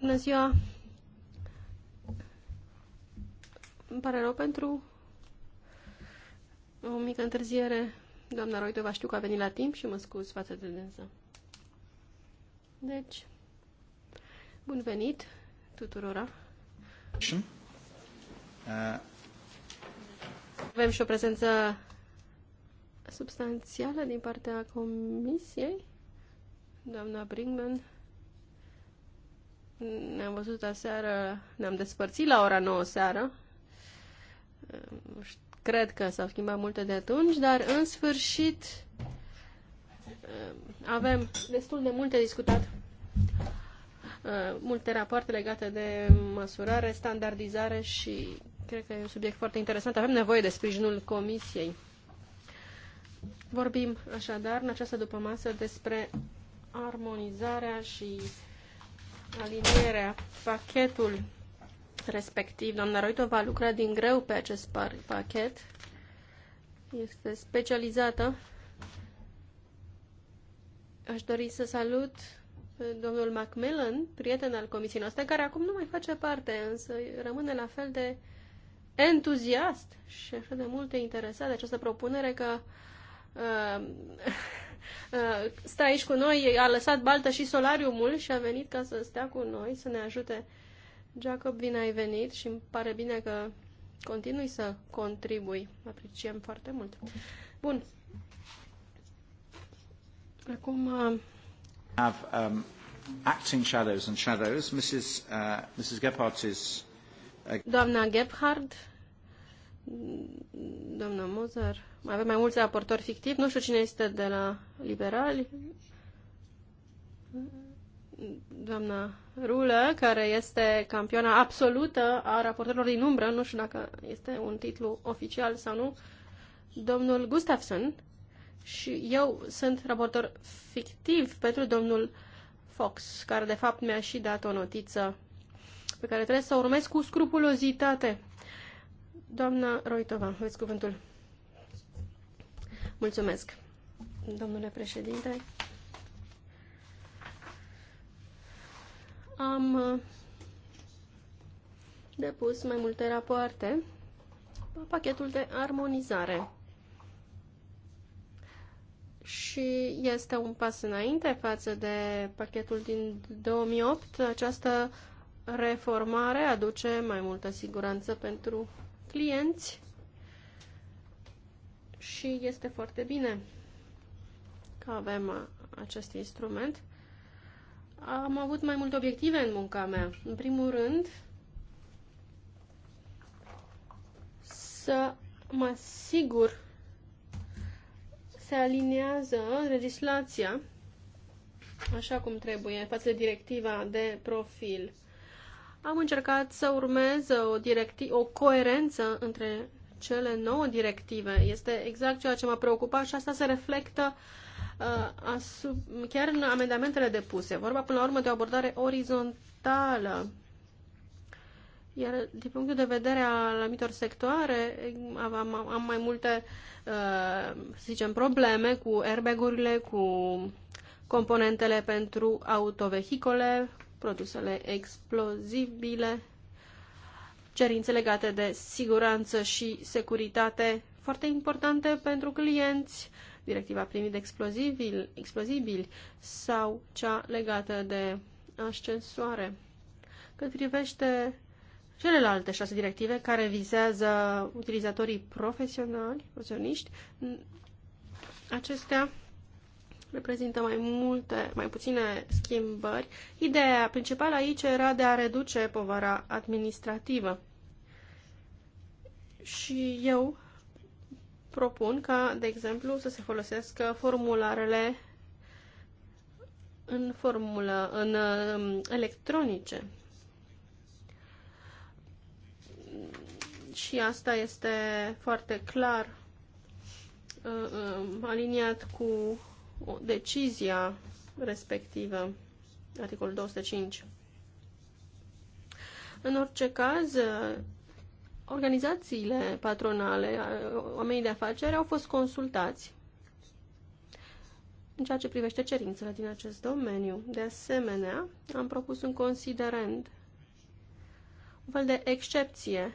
Bună ziua! Îmi pare rău pentru o mică întârziere. Doamna Roitova știu că a venit la timp și mă scuz față de dânsă. Deci, bun venit tuturora! Uh... Avem și o prezență substanțială din partea comisiei. Doamna Brinkman ne-am văzut aseară, ne-am despărțit la ora 9 seară. Ehm, cred că s-au schimbat multe de atunci, dar în sfârșit ehm, avem destul de multe discutat. Ehm, multe rapoarte legate de măsurare, standardizare și cred că e un subiect foarte interesant. Avem nevoie de sprijinul Comisiei. Vorbim așadar în această dupămasă despre armonizarea și alinierea, pachetul respectiv. Doamna va lucra din greu pe acest pachet. Este specializată. Aș dori să salut uh, domnul Macmillan, prieten al comisiei noastre, care acum nu mai face parte, însă rămâne la fel de entuziast și așa de mult interesat de această propunere că uh, Uh, stă aici cu noi, a lăsat baltă și solariumul și a venit ca să stea cu noi, să ne ajute. Jacob, bine ai venit și îmi pare bine că continui să contribui. Apreciem foarte mult. Bun. Acum... Uh, Have, um, acting shadows and shadows. Mrs. Uh, Mrs. Gephardt is... Uh... Doamna Gephardt Doamna Mozar, mai avem mai mulți raportori fictivi, nu știu cine este de la liberali. Doamna Rulă, care este campioana absolută a raportorilor din umbră, nu știu dacă este un titlu oficial sau nu, domnul Gustafsson și eu sunt raportor fictiv pentru domnul Fox, care de fapt mi-a și dat o notiță pe care trebuie să o urmez cu scrupulozitate. Doamna Roitova, aveți cuvântul. Mulțumesc, domnule președinte. Am uh, depus mai multe rapoarte pe pachetul de armonizare și este un pas înainte față de pachetul din 2008. Această reformare aduce mai multă siguranță pentru clienți și este foarte bine că avem acest instrument. Am avut mai multe obiective în munca mea. În primul rând, să mă asigur se aliniază legislația așa cum trebuie față de directiva de profil am încercat să urmez o, directi- o coerență între cele nouă directive. Este exact ceea ce m-a preocupat și asta se reflectă uh, asup- chiar în amendamentele depuse. Vorba până la urmă de o abordare orizontală. Iar din punctul de vedere al anumitor sectoare, am, am mai multe, uh, să zicem, probleme cu airbag-urile, cu componentele pentru autovehicole, produsele explozibile, cerințe legate de siguranță și securitate foarte importante pentru clienți, directiva privind explozibil, explozibili sau cea legată de ascensoare. Cât privește celelalte șase directive care vizează utilizatorii profesionali, profesioniști, acestea reprezintă mai multe, mai puține schimbări. Ideea principală aici era de a reduce povara administrativă. Și eu propun ca, de exemplu, să se folosească formularele în formulă, în um, electronice. Și asta este foarte clar uh, um, aliniat cu decizia respectivă, articolul 205. În orice caz, organizațiile patronale, oamenii de afaceri, au fost consultați în ceea ce privește cerințele din acest domeniu. De asemenea, am propus un considerent, un fel de excepție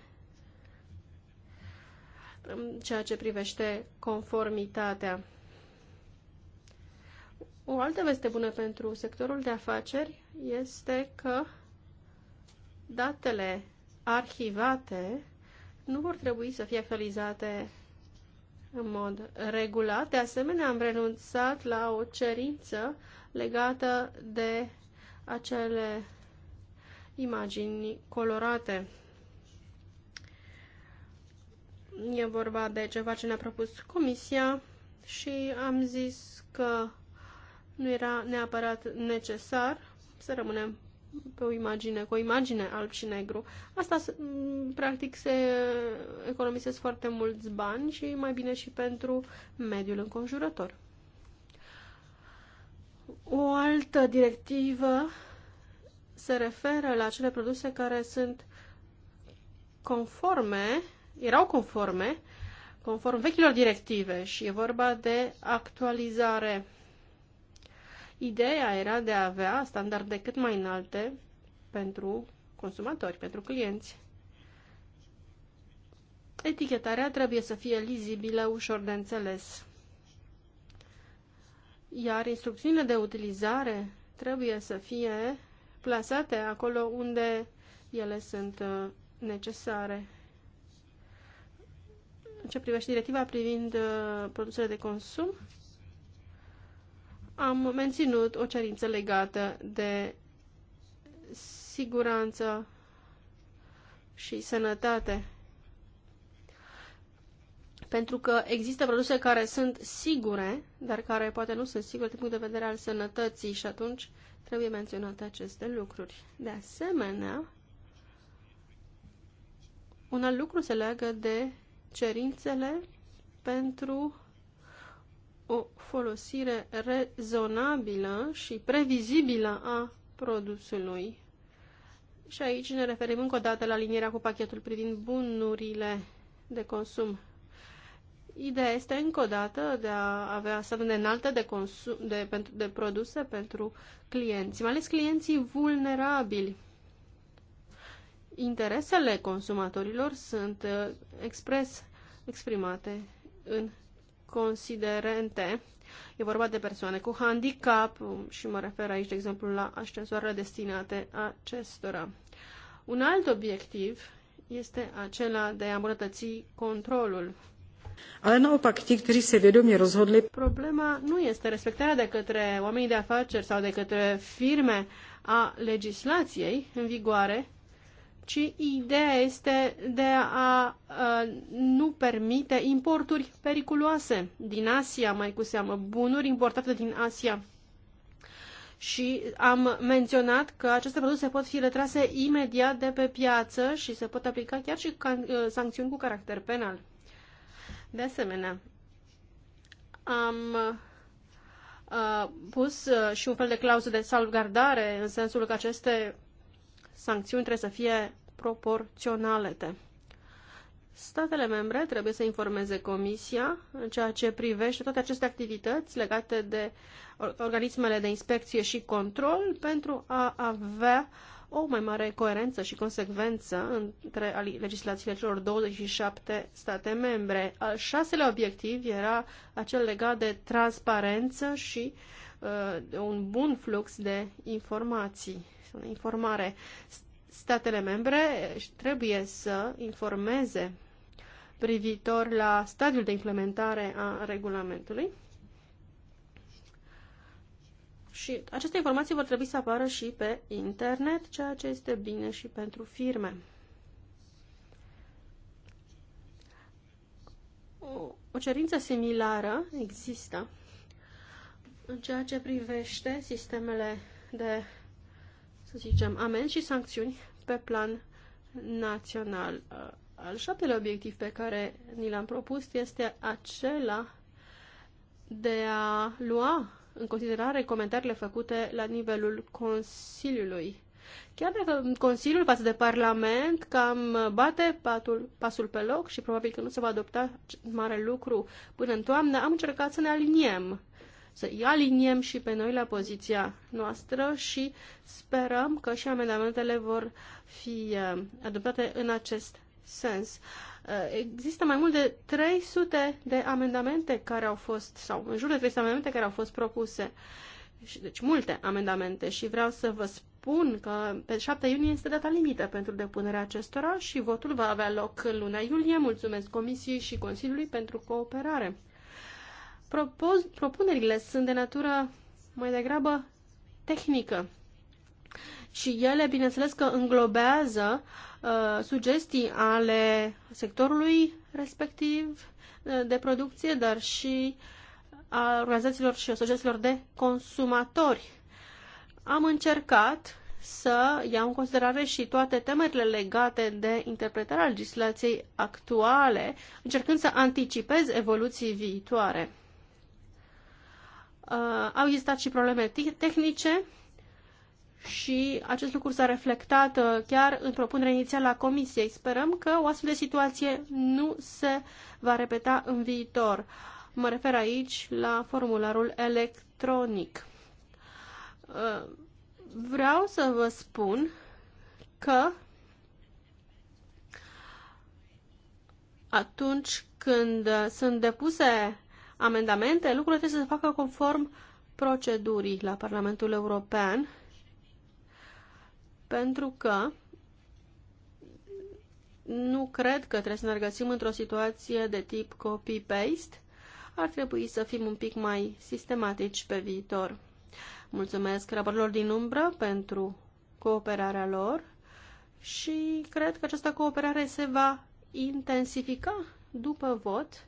în ceea ce privește conformitatea o altă veste bună pentru sectorul de afaceri este că datele arhivate nu vor trebui să fie actualizate în mod regulat. De asemenea, am renunțat la o cerință legată de acele imagini colorate. E vorba de ceva ce ne-a propus Comisia și am zis că nu era neapărat necesar să rămânem pe o imagine, cu o imagine alb și negru. Asta, practic, se economisesc foarte mulți bani și mai bine și pentru mediul înconjurător. O altă directivă se referă la cele produse care sunt conforme, erau conforme, conform vechilor directive și e vorba de actualizare Ideea era de a avea standarde cât mai înalte pentru consumatori, pentru clienți. Etichetarea trebuie să fie lizibilă, ușor de înțeles. Iar instrucțiunile de utilizare trebuie să fie plasate acolo unde ele sunt uh, necesare. În ce privește directiva privind uh, produsele de consum, am menținut o cerință legată de siguranță și sănătate. Pentru că există produse care sunt sigure, dar care poate nu sunt sigure din punct de vedere al sănătății și atunci trebuie menționate aceste lucruri. De asemenea, un alt lucru se leagă de cerințele pentru o folosire rezonabilă și previzibilă a produsului. Și aici ne referim încă o dată la linierea cu pachetul privind bunurile de consum. Ideea este încă o dată de a avea standarde înalte de, consum, de, pentru, de produse pentru clienți, mai ales clienții vulnerabili. Interesele consumatorilor sunt uh, expres exprimate în considerente. E vorba de persoane cu handicap și mă refer aici, de exemplu, la ascensoarele destinate acestora. Un alt obiectiv este acela de a îmbunătăți controlul. Ale naopak, ti, kteří se vědomě rozhodli... Problema nu este respectarea de către oamenii de afaceri sau de către firme a legislației în vigoare, ci ideea este de a nu permite importuri periculoase din Asia, mai cu seamă, bunuri importate din Asia. Și am menționat că aceste produse pot fi retrase imediat de pe piață și se pot aplica chiar și uh, sancțiuni cu caracter penal. De asemenea, am uh, pus uh, și un fel de clauză de salvgardare în sensul că aceste sancțiuni trebuie să fie proporționalete. Statele membre trebuie să informeze Comisia în ceea ce privește toate aceste activități legate de organismele de inspecție și control pentru a avea o mai mare coerență și consecvență între legislațiile celor 27 state membre. Al șaselea obiectiv era acel legat de transparență și uh, un bun flux de informații sau de informare. Statele membre trebuie să informeze privitor la stadiul de implementare a regulamentului și aceste informații vor trebui să apară și pe internet, ceea ce este bine și pentru firme. O, o cerință similară există în ceea ce privește sistemele de să zicem, amenzi și sancțiuni pe plan național. Uh, al șaptele obiectiv pe care ni l-am propus este acela de a lua în considerare comentariile făcute la nivelul Consiliului. Chiar dacă Consiliul față de Parlament cam bate patul, pasul pe loc și probabil că nu se va adopta mare lucru până în toamnă, am încercat să ne aliniem să îi aliniem și pe noi la poziția noastră și sperăm că și amendamentele vor fi eh, adoptate în acest sens. Eh, există mai mult de 300 de amendamente care au fost, sau în jur de 300 amendamente care au fost propuse, deci multe amendamente și vreau să vă spun că pe 7 iunie este data limită pentru depunerea acestora și votul va avea loc în luna iulie. Mulțumesc Comisiei și Consiliului pentru cooperare. Propoz propunerile sunt de natură mai degrabă tehnică și ele, bineînțeles, că înglobează uh, sugestii ale sectorului respectiv uh, de producție, dar și a organizațiilor și asociațiilor de consumatori. Am încercat să iau în considerare și toate temerile legate de interpretarea legislației actuale, încercând să anticipez evoluții viitoare. Uh, au existat și probleme tehnice și acest lucru s-a reflectat uh, chiar în propunerea inițială a Comisiei. Sperăm că o astfel de situație nu se va repeta în viitor. Mă refer aici la formularul electronic. Uh, vreau să vă spun că atunci când sunt depuse amendamente, lucrurile trebuie să se facă conform procedurii la Parlamentul European, pentru că nu cred că trebuie să ne regăsim într-o situație de tip copy-paste. Ar trebui să fim un pic mai sistematici pe viitor. Mulțumesc raportelor din umbră pentru cooperarea lor și cred că această cooperare se va intensifica după vot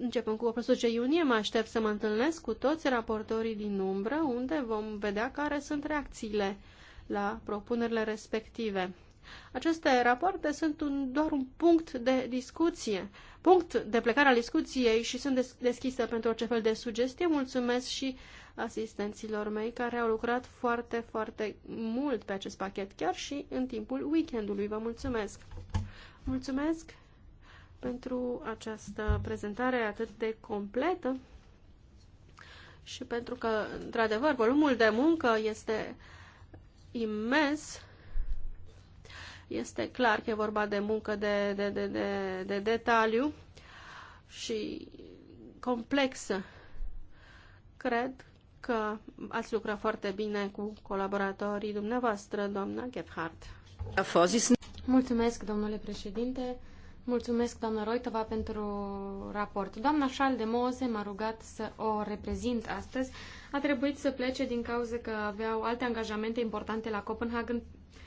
începând cu 18 iunie, mă aștept să mă întâlnesc cu toți raportorii din umbră, unde vom vedea care sunt reacțiile la propunerile respective. Aceste rapoarte sunt un, doar un punct de discuție, punct de plecare al discuției și sunt des, deschisă pentru orice fel de sugestie. Mulțumesc și asistenților mei care au lucrat foarte, foarte mult pe acest pachet, chiar și în timpul weekendului. Vă mulțumesc! Mulțumesc! pentru această prezentare atât de completă și pentru că, într-adevăr, volumul de muncă este imens. Este clar că e vorba de muncă de, de, de, de, de detaliu și complexă. Cred că ați lucrat foarte bine cu colaboratorii dumneavoastră, doamna Gebhardt. Mulțumesc, domnule președinte. Mulțumesc, doamna Roitova, pentru raport. Doamna Șal de Moze m-a rugat să o reprezint astăzi. A trebuit să plece din cauza că aveau alte angajamente importante la Copenhagen,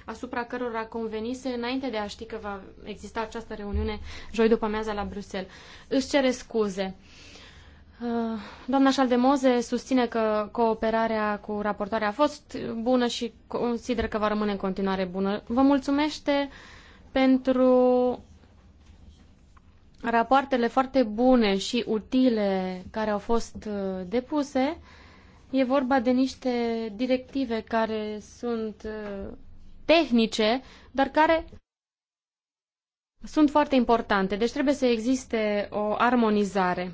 asupra cărora convenise înainte de a ști că va exista această reuniune joi după amiaza la Bruxelles. Își cere scuze. Uh, doamna Șaldemoze susține că cooperarea cu raportoarea a fost bună și consider că va rămâne în continuare bună. Vă mulțumește pentru rapoartele foarte bune și utile care au fost uh, depuse. E vorba de niște directive care sunt uh, tehnice, dar care sunt foarte importante. Deci trebuie să existe o armonizare.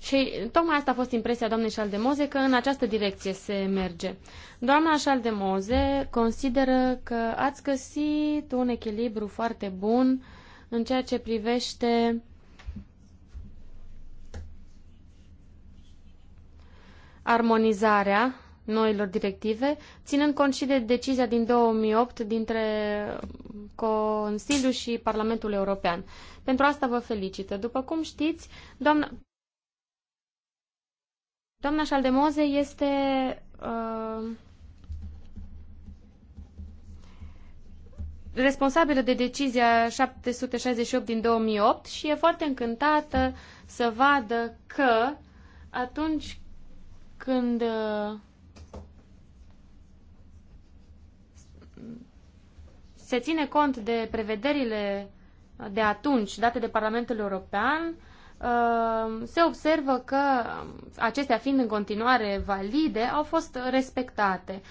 Și tocmai asta a fost impresia doamnei Șaldemoze, că în această direcție se merge. Doamna Șaldemoze consideră că ați găsit un echilibru foarte bun în ceea ce privește armonizarea noilor directive, ținând cont și de decizia din 2008 dintre Consiliu și Parlamentul European. Pentru asta vă felicită. După cum știți, doamna, doamna Șaldemoze este uh, responsabilă de decizia 768 din 2008 și e foarte încântată să vadă că atunci când uh, se ține cont de prevederile de atunci date de Parlamentul European, uh, se observă că um, acestea fiind în continuare valide, au fost respectate.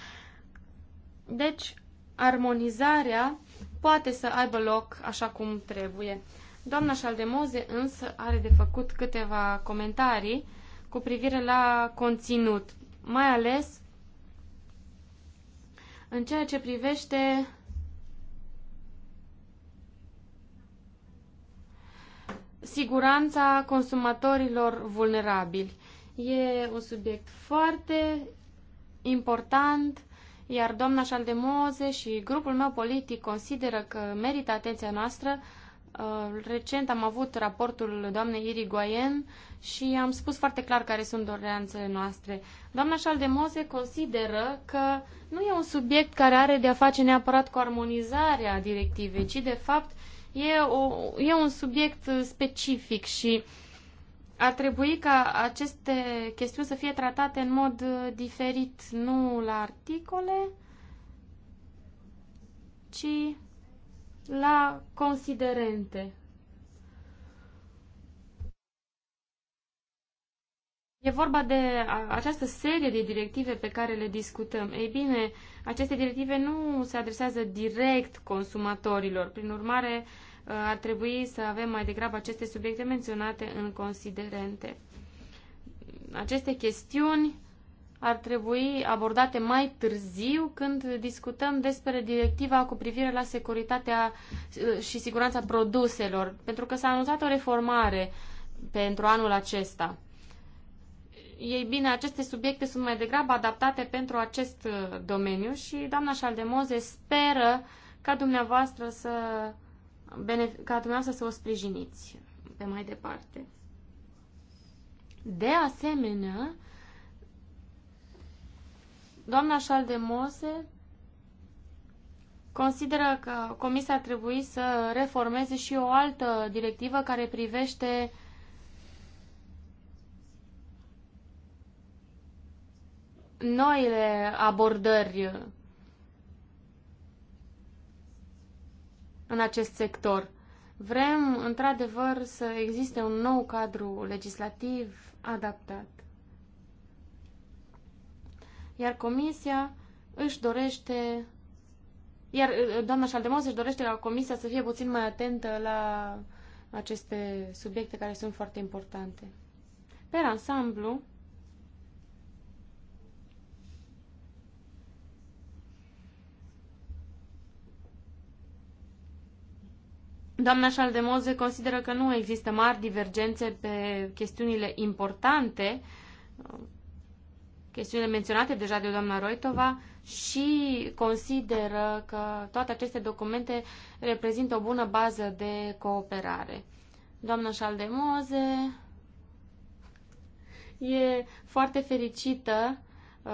Deci, armonizarea poate să aibă loc așa cum trebuie. Doamna Șaldemoze însă are de făcut câteva comentarii cu privire la conținut, mai ales în ceea ce privește siguranța consumatorilor vulnerabili. E un subiect foarte important, iar doamna Șaldemoze și grupul meu politic consideră că merită atenția noastră Uh, recent am avut raportul doamnei Irigoyen și am spus foarte clar care sunt doreanțele noastre. Doamna Șaldemose consideră că nu e un subiect care are de-a face neapărat cu armonizarea directivei, ci de fapt e, o, e un subiect specific și ar trebui ca aceste chestiuni să fie tratate în mod uh, diferit, nu la articole, ci la considerente. E vorba de această serie de directive pe care le discutăm. Ei bine, aceste directive nu se adresează direct consumatorilor. Prin urmare, uh, ar trebui să avem mai degrabă aceste subiecte menționate în considerente. Aceste chestiuni ar trebui abordate mai târziu când discutăm despre directiva cu privire la securitatea uh, și siguranța produselor, pentru că s-a anunțat o reformare pentru anul acesta. Ei bine, aceste subiecte sunt mai degrabă adaptate pentru acest uh, domeniu și doamna Șaldemoze speră ca dumneavoastră să, ca dumneavoastră să o sprijiniți pe mai departe. De asemenea, Doamna Mose consideră că Comisia ar trebui să reformeze și o altă directivă care privește noile abordări în acest sector. Vrem, într-adevăr, să existe un nou cadru legislativ adaptat iar comisia își dorește iar uh, doamna Șaldemos își dorește la comisia să fie puțin mai atentă la aceste subiecte care sunt foarte importante. Pe ansamblu, Doamna Șaldemoze consideră că nu există mari divergențe pe chestiunile importante chestiune menționate deja de doamna Roitova și consideră că toate aceste documente reprezintă o bună bază de cooperare. Doamna Șaldemoze e foarte fericită, uh,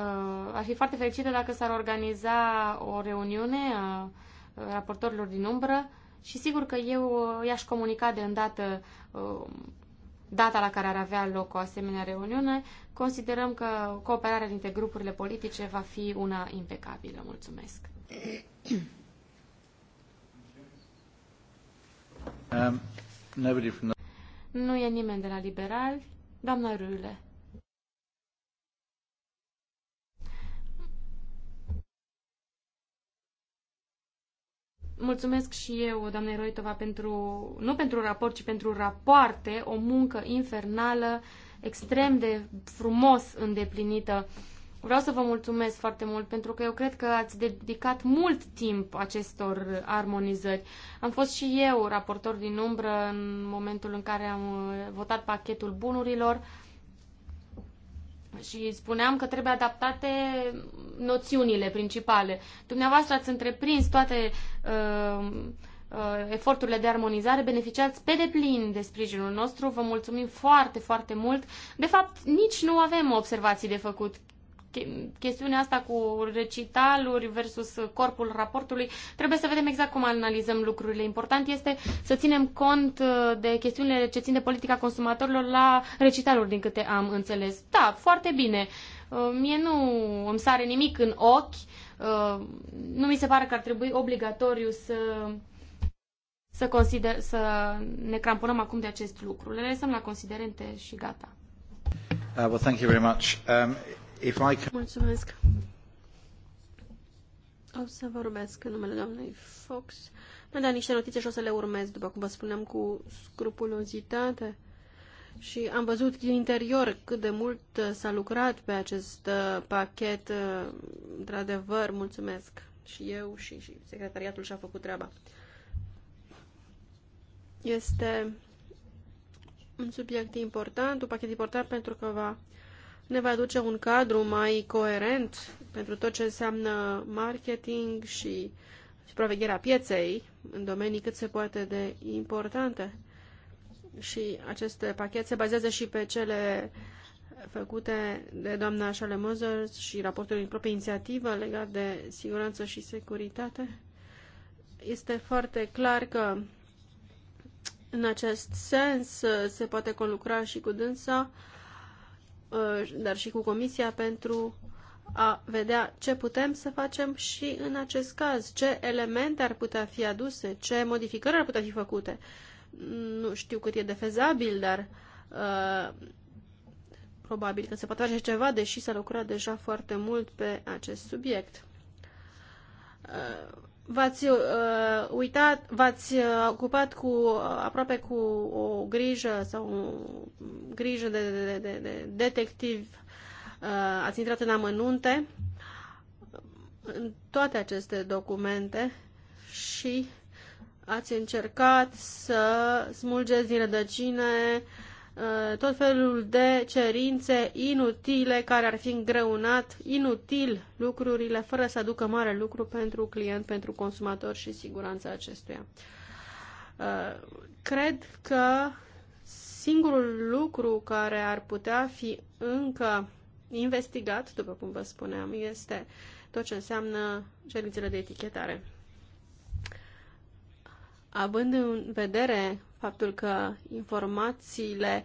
ar fi foarte fericită dacă s-ar organiza o reuniune a raportorilor din umbră și sigur că eu uh, i-aș comunica de îndată uh, data la care ar avea loc o asemenea reuniune, considerăm că cooperarea dintre grupurile politice va fi una impecabilă. Mulțumesc! Um, nu e nimeni de la liberal. Doamna Râle. Mulțumesc și eu, doamne Roitova, pentru, nu pentru raport, ci pentru rapoarte, o muncă infernală, extrem de frumos îndeplinită. Vreau să vă mulțumesc foarte mult pentru că eu cred că ați dedicat mult timp acestor armonizări. Am fost și eu raportor din umbră în momentul în care am votat pachetul bunurilor și spuneam că trebuie adaptate noțiunile principale. Dumneavoastră ați întreprins toate uh, uh, eforturile de armonizare, beneficiați pe deplin de sprijinul nostru, vă mulțumim foarte, foarte mult. De fapt, nici nu avem observații de făcut, chestiunea asta cu recitaluri versus corpul raportului, trebuie să vedem exact cum analizăm lucrurile. Important este să ținem cont uh, de chestiunile ce țin de politica consumatorilor la recitaluri, din câte am înțeles. Da, foarte bine. Uh, mie nu îmi sare nimic în ochi. Uh, nu mi se pare că ar trebui obligatoriu să să, consider, să ne cramponăm acum de acest lucru. Le lăsăm la considerente și gata. Uh, well, thank you very much. Um, If I can... Mulțumesc. O să vorbesc în numele doamnei Fox. Mi-a dat niște notițe și o să le urmez, după cum vă spuneam, cu scrupulozitate. Și am văzut din interior cât de mult uh, s-a lucrat pe acest uh, pachet. Uh, într-adevăr, mulțumesc și eu și, și secretariatul și-a făcut treaba. Este un subiect important, un pachet important pentru că va ne va aduce un cadru mai coerent pentru tot ce înseamnă marketing și supravegherea pieței în domenii cât se poate de importante. Și acest pachet se bazează și pe cele făcute de doamna Charles Mozers și raportul din proprie inițiativă legat de siguranță și securitate. Este foarte clar că în acest sens se poate conlucra și cu dânsa Uh, dar și cu Comisia pentru a vedea ce putem să facem și în acest caz, ce elemente ar putea fi aduse, ce modificări ar putea fi făcute. Nu știu cât e de dar uh, probabil că se poate face ceva, deși s-a lucrat deja foarte mult pe acest subiect. Uh, V-ați uh, uitat, v-ați uh, ocupat cu, uh, aproape cu o grijă sau o grijă de, de, de, de detectiv, uh, ați intrat în amănunte în toate aceste documente și ați încercat să smulgeți din rădăcine uh, Uh, tot felul de cerințe inutile care ar fi îngreunat inutil lucrurile fără să aducă mare lucru pentru client, pentru consumator și siguranța acestuia. Uh, cred că singurul lucru care ar putea fi încă investigat, după cum vă spuneam, este tot ce înseamnă cerințele de etichetare. Având în vedere faptul că informațiile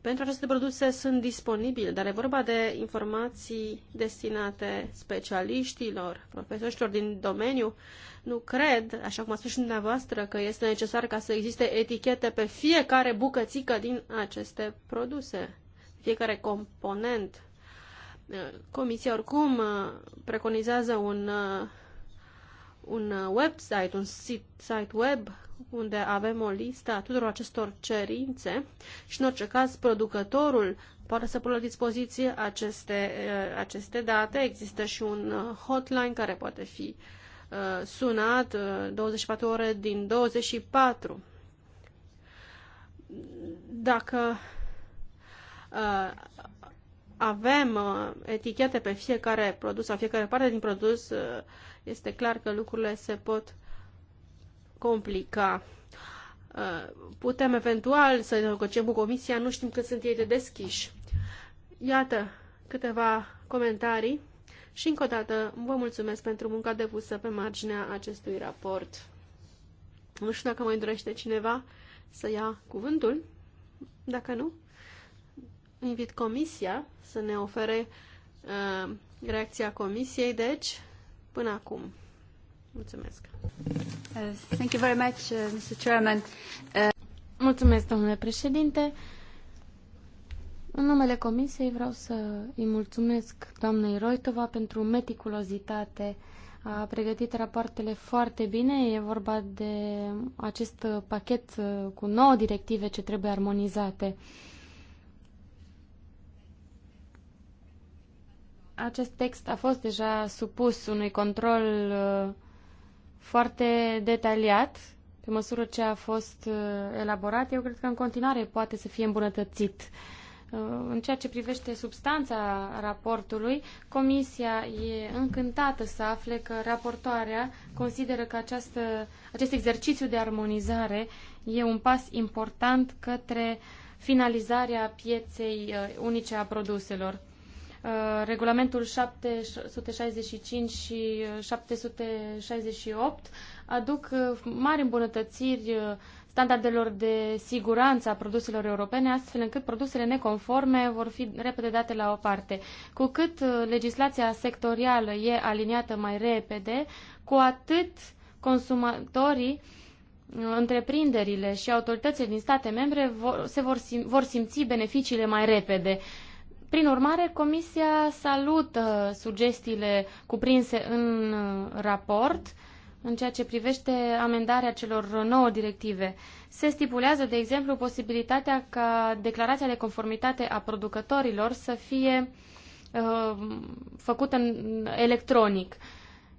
pentru aceste produse sunt disponibile, dar e vorba de informații destinate specialiștilor, profesorilor din domeniu. Nu cred, așa cum a spus și dumneavoastră, că este necesar ca să existe etichete pe fiecare bucățică din aceste produse, fiecare component. Comisia oricum uh, preconizează un, uh, un uh, website, un site web unde avem o listă a tuturor acestor cerințe și, în orice caz, producătorul poate să pună la dispoziție aceste, uh, aceste date. Există și un uh, hotline care poate fi uh, sunat 24 ore din 24. Dacă avem etichete pe fiecare produs sau fiecare parte din produs, este clar că lucrurile se pot complica. Uh, putem eventual să negociem cu Comisia, nu știm cât sunt ei de deschiși. Iată câteva comentarii și încă o dată vă mulțumesc pentru munca depusă pe marginea acestui raport. Nu știu dacă mai dorește cineva să ia cuvântul. Dacă nu, invit Comisia să ne ofere uh, reacția Comisiei, deci, până acum. Mulțumesc. Uh, thank you very much, uh, Mr. Chairman. Uh, mulțumesc, domnule președinte. În numele Comisiei vreau să îi mulțumesc doamnei Roitova pentru meticulozitate. A pregătit rapoartele foarte bine. E vorba de acest pachet cu nouă directive ce trebuie armonizate. Acest text a fost deja supus unui control uh, foarte detaliat pe măsură ce a fost uh, elaborat. Eu cred că în continuare poate să fie îmbunătățit. Uh, în ceea ce privește substanța raportului, Comisia e încântată să afle că raportoarea consideră că această, acest exercițiu de armonizare e un pas important către finalizarea pieței uh, unice a produselor. Uh, regulamentul 765 și 768 uh, aduc uh, mari îmbunătățiri standardelor de siguranță a produselor europene, astfel încât produsele neconforme vor fi repede date la o parte. Cu cât legislația sectorială e aliniată mai repede, cu atât consumatorii întreprinderile și autoritățile din state membre vor, se vor, sim, vor simți beneficiile mai repede. Prin urmare, Comisia salută sugestiile cuprinse în uh, raport în ceea ce privește amendarea celor nouă directive. Se stipulează, de exemplu, posibilitatea ca declarația de conformitate a producătorilor să fie uh, făcută în electronic,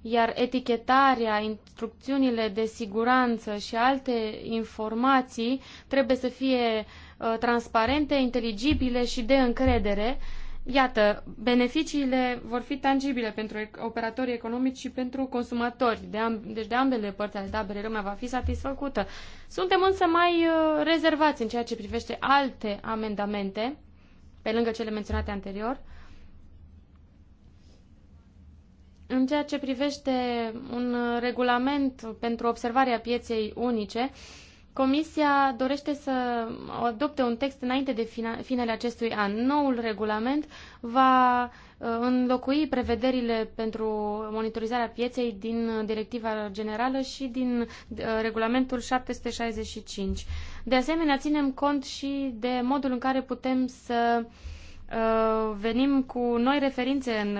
iar etichetarea, instrucțiunile de siguranță și alte informații trebuie să fie uh, Uh, transparente, inteligibile și de încredere. Iată, beneficiile vor fi tangibile pentru operatorii economici și pentru consumatori. De deci de ambele părți ale taberei lumea va fi satisfăcută. Suntem însă mai uh, rezervați în ceea ce privește alte amendamente, pe lângă cele menționate anterior. În ceea ce privește un uh, regulament pentru observarea pieței unice, uh, Comisia dorește să adopte un text înainte de finele acestui an. Noul regulament va uh, înlocui prevederile pentru monitorizarea pieței din directiva generală și din uh, regulamentul 765. De asemenea, ținem cont și de modul în care putem să uh, Uh, venim cu noi referințe în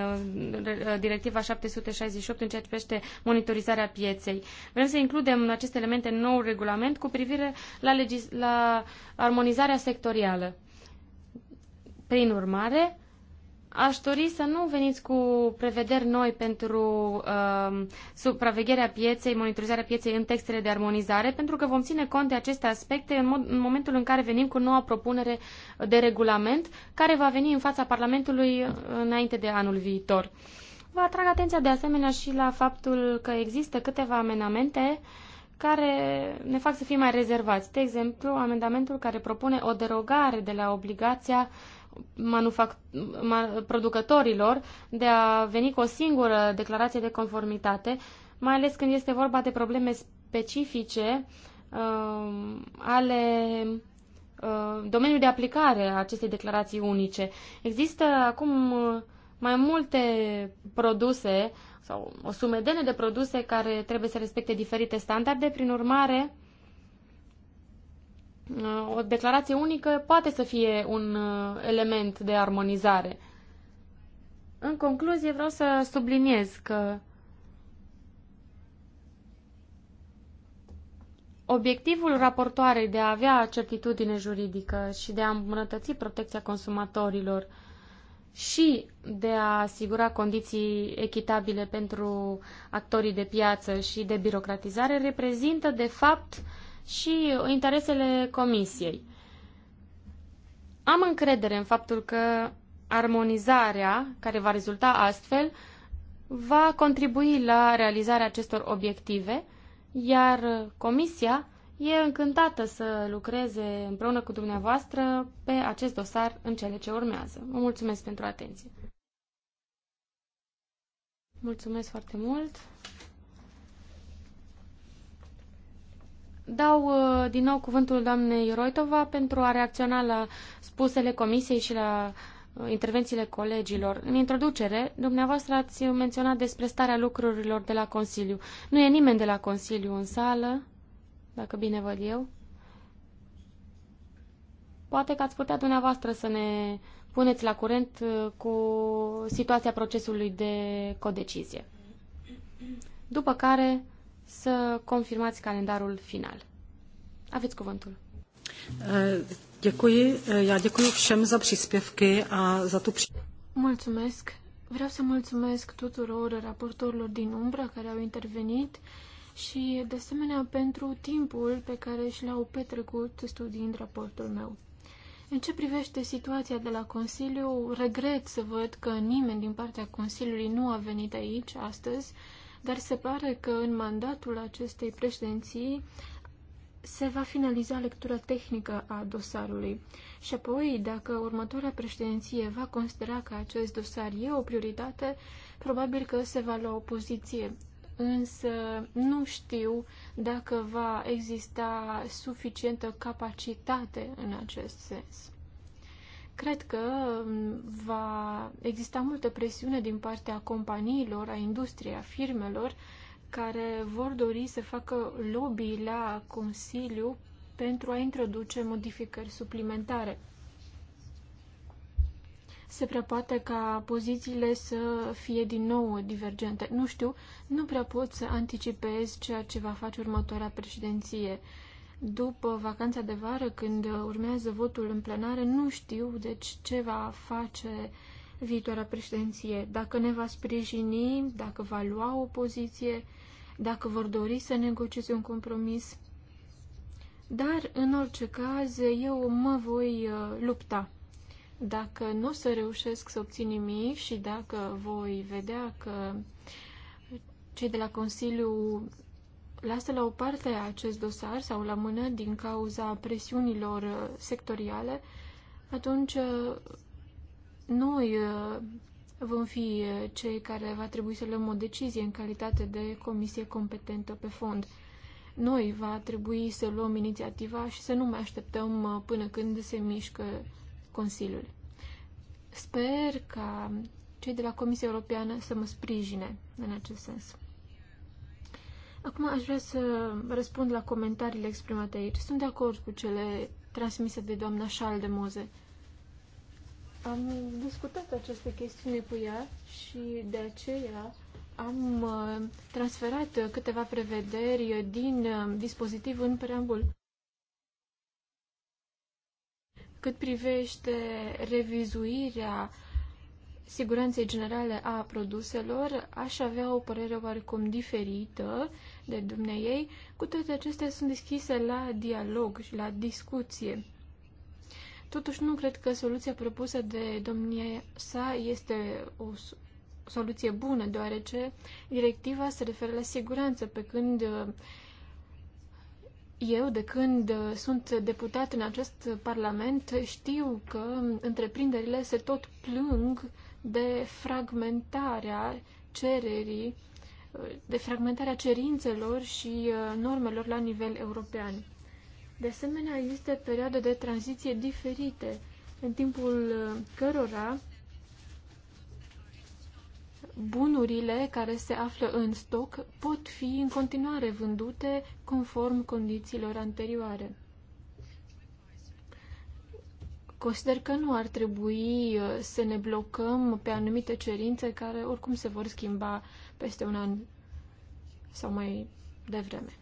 uh, Directiva 768 în ceea ce privește monitorizarea pieței. Vrem să includem aceste elemente în nou regulament cu privire la, legis- la armonizarea sectorială. Prin urmare, Aș dori să nu veniți cu prevederi noi pentru uh, supravegherea pieței, monitorizarea pieței în textele de armonizare, pentru că vom ține cont de aceste aspecte în, mod, în momentul în care venim cu noua propunere de regulament, care va veni în fața Parlamentului înainte de anul viitor. Vă atrag atenția de asemenea și la faptul că există câteva amenamente care ne fac să fim mai rezervați. De exemplu, amendamentul care propune o derogare de la obligația uh, producătorilor de a veni cu o singură declarație de conformitate, mai ales când este vorba de probleme specifice uh, ale uh, domeniului de aplicare a acestei declarații unice. Există acum uh, mai multe produse sau o sumedenie de produse care trebuie să respecte diferite standarde, prin urmare Uh, o declarație unică poate să fie un uh, element de armonizare. În concluzie, vreau să subliniez că obiectivul raportoarei de a avea certitudine juridică și de a îmbunătăți protecția consumatorilor și de a asigura condiții echitabile pentru actorii de piață și de birocratizare reprezintă, de fapt, uh, și interesele comisiei. Am încredere în faptul că armonizarea care va rezulta astfel va contribui la realizarea acestor obiective, iar comisia e încântată să lucreze împreună cu dumneavoastră pe acest dosar în cele ce urmează. Vă mulțumesc pentru atenție. Mulțumesc foarte mult. Dau uh, din nou cuvântul doamnei Roitova pentru a reacționa la spusele comisiei și la uh, intervențiile colegilor. În introducere, dumneavoastră ați menționat despre starea lucrurilor de la Consiliu. Nu e nimeni de la Consiliu în sală, dacă bine văd eu. Poate că ați putea dumneavoastră să ne puneți la curent uh, cu situația procesului de codecizie. După care să confirmați calendarul final. Aveți cuvântul. Eh, děkuji. Eh, já děkuji všem za příspěvky a za tu Mulțumesc. Vreau să mulțumesc tuturor raportorilor din umbra care au intervenit și, de asemenea, pentru timpul pe care și l-au petrecut studiind raportul meu. În ce privește situația de la Consiliu, regret să văd că nimeni din partea Consiliului nu a venit aici astăzi, dar se pare că în mandatul acestei președinții se va finaliza lectura tehnică a dosarului și apoi, dacă următoarea președinție va considera că acest dosar e o prioritate, probabil că se va lua o poziție. Însă nu știu dacă va exista suficientă capacitate în acest sens. Cred că mm, va exista multă presiune din partea companiilor, a industriei, a firmelor, care vor dori să facă lobby la Consiliu pentru a introduce modificări suplimentare. Se prea poate ca pozițiile să fie din nou divergente. Nu știu, nu prea pot să anticipez ceea ce va face următoarea președinție după vacanța de vară, când urmează votul în plenare, nu știu deci ce va face viitoarea președinție, dacă ne va sprijini, dacă va lua o poziție, dacă vor dori să negocieze un compromis. Dar, în orice caz, eu mă voi uh, lupta. Dacă nu o să reușesc să obțin nimic și dacă voi vedea că cei de la Consiliu lasă la o parte acest dosar sau la mână din cauza presiunilor uh, sectoriale, atunci uh, noi uh, vom fi cei care va trebui să luăm o decizie în calitate de comisie competentă pe fond. Noi va trebui să luăm inițiativa și să nu mai așteptăm până când se mișcă Consiliul. Sper ca cei de la Comisia Europeană să mă sprijine în acest sens. Acum aș vrea să răspund la comentariile exprimate aici. Sunt de acord cu cele transmise de doamna Șal de Moze. Am discutat aceste chestiune cu ea și de aceea am uh, transferat câteva prevederi din uh, dispozitiv în preambul. Cât privește revizuirea siguranței generale a produselor, aș avea o părere oarecum diferită de dumneiei. Cu toate acestea, sunt deschise la dialog și la discuție. Totuși, nu cred că soluția propusă de domnia sa este o soluție bună, deoarece directiva se referă la siguranță, pe când eu, de când sunt deputat în acest parlament, știu că întreprinderile se tot plâng uh, de fragmentarea cererii, de fragmentarea cerințelor și uh, normelor la nivel european. De asemenea, există perioade de tranziție diferite, în timpul uh, cărora bunurile care se află în stoc pot fi în continuare vândute conform condițiilor anterioare. Consider că nu ar trebui uh, să ne blocăm pe anumite cerințe care oricum se vor schimba peste un an sau mai devreme.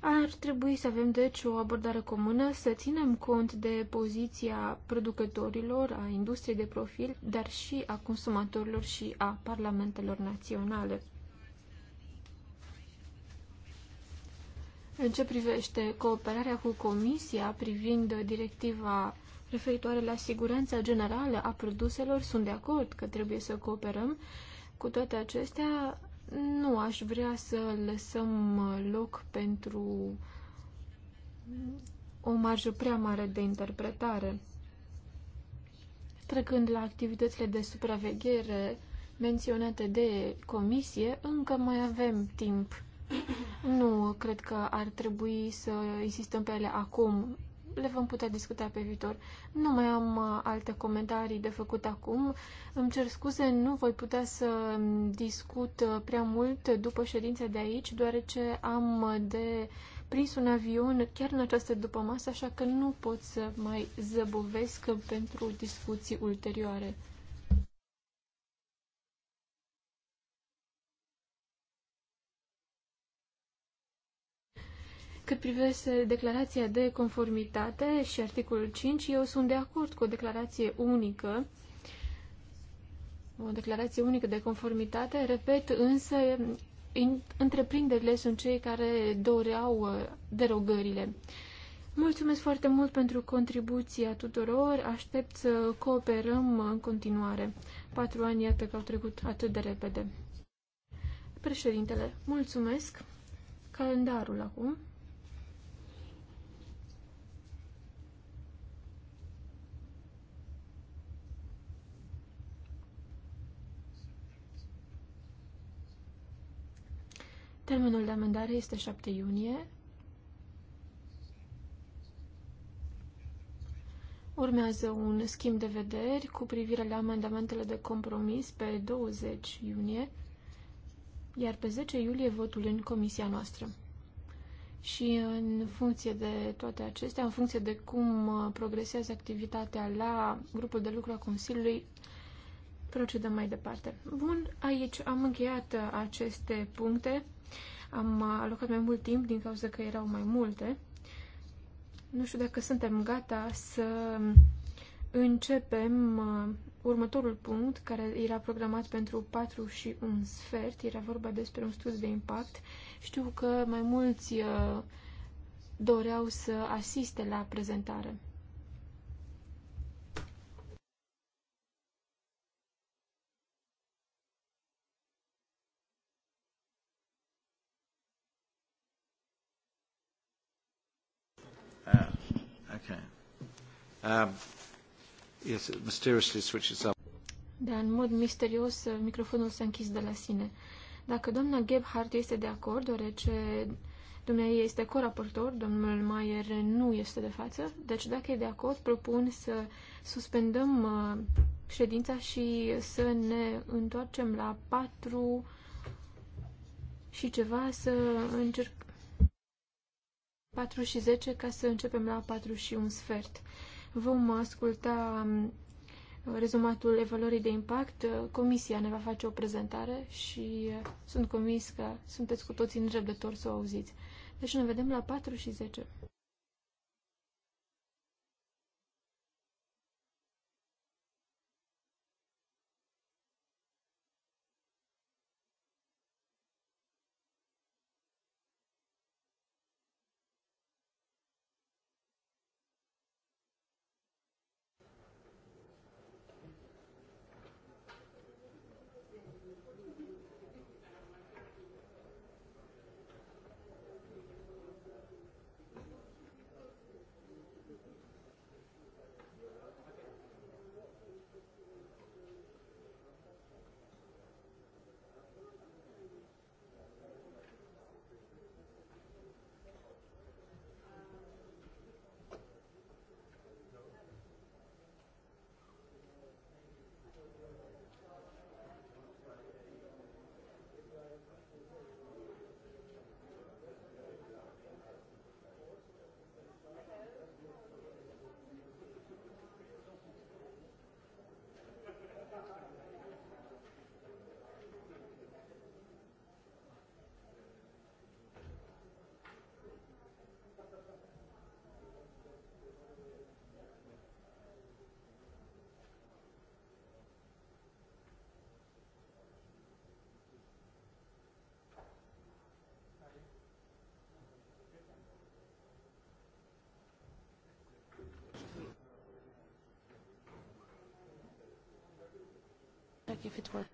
Ar trebui să avem, deci, o abordare comună, să ținem cont de poziția producătorilor, a industriei de profil, dar și a consumatorilor și a parlamentelor naționale. În ce privește cooperarea cu Comisia privind directiva referitoare la siguranța generală a produselor, sunt de acord că trebuie să cooperăm. Cu toate acestea, nu aș vrea să lăsăm loc pentru o marjă prea mare de interpretare. Trecând la activitățile de supraveghere menționate de comisie, încă mai avem timp. Nu cred că ar trebui să insistăm pe ele acum le vom putea discuta pe viitor. Nu mai am uh, alte comentarii de făcut acum. Îmi cer scuze, nu voi putea să mm, discut uh, prea mult după ședința de aici, deoarece am uh, de prins un avion chiar în această după masă, așa că nu pot să mai zăbovesc pentru discuții ulterioare. Cât privește declarația de conformitate și articolul 5, eu sunt de acord cu o declarație unică, o declarație unică de conformitate, repet, însă întreprinderile sunt cei care doreau uh, derogările. Mulțumesc foarte mult pentru contribuția tuturor, aștept să cooperăm în continuare. Patru ani, iată că au trecut atât de repede. Președintele, mulțumesc. Calendarul acum. Termenul de amendare este 7 iunie. Urmează un schimb de vederi cu privire la amendamentele de compromis pe 20 iunie, iar pe 10 iulie votul în comisia noastră. Și în funcție de toate acestea, în funcție de cum uh, progresează activitatea la grupul de lucru a Consiliului, procedăm mai departe. Bun, aici am încheiat uh, aceste puncte. Am alocat mai mult timp din cauza că erau mai multe. Nu știu dacă suntem gata să începem uh, următorul punct, care era programat pentru 4 și un sfert. Era vorba despre un studiu de impact. Știu că mai mulți uh, doreau să asiste la prezentare. Um, yes, it mysteriously switches up. Da, în mod misterios, uh, microfonul s-a închis de la sine. Dacă doamna Gebhardt este de acord, deoarece dumneavoastră este coraportor, domnul Maier nu este de față, deci dacă e de acord, propun să suspendăm uh, ședința și să ne întoarcem la patru și ceva, să încerc 4 și 10 ca să începem la 4 și un sfert. Vom asculta um, rezumatul evaluării de impact. Comisia ne va face o prezentare și uh, sunt convins că sunteți cu toții înrăbdători să o auziți. Deci ne vedem la 4 și 10. if it were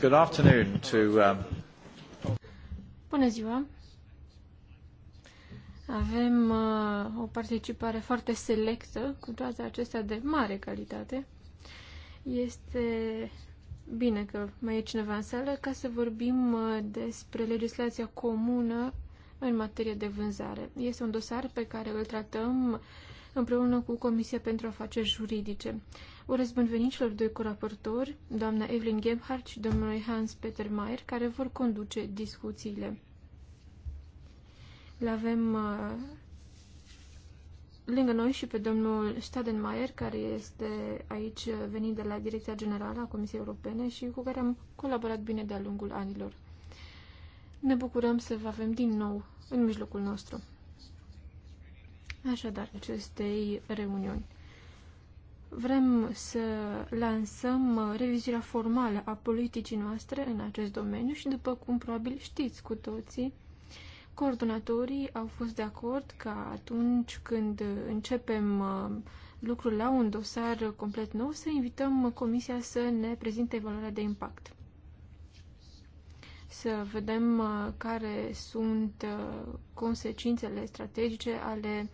good afternoon to, um, Bună ziua! Avem uh, o participare foarte selectă, cu toate acestea de mare calitate. Este bine că mai e cineva în sală ca să vorbim uh, despre legislația comună în materie de vânzare. Este un dosar pe care îl tratăm împreună cu Comisia pentru Afaceri Juridice. Uh, Urez bun venit celor doi coraportori, doamna Evelyn Gebhardt și domnului Hans Peter Mayer, care vor conduce discuțiile. Le avem uh, lângă noi și pe domnul Stadenmayer, care este aici uh, venit de la Direcția Generală a Comisiei Europene și cu care am colaborat bine de-a lungul anilor. Ne bucurăm să vă avem din nou în mijlocul nostru. Așadar, acestei reuniuni. Vrem să lansăm uh, revizuirea formală a politicii noastre în acest domeniu și, după cum probabil știți cu toții, coordonatorii au fost de acord că atunci când uh, începem uh, lucrul la un dosar complet nou, să invităm Comisia să ne prezinte evaluarea de impact. Să vedem care sunt consecințele strategice ale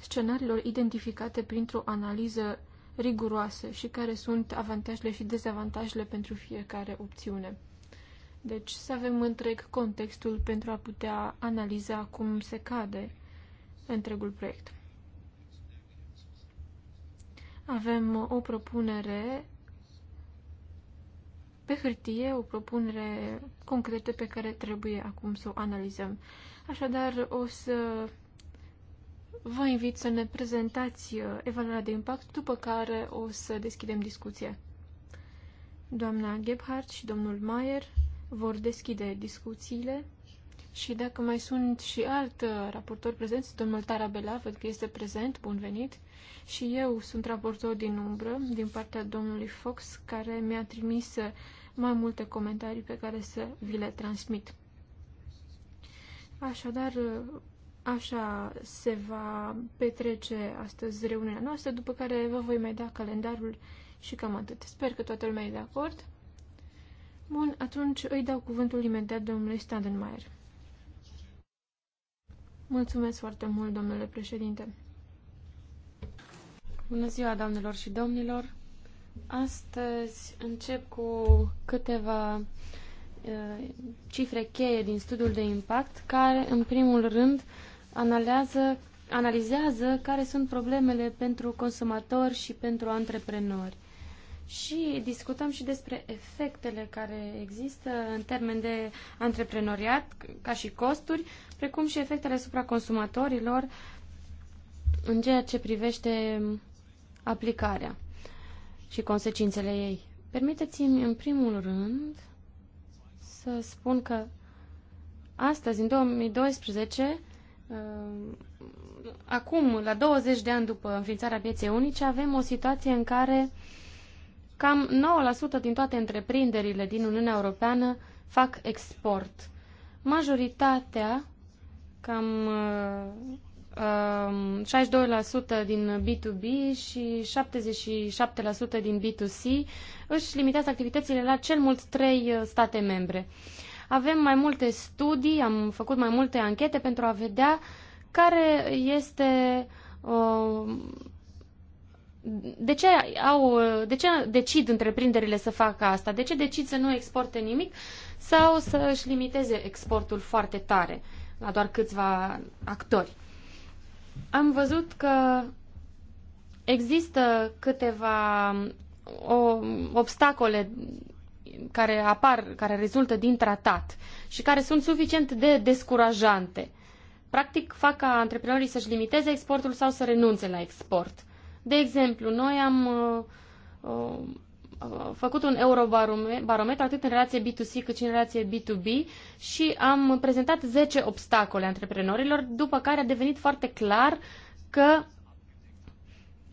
scenariilor identificate printr-o analiză riguroase și care sunt avantajele și dezavantajele pentru fiecare opțiune. Deci să avem întreg contextul pentru a putea analiza cum se cade întregul proiect. Avem o propunere pe hârtie, o propunere concretă pe care trebuie acum să o analizăm. Așadar, o să vă invit să ne prezentați uh, evaluarea de impact, după care o să deschidem discuția. Doamna Gebhardt și domnul Mayer vor deschide discuțiile și dacă mai sunt și alt uh, raportor prezent, domnul Tarabela, văd că este prezent, bun venit, și eu sunt raportor din umbră, din partea domnului Fox, care mi-a trimis uh, mai multe comentarii pe care să vi le transmit. Așadar, Așa se va petrece astăzi reuniunea noastră, după care vă voi mai da calendarul și cam atât. Sper că toată lumea e de acord. Bun, atunci îi dau cuvântul imediat domnului Stadenmaier. Mulțumesc foarte mult, domnule președinte. Bună ziua, doamnelor și domnilor. Astăzi încep cu câteva uh, cifre cheie din studiul de impact, care, în primul rând, analizează, analizează care sunt problemele pentru consumatori și pentru antreprenori. Și discutăm și despre efectele care există în termen de antreprenoriat, ca și costuri, precum și efectele asupra consumatorilor în ceea ce privește aplicarea și consecințele ei. Permiteți-mi, în primul rând, să spun că astăzi, în 2012, Ehm, acum, la 20 de ani după înființarea pieței unice, avem o situație în care cam 9% din toate întreprinderile din Uniunea Europeană fac export. Majoritatea, cam ehm, uh, 62% din B2B și 77% din B2C, își limitează activitățile la cel mult 3 state membre. Uh, avem mai multe studii, am făcut mai multe anchete pentru a vedea care este uh, de ce, au, de ce decid întreprinderile să facă asta? De ce decid să nu exporte nimic sau să își limiteze exportul foarte tare la doar câțiva actori? Am văzut că există câteva um, obstacole care apar, care rezultă din tratat și care sunt suficient de descurajante. Practic fac ca antreprenorii să-și limiteze exportul sau să renunțe la export. De exemplu, noi am uh, uh, făcut un eurobarometru atât în relație B2C cât și în relație B2B și am prezentat 10 obstacole antreprenorilor, după care a devenit foarte clar că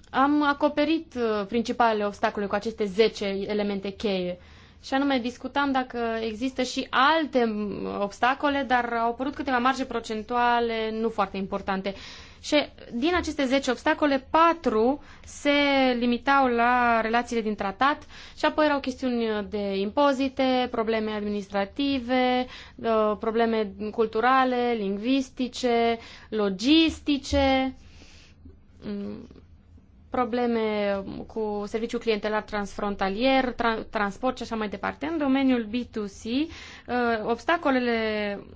am acoperit uh, principalele obstacole cu aceste 10 elemente cheie și anume discutam dacă există și alte obstacole, dar au apărut câteva marge procentuale nu foarte importante. Și din aceste 10 obstacole, 4 se limitau la relațiile din tratat și apoi erau chestiuni de impozite, probleme administrative, uh, probleme culturale, lingvistice, logistice mm probleme cu serviciul clientelar transfrontalier, tra- transport și așa mai departe. În domeniul B2C, uh, obstacolele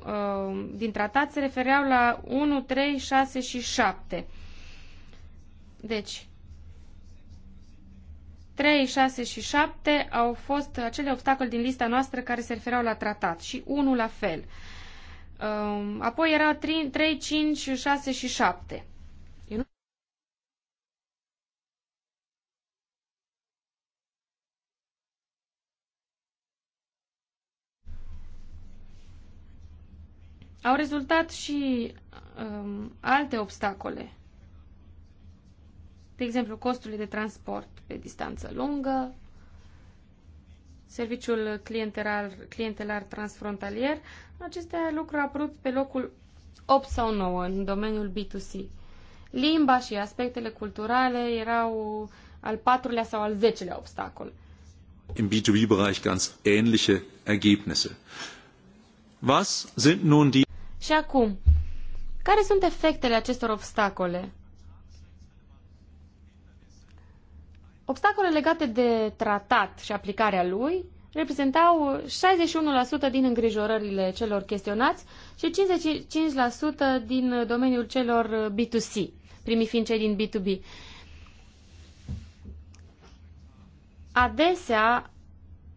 uh, din tratat se refereau la 1, 3, 6 și 7. Deci, 3, 6 și 7 au fost acele obstacole din lista noastră care se refereau la tratat și 1 la fel. Uh, apoi era 3, 3, 5, 6 și 7. Au rezultat și um, alte obstacole. De exemplu, costurile de transport pe distanță lungă, serviciul clientelar, clientelar transfrontalier. aceste lucruri au apărut pe locul 8 sau 9 în domeniul B2C. Limba și aspectele culturale erau al patrulea sau al zecelea obstacol. Im B2B-Bereich ganz ähnliche Ergebnisse. Was sind nun die și acum, care sunt efectele acestor obstacole? Obstacole legate de tratat și aplicarea lui reprezentau 61% din îngrijorările celor chestionați și 55% din domeniul celor B2C, primii fiind cei din B2B. Adesea,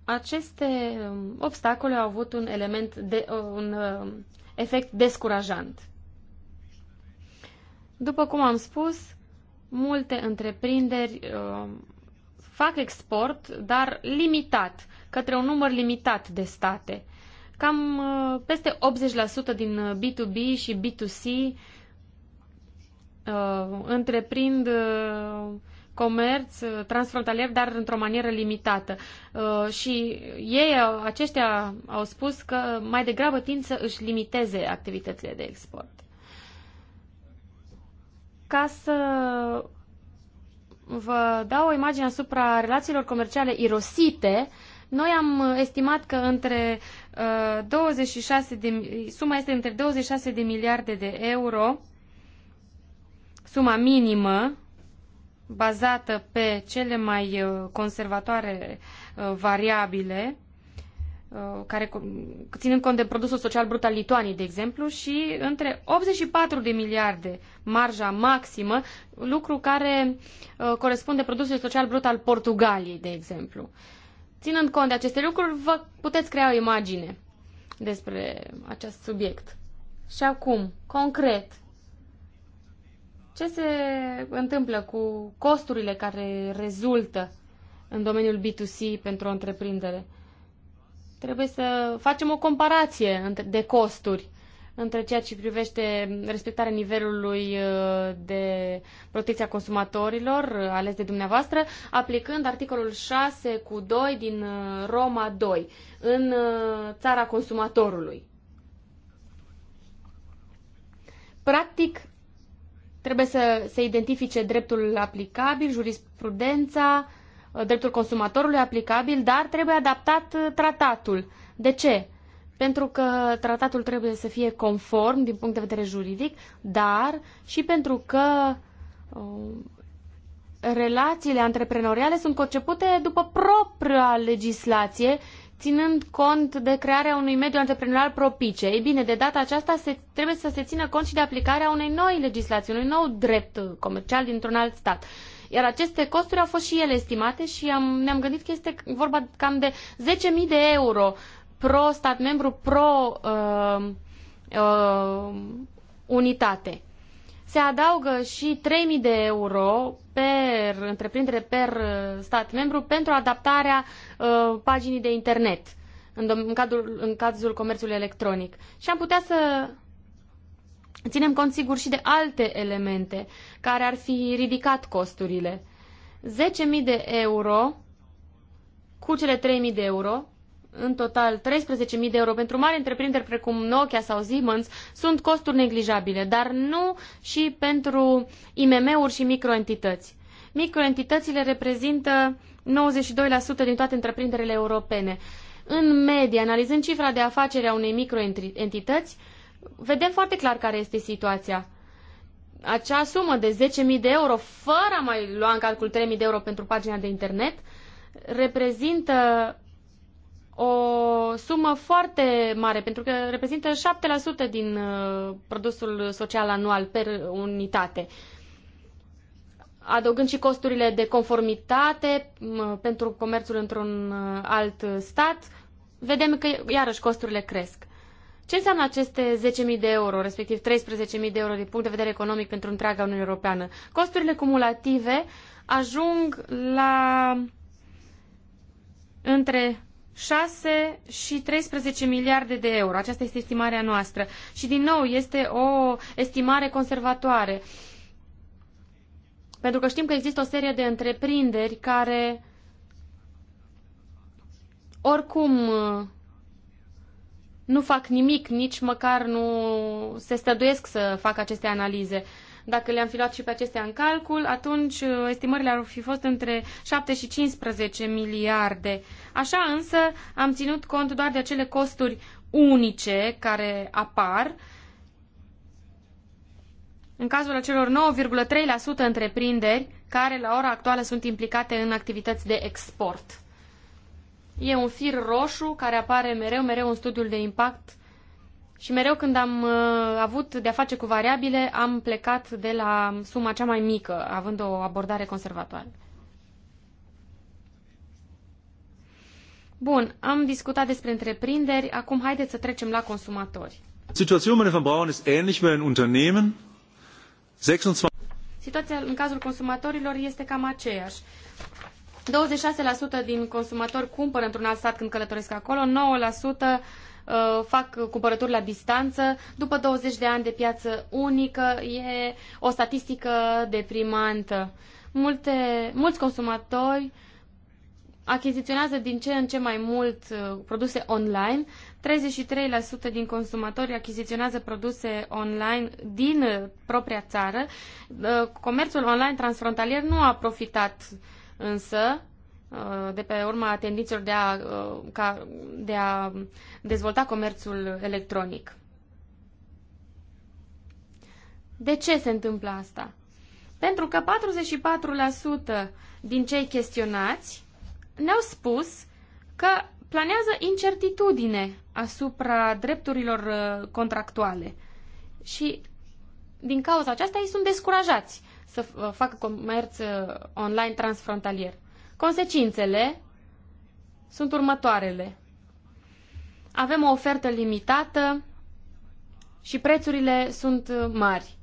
aceste um, obstacole au avut un element de, uh, un uh, efect descurajant. După cum am spus, multe întreprinderi uh, fac export, dar limitat, către un număr limitat de state. Cam uh, peste 80% din B2B și B2C uh, întreprind uh, comerț uh, transfrontalier, dar într-o manieră limitată. Uh, și ei, aceștia au spus că mai degrabă tind să își limiteze activitățile de export. Ca să vă dau o imagine asupra relațiilor comerciale irosite, noi am estimat că între 26 uh, de, suma este între 26 de miliarde de euro, suma minimă bazată pe cele mai uh, conservatoare uh, variabile, uh, care, ținând cont de produsul social brut al Lituaniei, de exemplu, și între 84 de miliarde marja maximă, lucru care corespunde produsului social brut al Portugaliei, de exemplu. Ținând cont de aceste lucruri, vă puteți crea o imagine despre acest subiect. Și acum, concret, ce se întâmplă cu costurile care rezultă în domeniul B2C pentru o întreprindere? Trebuie să facem o comparație de costuri între ceea ce privește respectarea nivelului uh, de protecția consumatorilor uh, ales de dumneavoastră, aplicând articolul 6 cu 2 din uh, Roma 2 în țara consumatorului. Practic, Trebuie să se identifice dreptul aplicabil, jurisprudența, uh, dreptul consumatorului aplicabil, dar trebuie adaptat uh, tratatul. De ce? Pentru că tratatul trebuie să fie conform din punct de vedere juridic, dar și pentru că uh, relațiile antreprenoriale sunt concepute după propria legislație ținând cont de crearea unui mediu antreprenorial propice. Ei bine, de data aceasta se, trebuie să se țină cont și de aplicarea unei noi legislații, unui nou drept comercial dintr-un alt stat. Iar aceste costuri au fost și ele estimate și am, ne-am gândit că este vorba cam de 10.000 de euro pro stat membru, pro uh, uh, unitate se adaugă și 3.000 de euro per întreprindere, per uh, stat membru, pentru adaptarea uh, paginii de internet în, în, cadrul, în cazul comerțului electronic. Și am putea să ținem cont, sigur, și de alte elemente care ar fi ridicat costurile. 10.000 de euro cu cele 3.000 de euro în total 13.000 de euro pentru mari întreprinderi precum Nokia sau Siemens sunt costuri neglijabile, dar nu și pentru IMM-uri și microentități. Microentitățile reprezintă 92% din toate întreprinderile europene. În medie, analizând cifra de afaceri a unei microentități, vedem foarte clar care este situația. Acea sumă de 10.000 de euro, fără a mai lua în calcul 3.000 de euro pentru pagina de internet, reprezintă o sumă foarte mare, pentru că reprezintă 7% din uh, produsul social anual per unitate. Adăugând și costurile de conformitate pentru comerțul într-un uh, alt stat, vedem că iarăși costurile cresc. Ce înseamnă aceste 10.000 de euro, respectiv 13.000 de euro din punct de vedere economic pentru întreaga Uniune Europeană? Costurile cumulative ajung la între 6 și 13 miliarde de euro. Aceasta este estimarea noastră. Și din nou, este o estimare conservatoare. Pentru că știm că există o serie de întreprinderi care oricum uh, nu fac nimic, nici măcar nu se stăduiesc să facă aceste analize. Dacă le-am fi luat și pe acestea în calcul, atunci uh, estimările ar fi fost între 7 și 15 miliarde. Așa însă am ținut cont doar de acele costuri unice care apar în cazul acelor 9,3% întreprinderi care la ora actuală sunt implicate în activități de export. E un fir roșu care apare mereu, mereu în studiul de impact și mereu când am uh, avut de-a face cu variabile, am plecat de la suma cea mai mică, având o abordare conservatoare. Bun, am discutat despre întreprinderi, acum haideți să trecem la consumatori. Situația Situația în cazul consumatorilor este cam aceeași. 26% din consumatori cumpără într-un alt stat când călătoresc acolo, 9% Uh, fac cumpărături la distanță. După 20 de ani de piață unică, e o statistică deprimantă. Multe, mulți consumatori achiziționează din ce în ce mai mult uh, produse online. 33% din consumatori achiziționează produse online din propria țară. Uh, comerțul online transfrontalier nu a profitat însă Uh, de pe urma tendințelor de a, uh, ca, de a dezvolta comerțul electronic. De ce se întâmplă asta? Pentru că 44% din cei chestionați ne-au spus că planează incertitudine asupra drepturilor uh, contractuale și din cauza aceasta ei sunt descurajați să facă comerț online transfrontalier. Consecințele sunt următoarele. Avem o ofertă limitată și prețurile sunt uh, mari.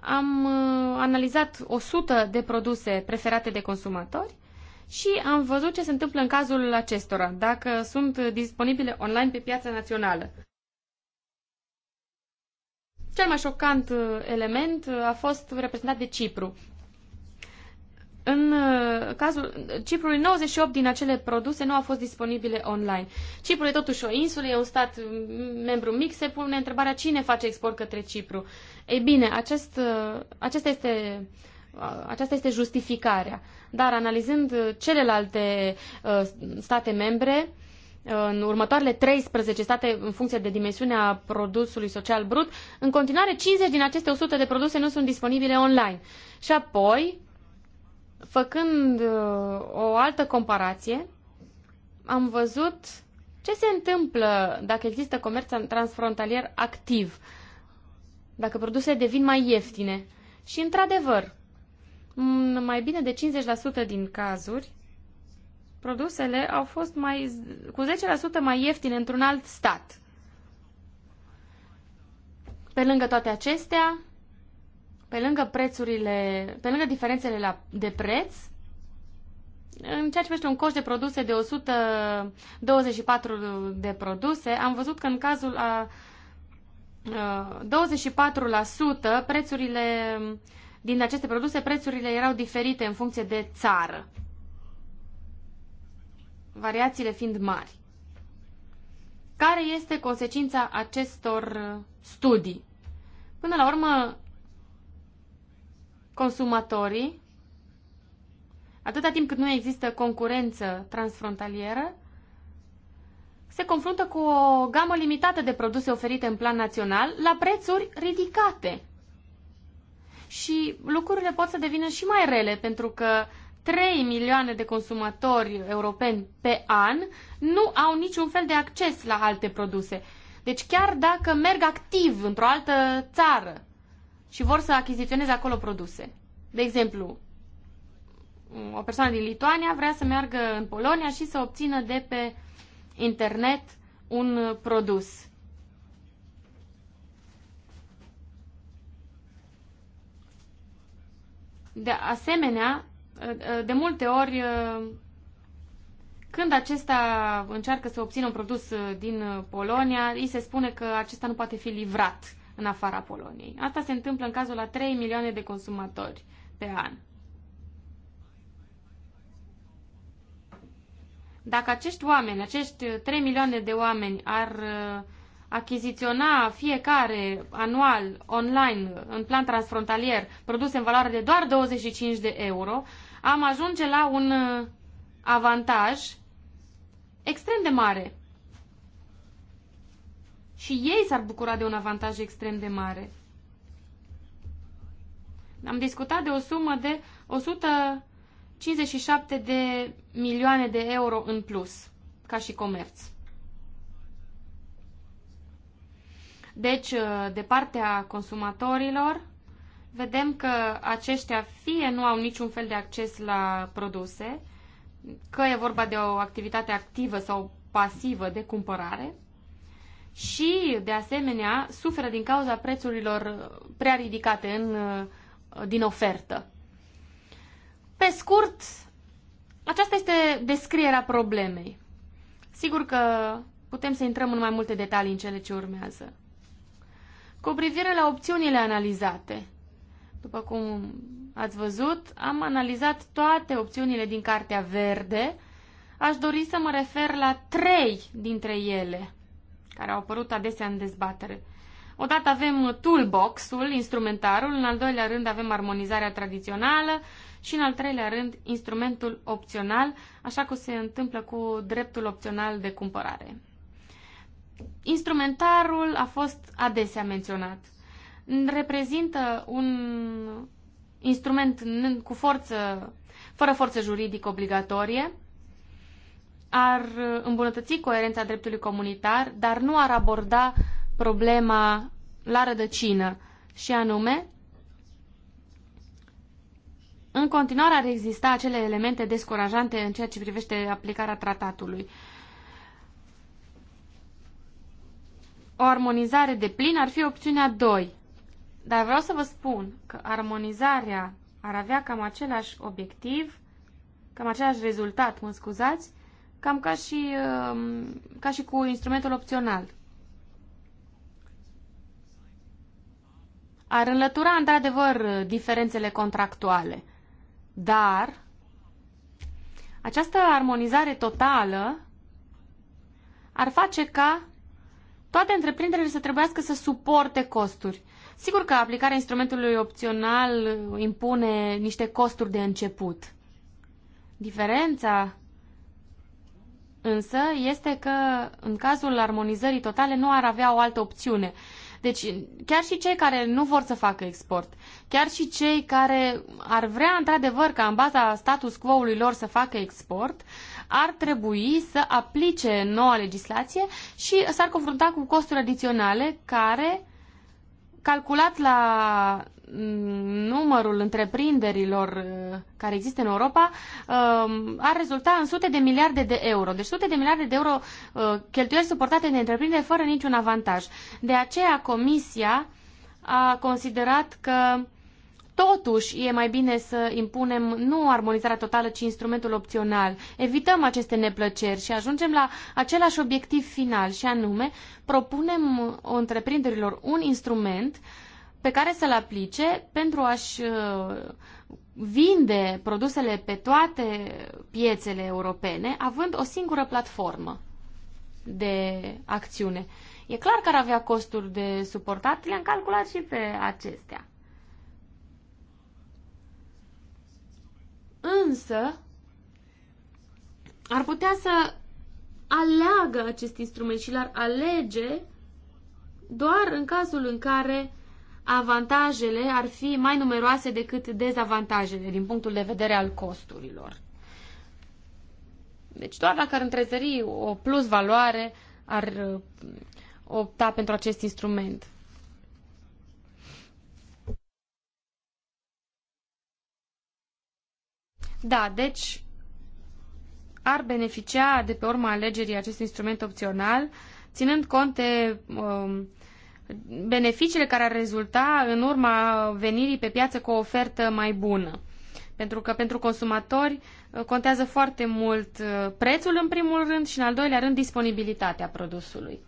Am uh, analizat 100 de produse preferate de consumatori și am văzut ce se întâmplă în cazul acestora, dacă sunt disponibile online pe piața națională. Cel mai șocant uh, element a fost reprezentat de Cipru în uh, cazul Ciprului, 98 din acele produse nu au fost disponibile online. Ciprul e totuși o insulă, e un stat mm, membru mic, se pune întrebarea cine face export către Cipru. Ei bine, acest, uh, acesta este uh, aceasta este justificarea. Dar analizând celelalte state membre, în următoarele 13 state, în funcție de dimensiunea produsului social brut, în continuare 50 din aceste 100 de produse nu sunt disponibile online. Și apoi, făcând uh, o altă comparație, am văzut ce se întâmplă dacă există comerț transfrontalier activ, dacă produsele devin mai ieftine. Și, într-adevăr, în mai bine de 50% din cazuri, produsele au fost mai, cu 10% mai ieftine într-un alt stat. Pe lângă toate acestea, pe lângă prețurile, pe lângă diferențele la, de preț, în ceea ce privește un coș de produse de 124 de produse, am văzut că în cazul a 24% prețurile din aceste produse, prețurile erau diferite în funcție de țară. Variațiile fiind mari. Care este consecința acestor studii? Până la urmă, consumatorii, atâta timp cât nu există concurență transfrontalieră, se confruntă cu o gamă limitată de produse oferite în plan național la prețuri ridicate. Și lucrurile pot să devină și mai rele pentru că 3 milioane de consumatori europeni pe an nu au niciun fel de acces la alte produse. Deci chiar dacă merg activ într-o altă țară și vor să achiziționeze acolo produse. De exemplu, o persoană din Lituania vrea să meargă în Polonia și să obțină de pe internet un produs. De asemenea, de multe ori, când acesta încearcă să obțină un produs din Polonia, îi se spune că acesta nu poate fi livrat în afara Poloniei. Asta se întâmplă în cazul a 3 milioane de consumatori pe an. Dacă acești oameni, acești 3 milioane de oameni ar uh, achiziționa fiecare anual online în plan transfrontalier produse în valoare de doar 25 de euro, am ajunge la un uh, avantaj extrem de mare și ei s-ar bucura de un avantaj extrem de mare. Am discutat de o sumă de 157 de milioane de euro în plus, ca și comerț. Deci, uh, de partea consumatorilor, vedem că aceștia fie nu au niciun fel de acces la produse, că e vorba de o activitate activă sau pasivă de cumpărare, și, de asemenea, suferă din cauza prețurilor prea ridicate în, uh, din ofertă. Pe scurt, aceasta este descrierea problemei. Sigur că putem să intrăm în mai multe detalii în cele ce urmează. Cu privire la opțiunile analizate, după cum ați văzut, am analizat toate opțiunile din Cartea Verde. Aș dori să mă refer la trei dintre ele – care au apărut adesea în dezbatere. Odată avem toolbox-ul, instrumentarul, în al doilea rând avem armonizarea tradițională și în al treilea rând instrumentul opțional, așa cum se întâmplă cu dreptul opțional de cumpărare. Instrumentarul a fost adesea menționat. Reprezintă un instrument cu forță, fără forță juridică obligatorie, ar îmbunătăți coerența dreptului comunitar, dar nu ar aborda problema la rădăcină, și anume, în continuare ar exista acele elemente descurajante în ceea ce privește aplicarea tratatului. O armonizare de plin ar fi opțiunea 2. Dar vreau să vă spun că armonizarea ar avea cam același obiectiv, cam același rezultat, mă scuzați, cam ca și, um, ca și cu instrumentul opțional. Ar înlătura, într-adevăr, diferențele contractuale, dar această armonizare totală ar face ca toate întreprinderile să trebuiască să suporte costuri. Sigur că aplicarea instrumentului opțional impune niște costuri de început. Diferența însă este că în cazul armonizării totale nu ar avea o altă opțiune. Deci chiar și cei care nu vor să facă export, chiar și cei care ar vrea într-adevăr ca în baza status quo-ului lor să facă export, ar trebui să aplice noua legislație și s-ar confrunta cu costuri adiționale care, calculat la numărul întreprinderilor uh, care există în Europa uh, ar rezulta în sute de miliarde de euro. Deci sute de miliarde de euro uh, cheltuieli suportate de întreprinderi fără niciun avantaj. De aceea Comisia a considerat că Totuși, e mai bine să impunem nu armonizarea totală, ci instrumentul opțional. Evităm aceste neplăceri și ajungem la același obiectiv final, și anume propunem întreprinderilor un instrument uh, pe care să-l aplice pentru a-și uh, vinde produsele pe toate piețele europene, având o singură platformă de acțiune. E clar că ar avea costuri de suportat, le-am calculat și pe acestea. Însă, ar putea să aleagă acest instrument și l-ar alege doar în cazul în care avantajele ar fi mai numeroase decât dezavantajele din punctul de vedere al costurilor. Deci doar dacă ar întrezări o plus valoare, ar uh, opta pentru acest instrument. Da, deci ar beneficia de pe urma alegerii acest instrument opțional, ținând cont de uh, beneficiile care ar rezulta în urma venirii pe piață cu o ofertă mai bună. Pentru că pentru consumatori uh, contează foarte mult uh, prețul în primul rând și în al doilea rând disponibilitatea produsului.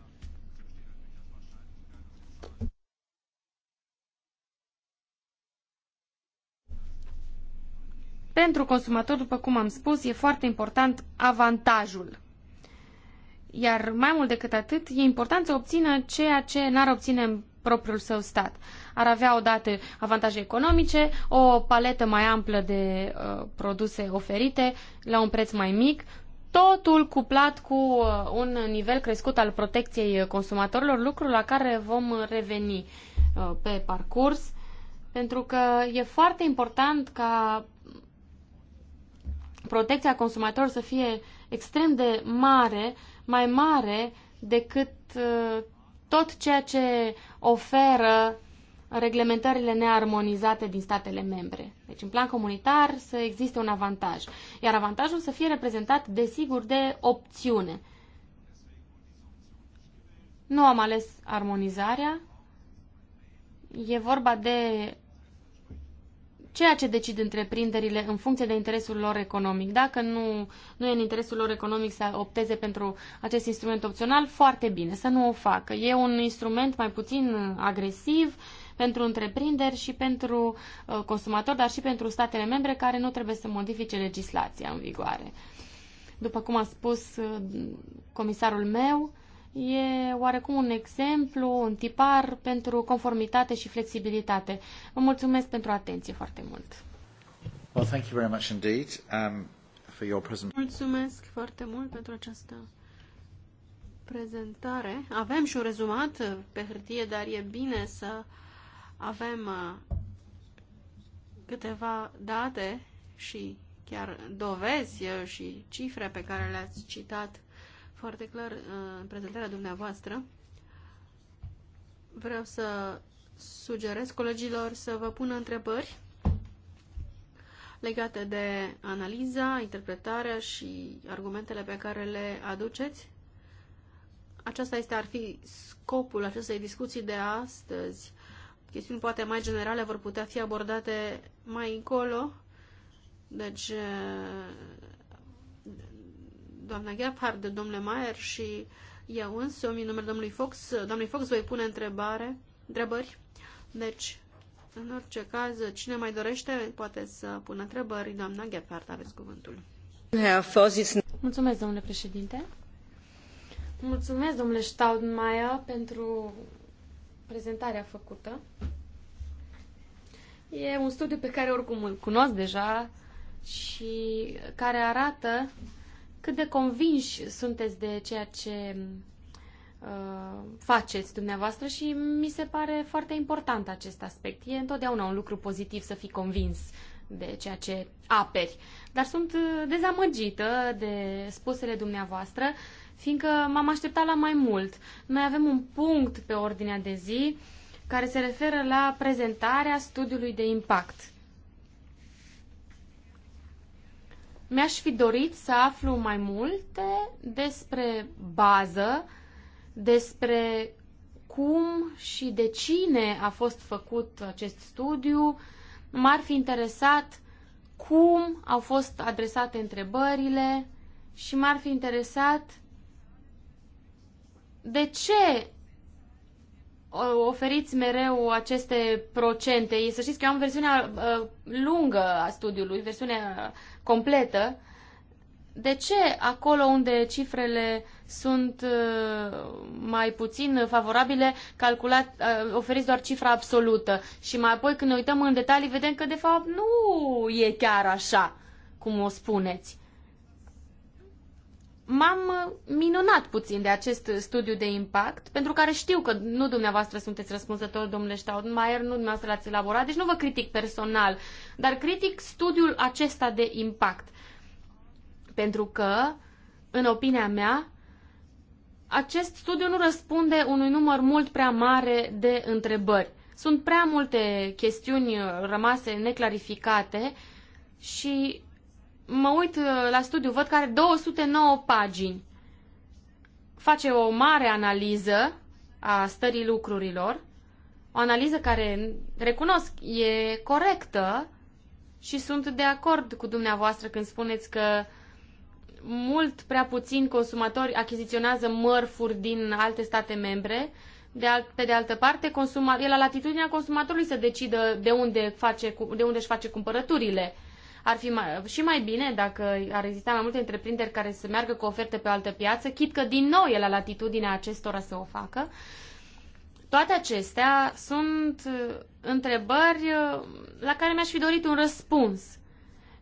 Pentru consumator, după cum am spus, e foarte important avantajul iar mai mult decât atât, e important să obțină ceea ce n-ar obține în propriul său stat. Ar avea odată avantaje economice, o paletă mai amplă de uh, produse oferite la un preț mai mic, totul cuplat cu uh, un nivel crescut al protecției consumatorilor, lucru la care vom reveni uh, pe parcurs, pentru că e foarte important ca protecția consumatorilor să fie extrem de mare mai mare decât uh, tot ceea ce oferă reglementările nearmonizate din statele membre. Deci, în plan comunitar, să existe un avantaj. Iar avantajul să fie reprezentat, desigur, de opțiune. Nu am ales armonizarea. E vorba de ceea ce decid întreprinderile în funcție de interesul lor economic. Dacă nu, nu e în interesul lor economic să opteze pentru acest instrument opțional, foarte bine, să nu o facă. E un instrument mai puțin agresiv pentru întreprinderi și pentru uh, consumatori, dar și pentru statele membre care nu trebuie să modifice legislația în vigoare. După cum a spus uh, comisarul meu, e oarecum un exemplu, un tipar pentru conformitate și flexibilitate. Vă mulțumesc pentru atenție foarte mult. Well, thank you very much indeed, um, for your mulțumesc foarte mult pentru această prezentare. Avem și un rezumat pe hârtie, dar e bine să avem uh, câteva date și chiar dovezi uh, și cifre pe care le-ați citat foarte clar uh, în prezentarea dumneavoastră. Vreau să sugerez colegilor să vă pună întrebări legate de analiza, interpretarea și argumentele pe care le aduceți. Aceasta este, ar fi scopul acestei discuții de astăzi. Chestiuni poate mai generale vor putea fi abordate mai încolo. Deci uh, doamna Gheaphard, de domnule Maier și eu însă, în numele domnului Fox, domnului Fox voi pune întrebare, întrebări. Deci, în orice caz, cine mai dorește, poate să pună întrebări. Doamna Gheaphard, aveți cuvântul. Mulțumesc, domnule președinte. Mulțumesc, domnule Staudmaier, pentru prezentarea făcută. E un studiu pe care oricum îl cunosc deja și care arată cât de convinși sunteți de ceea ce uh, faceți dumneavoastră și mi se pare foarte important acest aspect. E întotdeauna un lucru pozitiv să fii convins de ceea ce aperi. Dar sunt uh, dezamăgită de spusele dumneavoastră, fiindcă m-am așteptat la mai mult. Noi avem un punct pe ordinea de zi care se referă la prezentarea studiului de impact. Mi-aș fi dorit să aflu mai multe despre bază, despre cum și de cine a fost făcut acest studiu. M-ar fi interesat cum au fost adresate întrebările și m-ar fi interesat de ce oferiți mereu aceste procente. Să știți că eu am versiunea uh, lungă a studiului, versiunea completă, de ce acolo unde cifrele sunt uh, mai puțin favorabile, calculat, uh, oferiți doar cifra absolută și mai apoi când ne uităm în detalii vedem că de fapt nu e chiar așa cum o spuneți m-am uh, minunat puțin de acest studiu de impact, pentru care știu că nu dumneavoastră sunteți răspunzător, domnule Staudmaier, nu dumneavoastră l-ați elaborat, deci nu vă critic personal, dar critic studiul acesta de impact. Pentru că, în opinia mea, acest studiu nu răspunde unui număr mult prea mare de întrebări. Sunt prea multe chestiuni uh, rămase neclarificate și mă uit uh, la studiu, văd că are 209 pagini. Face o mare analiză a stării lucrurilor, o analiză care, recunosc, e corectă și sunt de acord cu dumneavoastră când spuneți că mult prea puțin consumatori achiziționează mărfuri din alte state membre. De alt, pe de altă parte, consuma, e la latitudinea consumatorului să decidă de unde, face, de unde își face cumpărăturile. Uh, ar fi mai, și mai bine dacă ar exista mai multe întreprinderi care să meargă cu oferte pe altă piață, chit că din nou e la latitudinea acestora să o facă. Toate acestea sunt uh, întrebări uh, la care mi-aș fi dorit un răspuns.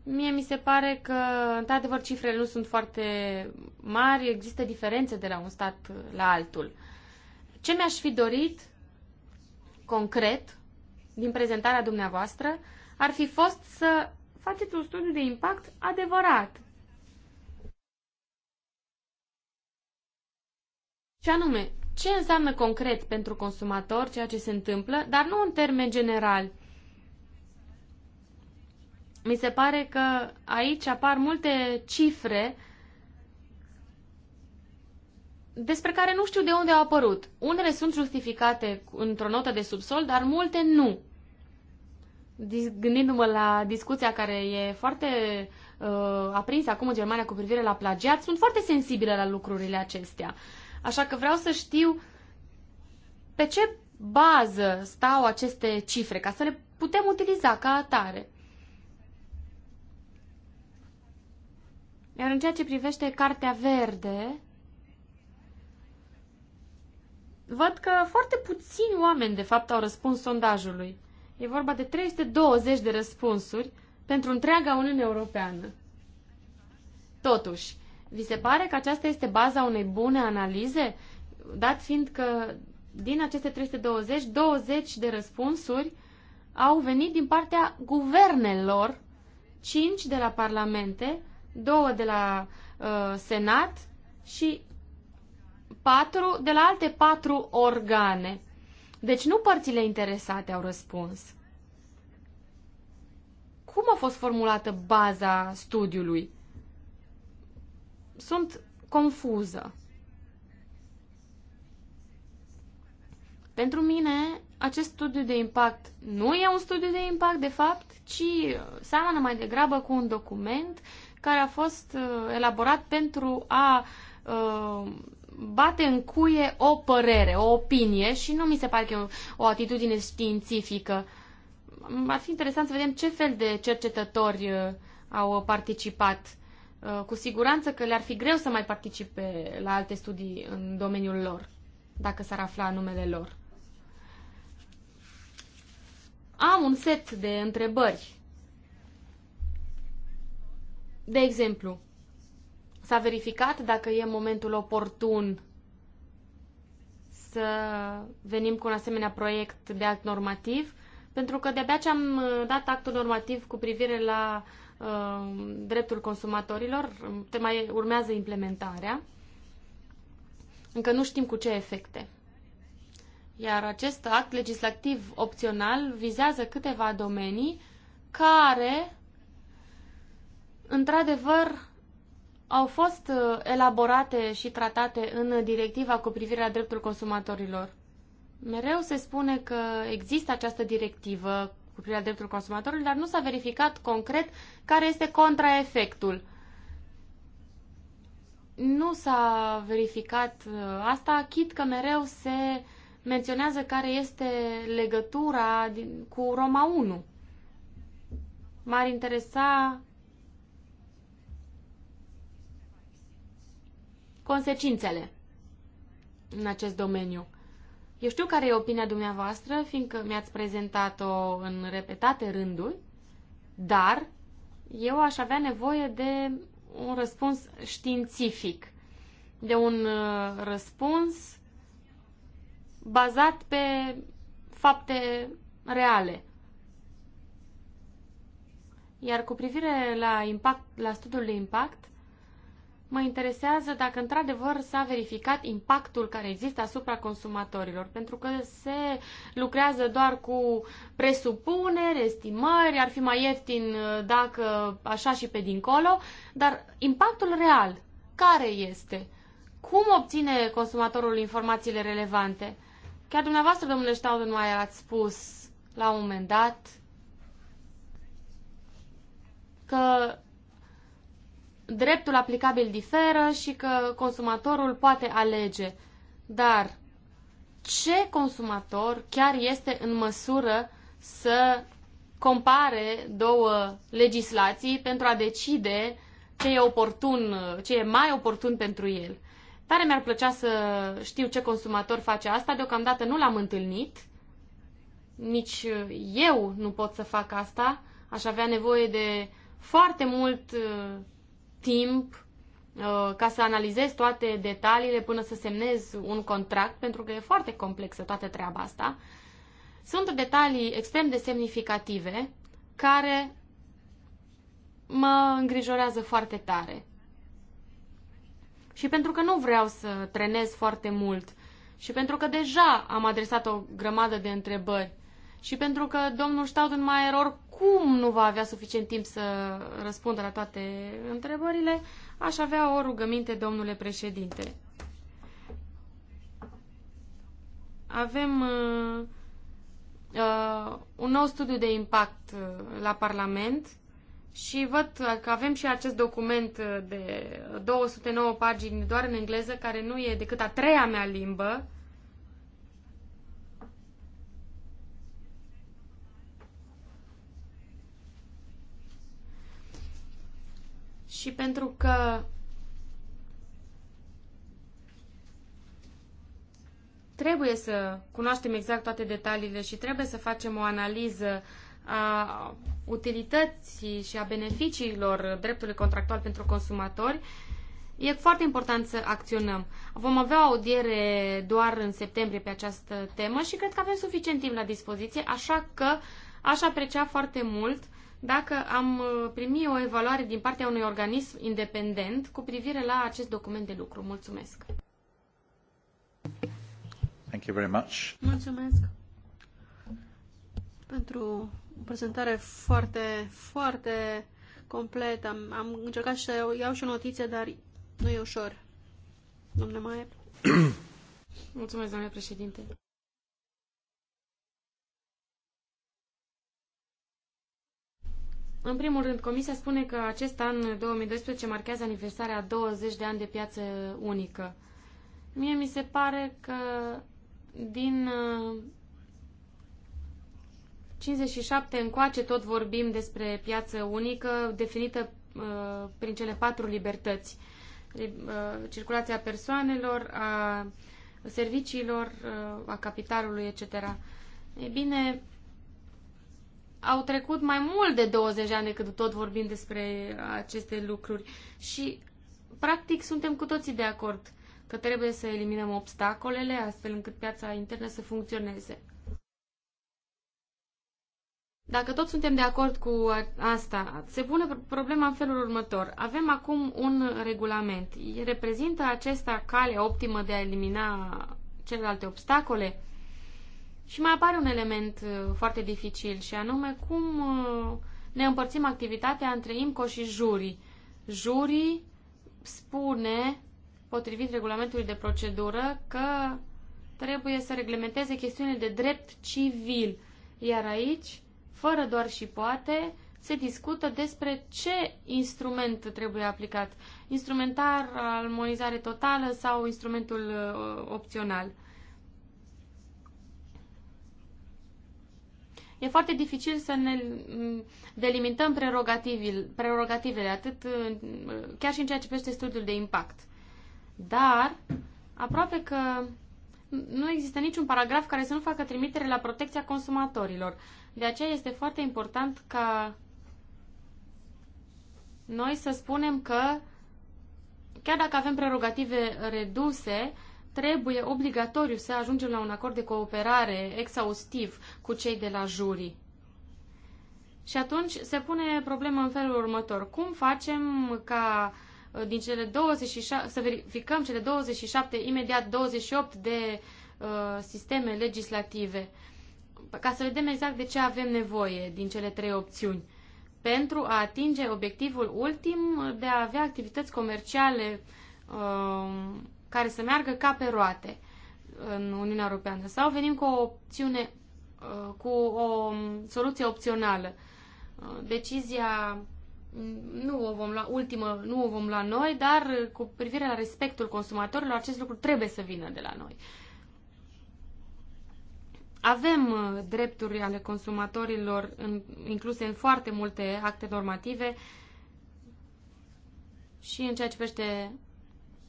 Mie mi se pare că, într-adevăr, cifrele nu sunt foarte mari, există diferențe de la un stat la altul. Ce mi-aș fi dorit concret din prezentarea dumneavoastră ar fi fost să faceți un studiu de impact adevărat. Și anume, ce înseamnă concret pentru consumator ceea ce se întâmplă, dar nu în termen general. Mi se pare că aici apar multe cifre despre care nu știu de unde au apărut. Unele sunt justificate într-o notă de subsol, dar multe nu gândindu-mă la discuția care e foarte uh, aprinsă acum în Germania cu privire la plagiat, sunt foarte sensibilă la lucrurile acestea. Așa că vreau să știu pe ce bază stau aceste cifre, ca să le putem utiliza ca atare. Iar în ceea ce privește Cartea Verde, văd că foarte puțini oameni, de fapt, au răspuns sondajului. E vorba de 320 de răspunsuri pentru întreaga Uniune Europeană. Totuși, vi se pare că aceasta este baza unei bune analize, dat fiind că din aceste 320, 20 de răspunsuri au venit din partea guvernelor, 5 de la parlamente, 2 de la uh, senat și 4 de la alte 4 organe. Deci nu părțile interesate au răspuns. Cum a fost formulată baza studiului? Sunt confuză. Pentru mine, acest studiu de impact nu e un studiu de impact, de fapt, ci seamănă mai degrabă cu un document care a fost uh, elaborat pentru a uh, bate în cuie o părere, o opinie și nu mi se pare că e o, o atitudine științifică. Ar fi interesant să vedem ce fel de cercetători uh, au participat. Uh, cu siguranță că le-ar fi greu să mai participe la alte studii în domeniul lor, dacă s-ar afla numele lor. Am un set de întrebări. De exemplu, S-a verificat dacă e momentul oportun să venim cu un asemenea proiect de act normativ, pentru că de-abia ce am dat actul normativ cu privire la uh, dreptul consumatorilor, te mai urmează implementarea, încă nu știm cu ce efecte. Iar acest act legislativ opțional vizează câteva domenii care, într-adevăr, au fost uh, elaborate și tratate în directiva cu privire la dreptul consumatorilor. Mereu se spune că există această directivă cu privire la dreptul consumatorilor, dar nu s-a verificat concret care este contraefectul. Nu s-a verificat uh, asta, chit că mereu se menționează care este legătura cu Roma 1. M-ar interesa consecințele în acest domeniu. Eu știu care e opinia dumneavoastră, fiindcă mi-ați prezentat-o în repetate rânduri, dar eu aș avea nevoie de un răspuns științific, de un uh, răspuns bazat pe fapte reale. Iar cu privire la, impact, la studiul de impact, Mă interesează dacă într-adevăr s-a verificat impactul care există asupra consumatorilor, pentru că se lucrează doar cu presupuneri, estimări, ar fi mai ieftin uh, dacă așa și pe dincolo, dar impactul real care este? Cum obține consumatorul informațiile relevante? Chiar dumneavoastră, domnule Staudenmaier, ați spus la un moment dat că dreptul aplicabil diferă și că consumatorul poate alege. Dar ce consumator chiar este în măsură să compare două legislații pentru a decide ce e oportun, ce e mai oportun pentru el? Tare mi-ar plăcea să știu ce consumator face asta. Deocamdată nu l-am întâlnit. Nici eu nu pot să fac asta. Aș avea nevoie de foarte mult timp uh, ca să analizez toate detaliile până să semnez un contract, pentru că e foarte complexă toată treaba asta. Sunt detalii extrem de semnificative care mă îngrijorează foarte tare. Și pentru că nu vreau să trenez foarte mult și pentru că deja am adresat o grămadă de întrebări și pentru că domnul Staudenmaier oricum nu va avea suficient timp să răspundă la toate întrebările, aș avea o rugăminte, domnule președinte. Avem uh, uh, un nou studiu de impact uh, la Parlament și văd că avem și acest document uh, de 209 pagini doar în engleză, care nu e decât a treia mea limbă, și pentru că trebuie să cunoaștem exact toate detaliile și trebuie să facem o analiză a utilității și a beneficiilor dreptului contractual pentru consumatori, e foarte important să acționăm. Vom avea o audiere doar în septembrie pe această temă și cred că avem suficient timp la dispoziție, așa că aș aprecia foarte mult dacă am uh, primi o evaluare din partea unui organism independent cu privire la acest document de lucru. Mulțumesc! Thank you very much. Mulțumesc pentru o prezentare foarte, foarte completă. Am, am încercat să iau și o notiță, dar nu e ușor. Domnule Maier. Mulțumesc, domnule președinte. În primul rând, Comisia spune că acest an 2012 marchează aniversarea 20 de ani de piață unică. Mie mi se pare că din 57 uh, încoace tot vorbim despre piață unică definită uh, prin cele patru libertăți. Uh, circulația persoanelor, a serviciilor, a capitalului, etc. Ei bine, au trecut mai mult de 20 de ani decât tot vorbim despre aceste lucruri și practic suntem cu toții de acord că trebuie să eliminăm obstacolele astfel încât piața internă să funcționeze. Dacă tot suntem de acord cu asta, se pune problema în felul următor. Avem acum un regulament. Reprezintă acesta calea optimă de a elimina celelalte obstacole? Și mai apare un element uh, foarte dificil și anume cum uh, ne împărțim activitatea între IMCO și jurii. Jurii spune, potrivit regulamentului de procedură, că trebuie să reglementeze chestiunile de drept civil. Iar aici, fără doar și poate, se discută despre ce instrument trebuie aplicat. Instrumentar, armonizare totală sau instrumentul uh, opțional. e foarte dificil să ne delimităm prerogativele, atât chiar și în ceea ce privește studiul de impact. Dar aproape că nu există niciun paragraf care să nu facă trimitere la protecția consumatorilor. De aceea este foarte important ca noi să spunem că chiar dacă avem prerogative reduse, trebuie obligatoriu să ajungem la un acord de cooperare exhaustiv cu cei de la jurii. Și atunci se pune problema în felul următor. Cum facem ca uh, din cele 26, să verificăm cele 27, imediat 28 de uh, sisteme legislative, ca să vedem exact de ce avem nevoie din cele trei opțiuni, pentru a atinge obiectivul ultim de a avea activități comerciale uh, care să meargă ca pe roate în Uniunea Europeană sau venim cu o opțiune, uh, cu o um, soluție opțională. Uh, decizia mm, nu o vom lua ultimă, nu o vom lua noi, dar cu privire la respectul consumatorilor, acest lucru trebuie să vină de la noi. Avem uh, drepturi ale consumatorilor în, incluse în foarte multe acte normative și în ceea ce privește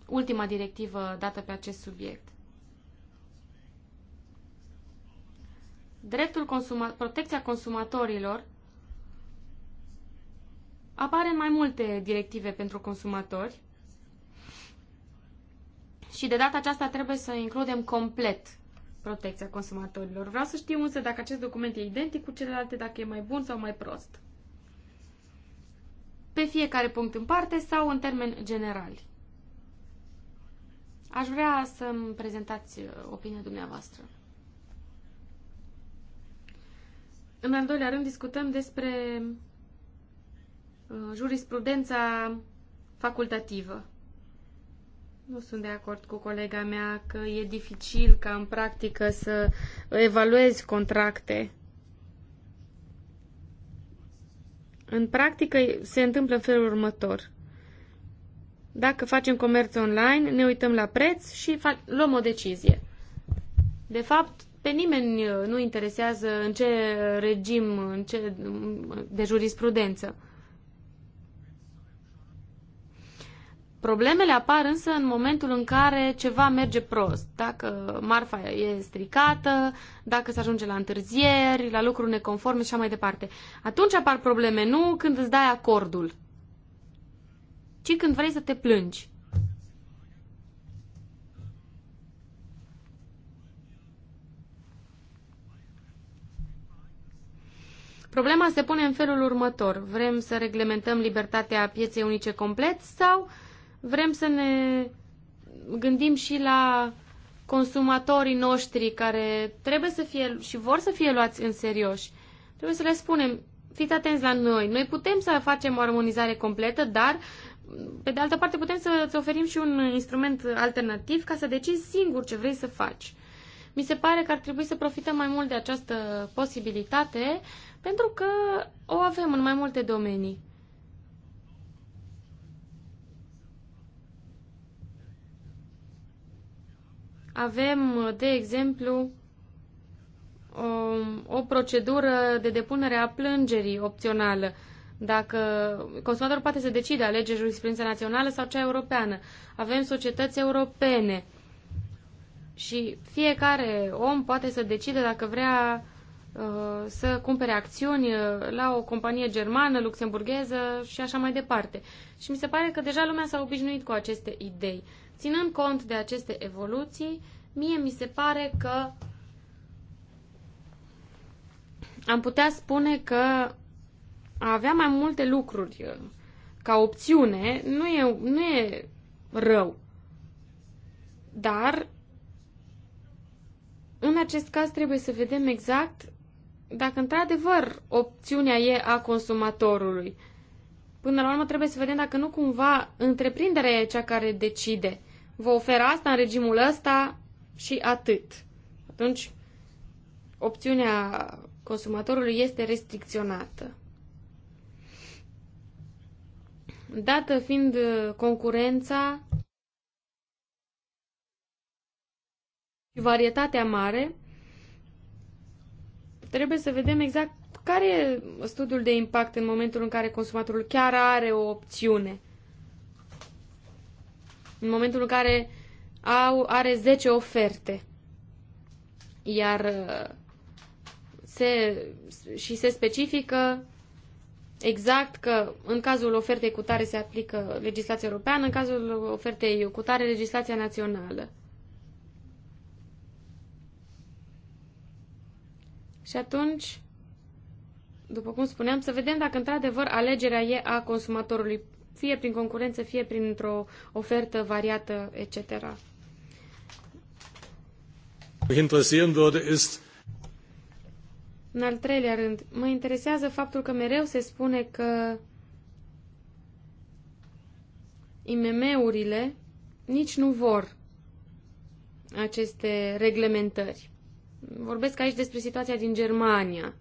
ultima directivă dată pe acest subiect. Dreptul consuma- protecția consumatorilor apare în mai multe directive pentru consumatori și de data aceasta trebuie să includem complet protecția consumatorilor. Vreau să știu însă dacă acest document e identic cu celelalte, dacă e mai bun sau mai prost. Pe fiecare punct în parte sau în termeni generali. Aș vrea să-mi prezentați uh, opinia dumneavoastră. În al doilea rând, discutăm despre uh, jurisprudența facultativă. Nu sunt de acord cu colega mea că e dificil ca în practică să evaluezi contracte. În practică se întâmplă în felul următor. Dacă facem comerț online, ne uităm la preț și luăm o decizie. De fapt, pe nimeni uh, nu interesează în ce uh, regim, în ce uh, de jurisprudență. Problemele apar însă în momentul în care ceva merge prost. Dacă marfa e stricată, dacă se ajunge la întârzieri, la lucruri neconforme și așa mai departe. Atunci apar probleme, nu când îți dai acordul ci când vrei să te plângi. Problema se pune în felul următor. Vrem să reglementăm libertatea pieței unice complet sau vrem să ne gândim și la consumatorii noștri care trebuie să fie și vor să fie luați în serios. Trebuie să le spunem, fiți atenți la noi. Noi putem să facem o armonizare completă, dar pe de altă parte, putem să-ți oferim și un instrument alternativ ca să decizi singur ce vrei să faci. Mi se pare că ar trebui să profităm mai mult de această posibilitate pentru că o avem în mai multe domenii. Avem, de exemplu, o, o procedură de depunere a plângerii opțională. Dacă consumatorul poate să decide alege jurisprudența națională sau cea europeană. Avem societăți europene și fiecare om poate să decide dacă vrea uh, să cumpere acțiuni uh, la o companie germană, luxemburgheză și așa mai departe. Și mi se pare că deja lumea s-a obișnuit cu aceste idei. Ținând cont de aceste evoluții, mie mi se pare că am putea spune că a avea mai multe lucruri uh, ca opțiune nu e, nu e rău. Dar, în acest caz, trebuie să vedem exact dacă, într-adevăr, opțiunea e a consumatorului. Până la urmă, trebuie să vedem dacă nu cumva întreprinderea e cea care decide. Vă ofer asta în regimul ăsta și atât. Atunci, opțiunea consumatorului este restricționată dată fiind uh, concurența și varietatea mare, trebuie să vedem exact care e studiul de impact în momentul în care consumatorul chiar are o opțiune. În momentul în care au, are 10 oferte. Iar uh, se, și se specifică exact că în cazul ofertei cu tare se aplică legislația europeană, în cazul ofertei cu tare legislația națională. Și atunci, după cum spuneam, să vedem dacă într-adevăr alegerea e a consumatorului, fie prin concurență, fie printr-o ofertă variată, etc. Interesieren würde ist, în al treilea rând, mă interesează faptul că mereu se spune că IMM-urile nici nu vor aceste reglementări. Vorbesc aici despre situația din Germania.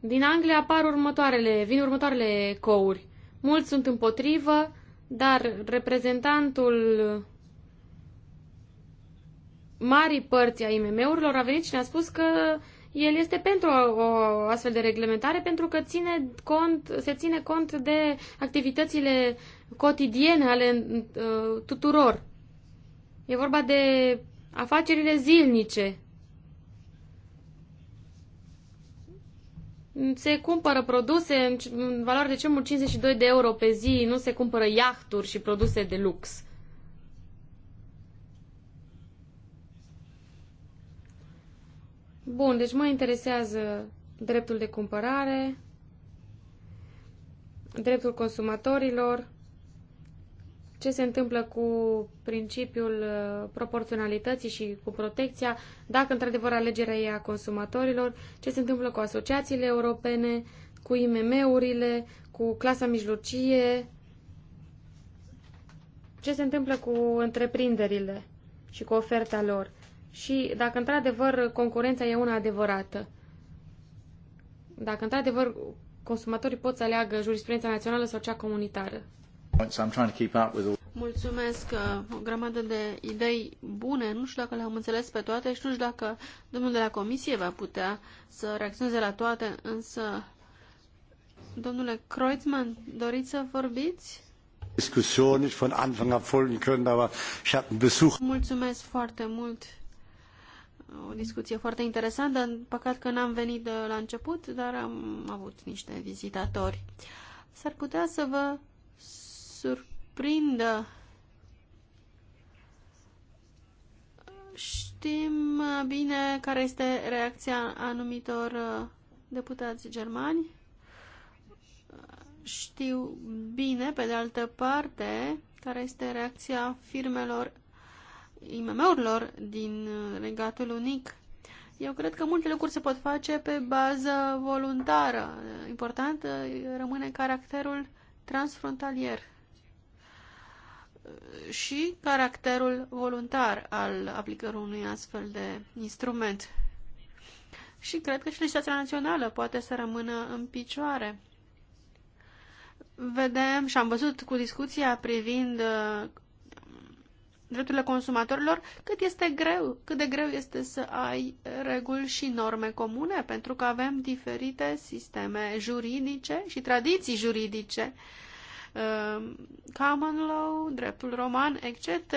Din Anglia apar următoarele, vin următoarele couri. Mulți sunt împotrivă, dar reprezentantul marii părți a IMM-urilor a venit și ne-a spus că el este pentru o astfel de reglementare pentru că ține cont, se ține cont de activitățile cotidiene ale uh, tuturor. E vorba de afacerile zilnice se cumpără produse în valoare de cel mult 52 de euro pe zi, nu se cumpără iahturi și produse de lux. Bun, deci mă interesează dreptul de cumpărare, dreptul consumatorilor, ce se întâmplă cu principiul uh, proporționalității și cu protecția, dacă într-adevăr alegerea e a consumatorilor, ce se întâmplă cu asociațiile europene, cu IMM-urile, cu clasa mijlocie, ce se întâmplă cu întreprinderile și cu oferta lor și dacă într-adevăr concurența e una adevărată. Dacă într-adevăr consumatorii pot să aleagă jurisprudența națională sau cea comunitară. Mulțumesc, uh, o grămadă de idei bune, nu știu dacă le-am înțeles pe toate și nu știu dacă domnul de la comisie va putea să reacționeze la toate, însă, domnule Kreutzmann, doriți să vorbiți? Mulțumesc foarte mult. O discuție foarte interesantă. Păcat că n-am venit de la început, dar am avut niște vizitatori. S-ar putea să vă surprindă. Știm bine care este reacția anumitor uh, deputați germani. Știu bine, pe de altă parte, care este reacția firmelor IMM-urilor din uh, Regatul Unic. Eu cred că multe lucruri se pot face pe bază voluntară. Important uh, rămâne caracterul transfrontalier și caracterul voluntar al aplicării unui astfel de instrument. Și cred că și legislația națională poate să rămână în picioare. Vedem și am văzut cu discuția privind uh, drepturile consumatorilor cât este greu, cât de greu este să ai reguli și norme comune, pentru că avem diferite sisteme juridice și tradiții juridice uh, Um, common law, dreptul roman, etc.,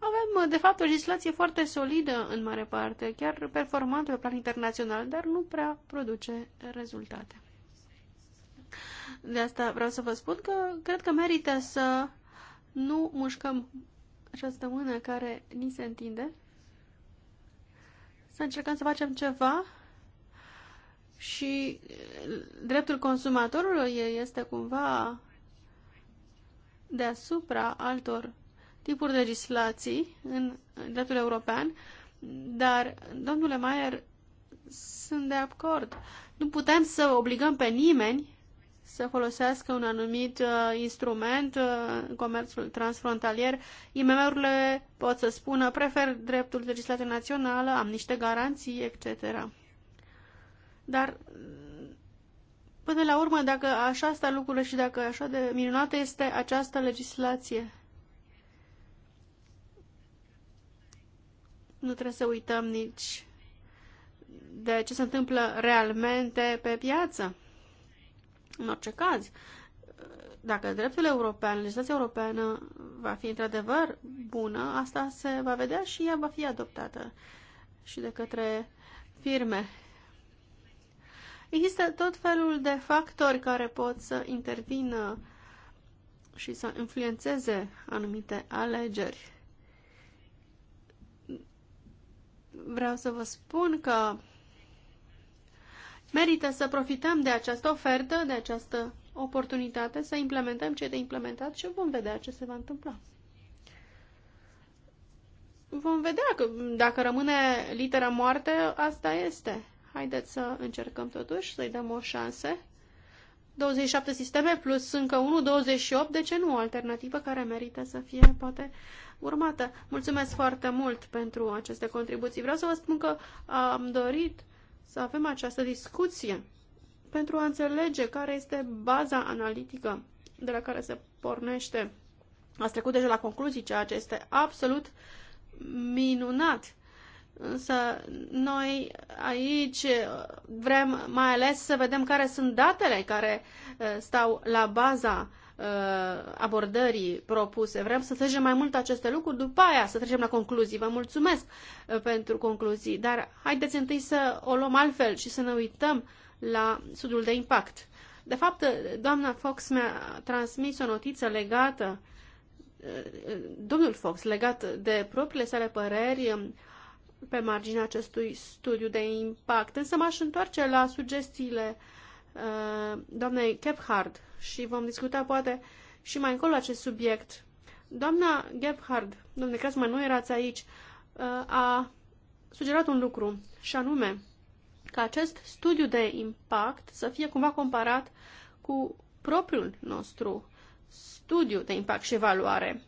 avem, de fapt, o legislație foarte solidă în mare parte, chiar performantă pe plan internațional, dar nu prea produce rezultate. De asta vreau să vă spun că cred că merită să nu mușcăm această mână care ni se întinde, să încercăm să facem ceva și dreptul consumatorului este cumva deasupra altor tipuri de legislații în dreptul european, dar, domnule Maier, sunt de acord. Nu putem să obligăm pe nimeni să folosească un anumit uh, instrument uh, comerțul transfrontalier. IMM-urile pot să spună, prefer dreptul legislație națională, am niște garanții, etc. Dar Până la urmă, dacă așa sta lucrurile și dacă așa de minunată este această legislație, nu trebuie să uităm nici de ce se întâmplă realmente pe piață. În orice caz, dacă dreptul european, legislația europeană va fi într-adevăr bună, asta se va vedea și ea va fi adoptată și de către firme. Există tot felul de factori care pot să intervină și să influențeze anumite alegeri. Vreau să vă spun că merită să profităm de această ofertă, de această oportunitate, să implementăm ce de implementat și vom vedea ce se va întâmpla. Vom vedea că dacă rămâne litera moarte, asta este. Haideți să încercăm totuși, să-i dăm o șansă. 27 sisteme plus încă 1, 28, de ce nu? O alternativă care merită să fie, poate, urmată. Mulțumesc foarte mult pentru aceste contribuții. Vreau să vă spun că am dorit să avem această discuție pentru a înțelege care este baza analitică de la care se pornește. Ați trecut deja la concluzii, ceea ce este absolut minunat. Însă noi aici vrem mai ales să vedem care sunt datele care uh, stau la baza uh, abordării propuse. Vrem să trecem mai mult aceste lucruri, după aia să trecem la concluzii. Vă mulțumesc uh, pentru concluzii, dar haideți întâi să o luăm altfel și să ne uităm la sudul de impact. De fapt, doamna Fox mi-a transmis o notiță legată, domnul Fox, legat de propriile sale păreri um, pe marginea acestui studiu de impact. Însă m-aș întoarce la sugestiile uh, doamnei Kephard și vom discuta poate și mai încolo acest subiect. Doamna Gebhard, domnule Crasman, nu erați aici, uh, a sugerat un lucru și anume că acest studiu de impact să fie cumva comparat cu propriul nostru studiu de impact și evaluare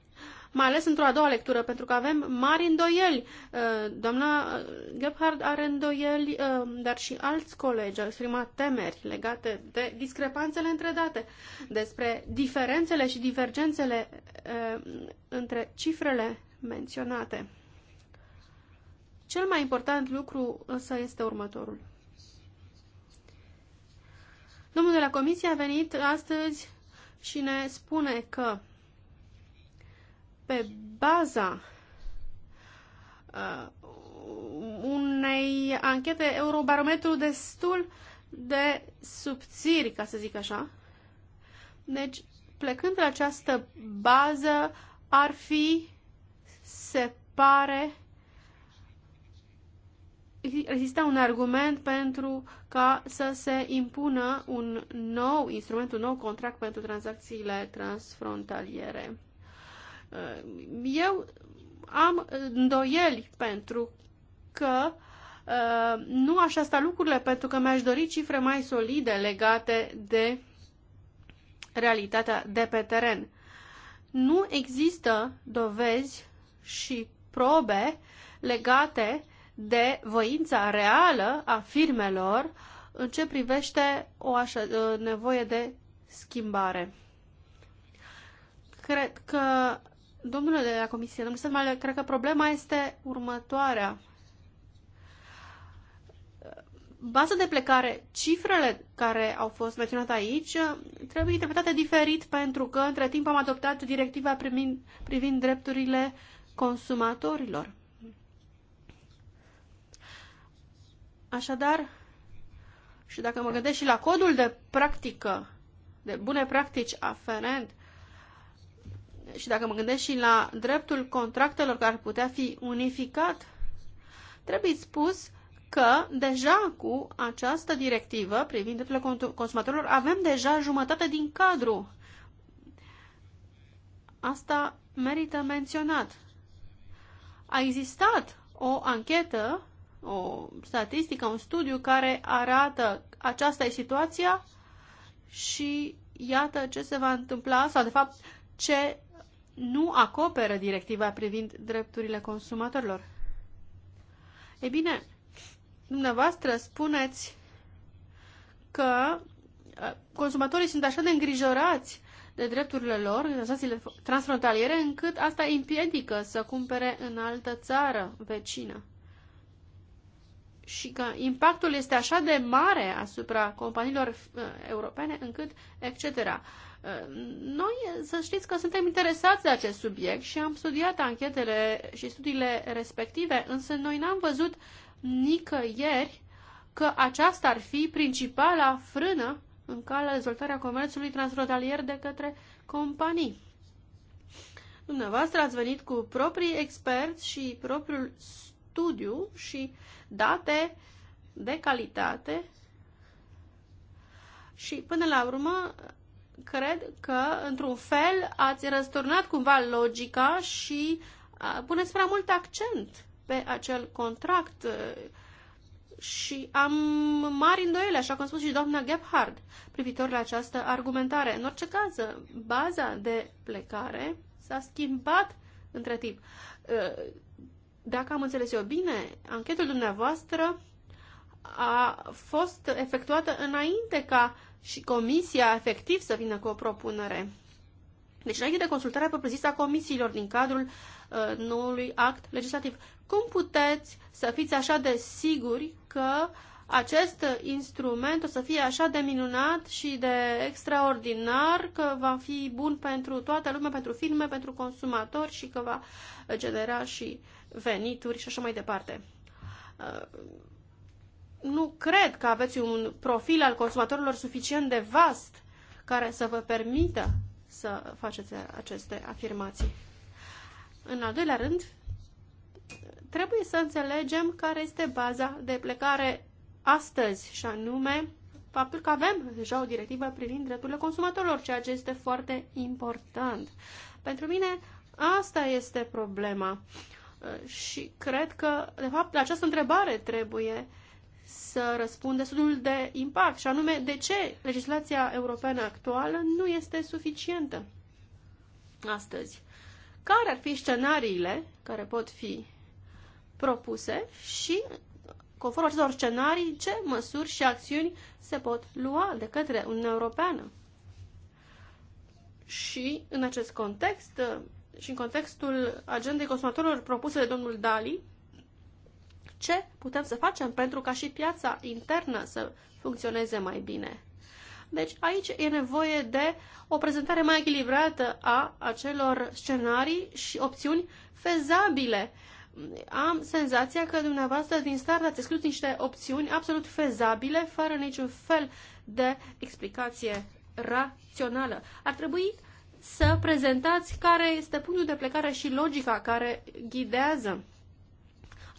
mai ales într-o a doua lectură, pentru că avem mari îndoieli. Uh, doamna uh, Gebhard are îndoieli, uh, dar și alți colegi au exprimat temeri legate de discrepanțele între date, despre diferențele și divergențele între cifrele menționate. Cel mai important lucru însă este următorul. Domnul de la comisie a venit astăzi și ne spune că pe baza uh, unei anchete Eurobarometru destul de subțiri, ca să zic așa. Deci, plecând de la această bază, ar fi, se pare, există un argument pentru ca să se impună un nou instrument, un nou contract pentru tranzacțiile transfrontaliere. Uh, eu am îndoieli pentru că uh, nu așa sta lucrurile, pentru că mi-aș dori cifre mai solide legate de realitatea de pe teren. Nu există dovezi și probe legate de voința reală a firmelor în ce privește o așa, uh, nevoie de schimbare. Cred că Domnule de la Comisie, domnule Stelmale, cred că problema este următoarea. Baza de plecare, cifrele care au fost menționate aici trebuie interpretate diferit pentru că între timp am adoptat directiva privind, privind drepturile consumatorilor. Așadar, și dacă mă gândesc și la codul de practică, de bune practici aferent, și dacă mă gândesc și la dreptul contractelor care ar putea fi unificat, trebuie spus că deja cu această directivă privind drepturile consumatorilor avem deja jumătate din cadru. Asta merită menționat. A existat o anchetă, o statistică, un studiu care arată aceasta e situația și iată ce se va întâmpla sau de fapt ce nu acoperă directiva privind drepturile consumatorilor. E bine, dumneavoastră spuneți că uh, consumatorii sunt așa de îngrijorați de drepturile lor în tranzacțiile transfrontaliere încât asta îi împiedică să cumpere în altă țară vecină. Și că impactul este așa de mare asupra companiilor uh, europene încât etc. Noi să știți că suntem interesați de acest subiect și am studiat anchetele și studiile respective, însă noi n-am văzut nicăieri că aceasta ar fi principala frână în calea dezvoltarea comerțului transfrontalier de către companii. Dumneavoastră ați venit cu proprii experți și propriul studiu și date de calitate și până la urmă cred că, într-un fel, ați răsturnat cumva logica și puneți prea mult accent pe acel contract și am mari îndoiele, așa cum a spus și doamna Gebhard, privitor la această argumentare. În orice caz, baza de plecare s-a schimbat între timp. Dacă am înțeles eu bine, anchetul dumneavoastră a fost efectuată înainte ca uh, și comisia efectiv să vină cu o propunere. Deci, înainte de consultarea propriu-zisă a comisiilor din cadrul uh, noului act legislativ, cum puteți să fiți așa de siguri că acest instrument o să fie așa de minunat și de extraordinar că va fi bun pentru toată lumea, pentru firme, pentru consumatori și că va genera și venituri și așa mai departe. Uh, nu cred că aveți un profil al consumatorilor suficient de vast care să vă permită să faceți aceste afirmații. În al doilea rând, trebuie să înțelegem care este baza de plecare astăzi, și anume faptul că avem deja o directivă privind drepturile consumatorilor, ceea ce este foarte important. Pentru mine, asta este problema. Și cred că, de fapt, la această întrebare trebuie să răspundă destul de impact, și anume de ce legislația europeană actuală nu este suficientă astăzi. Care ar fi scenariile care pot fi propuse și, conform acestor scenarii, ce măsuri și acțiuni se pot lua de către Uniunea Europeană? Și, în acest context, și în contextul agendei consumatorilor propuse de domnul Dali, ce putem să facem pentru ca și piața internă să funcționeze mai bine. Deci aici e nevoie de o prezentare mai echilibrată a acelor scenarii și opțiuni fezabile. Am senzația că dumneavoastră din start ați exclus niște opțiuni absolut fezabile, fără niciun fel de explicație rațională. Ar trebui să prezentați care este punctul de plecare și logica care ghidează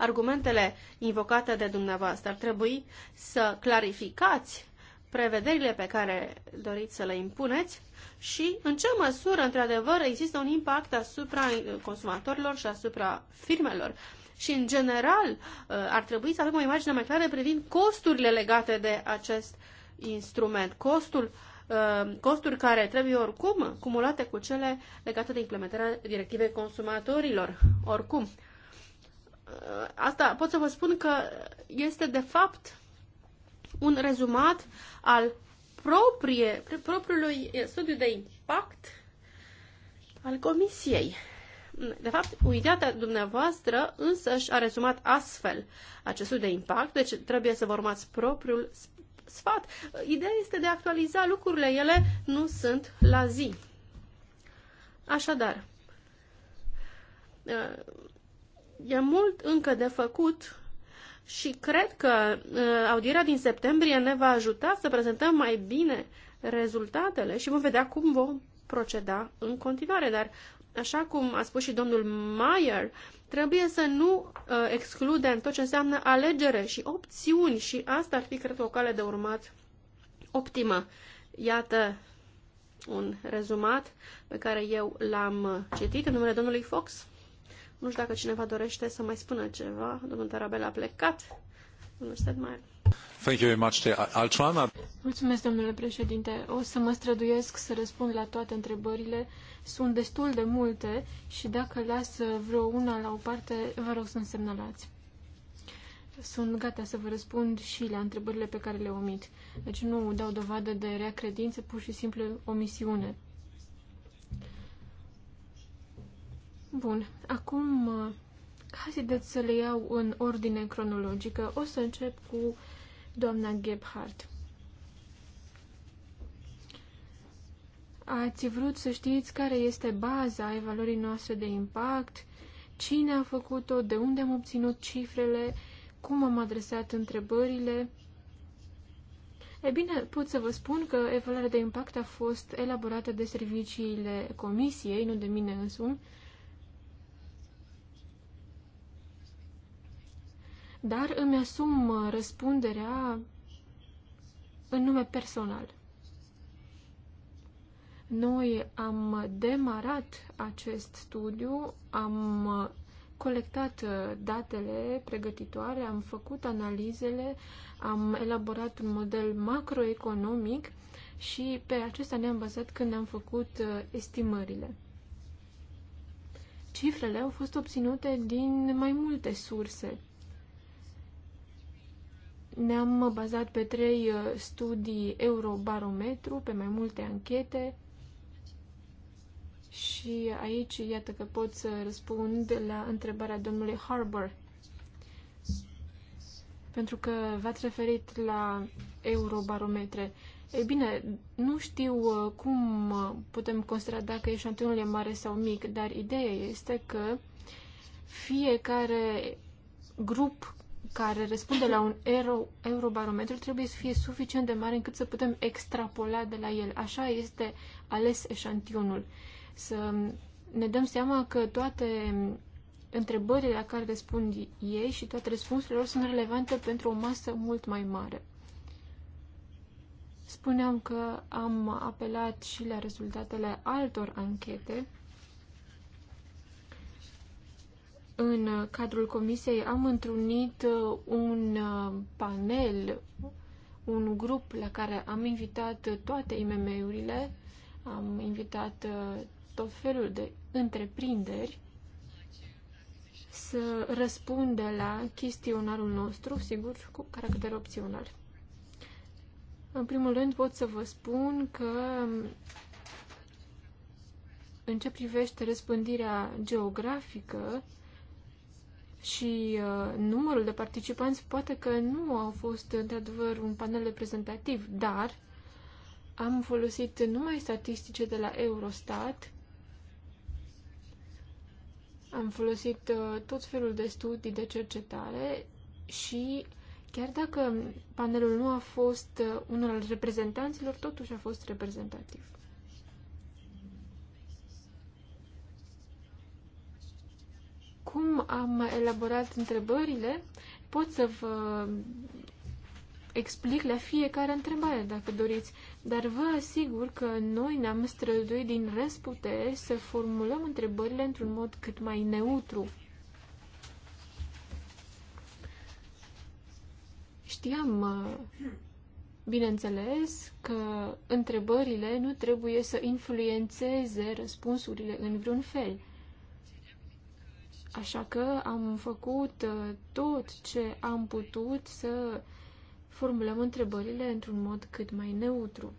argumentele invocate de dumneavoastră. Ar trebui să clarificați prevederile pe care doriți să le impuneți și în ce măsură, într-adevăr, există un impact asupra consumatorilor și asupra firmelor. Și, în general, uh, ar trebui să avem o imagine mai clară privind costurile legate de acest instrument. Costul uh, costuri care trebuie oricum cumulate cu cele legate de implementarea directivei consumatorilor. Oricum, Uh, asta pot să vă spun că este de fapt un rezumat al proprie, propriului studiu de impact al comisiei. De fapt, uitatea dumneavoastră însăși a rezumat astfel acest studiu de impact, deci trebuie să vă urmați propriul sfat. Ideea este de a actualiza lucrurile, ele nu sunt la zi. Așadar, uh, E mult încă de făcut și cred că uh, audierea din septembrie ne va ajuta să prezentăm mai bine rezultatele și vom vedea cum vom proceda în continuare. Dar, așa cum a spus și domnul Mayer, trebuie să nu uh, excludem tot ce înseamnă alegere și opțiuni și asta ar fi, cred, o cale de urmat optimă. Iată un rezumat pe care eu l-am citit în numele domnului Fox. Nu știu dacă cineva dorește să mai spună ceva. Domnul Tarabel a plecat. Domnul Stedmaier. Thank you very much. I'll Mulțumesc, domnule președinte. O să mă străduiesc să răspund la toate întrebările. Sunt destul de multe și dacă las vreo una la o parte, vă rog să-mi semnalați. Sunt gata să vă răspund și la întrebările pe care le omit. Deci nu dau dovadă de rea credință, pur și simplu omisiune. Bun, acum uh, haideți să le iau în ordine cronologică. O să încep cu doamna Gebhardt. Ați vrut să știți care este baza evaluării noastre de impact, cine a făcut-o, de unde am obținut cifrele, cum am adresat întrebările. E bine, pot să vă spun că evaluarea de impact a fost elaborată de serviciile comisiei, nu de mine însumi, dar îmi asum uh, răspunderea în nume personal. Noi am demarat acest studiu, am uh, colectat uh, datele pregătitoare, am făcut analizele, am elaborat un model macroeconomic și pe acesta ne-am bazat când am făcut estimările. Cifrele au fost obținute din mai multe surse ne-am bazat pe trei uh, studii Eurobarometru, pe mai multe anchete și aici iată că pot să răspund la întrebarea domnului Harbour. Pentru că v-ați referit la Eurobarometre. Ei bine, nu știu uh, cum uh, putem considera dacă eșantionul e mare sau mic, dar ideea este că fiecare grup care răspunde la un euro, eurobarometru trebuie să fie suficient de mare încât să putem extrapola de la el. Așa este ales eșantionul. Să ne dăm seama că toate întrebările la care răspund ei și toate răspunsurile lor sunt relevante pentru o masă mult mai mare. Spuneam că am apelat și la rezultatele altor anchete în cadrul comisiei am întrunit uh, un uh, panel, un grup la care am invitat toate IMM-urile, am invitat uh, tot felul de întreprinderi să răspundă la chestionarul nostru, sigur, cu caracter opțional. În primul rând pot să vă spun că în ce privește răspândirea geografică, și uh, numărul de participanți poate că nu au fost într-adevăr un panel reprezentativ, dar am folosit numai statistice de la Eurostat, am folosit uh, tot felul de studii de cercetare și chiar dacă panelul nu a fost uh, unul al reprezentanților, totuși a fost reprezentativ. cum am elaborat întrebările, pot să vă explic la fiecare întrebare, dacă doriți, dar vă asigur că noi ne-am străduit din răsputeri să formulăm întrebările într-un mod cât mai neutru. Știam, bineînțeles, că întrebările nu trebuie să influențeze răspunsurile în vreun fel – Așa că am făcut uh, tot ce am putut să formulăm întrebările într-un mod cât mai neutru.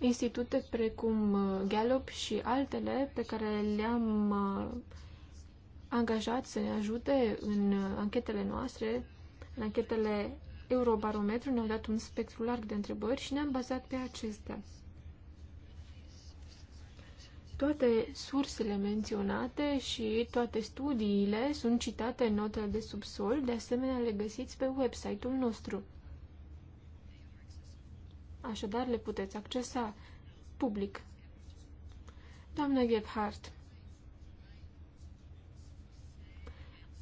Institute precum uh, Gallup și altele pe care le-am uh, angajat să ne ajute în anchetele noastre, în anchetele Eurobarometru, ne-au dat un spectru larg de întrebări și ne-am bazat pe acestea. Toate sursele menționate și toate studiile sunt citate în notele de subsol, de asemenea le găsiți pe website-ul nostru. Așadar le puteți accesa public. Doamna Gebhardt,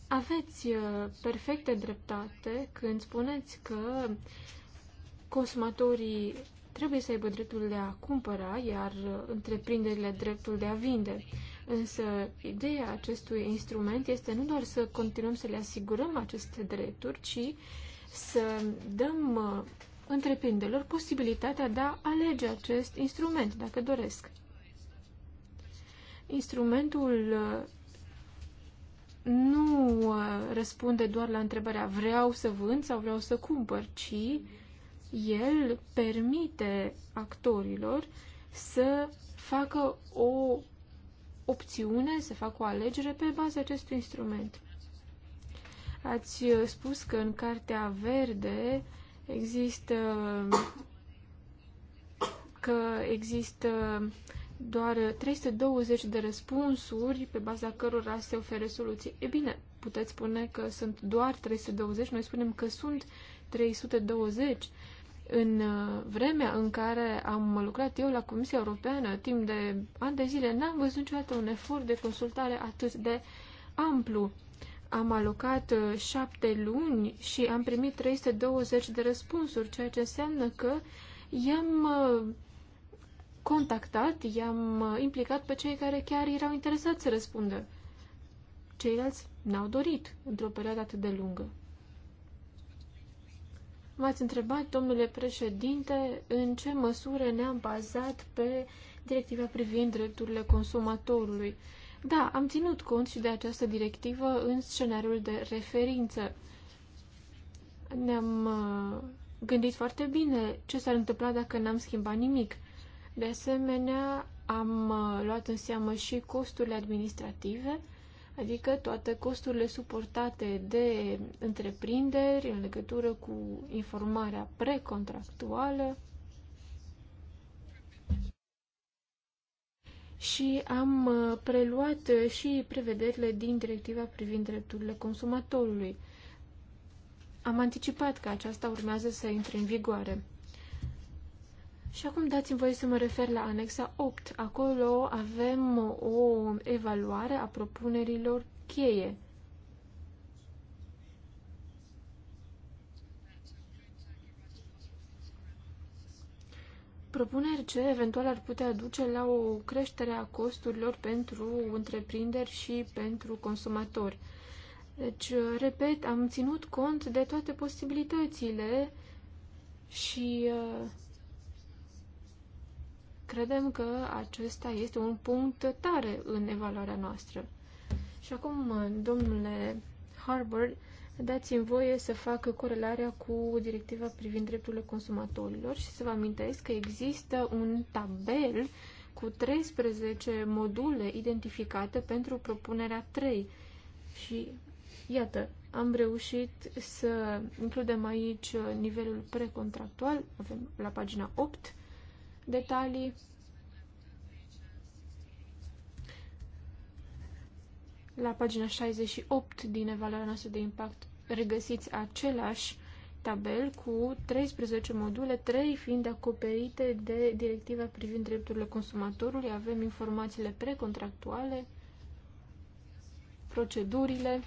aveți uh, perfecte dreptate când spuneți că consumatorii trebuie să aibă dreptul de a cumpăra, iar întreprinderile dreptul de a vinde. Însă, ideea acestui instrument este nu doar să continuăm să le asigurăm aceste drepturi, ci să dăm uh, întreprinderilor posibilitatea de a alege acest instrument, dacă doresc. Instrumentul uh, nu uh, răspunde doar la întrebarea vreau să vând sau vreau să cumpăr, ci el permite actorilor să facă o opțiune, să facă o alegere pe baza acestui instrument. Ați uh, spus că în Cartea Verde există că există doar 320 de răspunsuri pe baza cărora se oferă soluții. E bine, puteți spune că sunt doar 320, noi spunem că sunt 320, în uh, vremea în care am lucrat eu la Comisia Europeană, timp de ani de zile, n-am văzut niciodată un efort de consultare atât de amplu. Am alocat uh, șapte luni și am primit 320 de răspunsuri, ceea ce înseamnă că i-am uh, contactat, i-am implicat pe cei care chiar erau interesați să răspundă. Ceilalți n-au dorit într-o perioadă atât de lungă. M-ați întrebat, domnule președinte, în ce măsură ne-am bazat pe directiva privind drepturile consumatorului. Da, am ținut cont și de această directivă în scenariul de referință. Ne-am uh, gândit foarte bine ce s-ar întâmpla dacă n-am schimbat nimic. De asemenea, am uh, luat în seamă și costurile administrative, adică toate costurile suportate de întreprinderi în legătură cu informarea precontractuală. Și am uh, preluat uh, și prevederile din directiva privind drepturile consumatorului. Am anticipat că aceasta urmează să intre în vigoare. Și acum dați-mi voie să mă refer la anexa 8. Acolo avem o evaluare a propunerilor cheie. Propuneri ce eventual ar putea duce la o creștere a costurilor pentru întreprinderi și pentru consumatori. Deci, repet, am ținut cont de toate posibilitățile și uh, Credem că acesta este un punct tare în evaluarea noastră. Și acum, domnule Harvard, dați-mi voie să fac corelarea cu directiva privind drepturile consumatorilor și să vă amintesc că există un tabel cu 13 module identificate pentru propunerea 3. Și iată, am reușit să includem aici nivelul precontractual, avem la pagina 8, detalii. La pagina 68 din evaluarea noastră de impact regăsiți același tabel cu 13 module, 3 fiind acoperite de directiva privind drepturile consumatorului. Avem informațiile precontractuale, procedurile.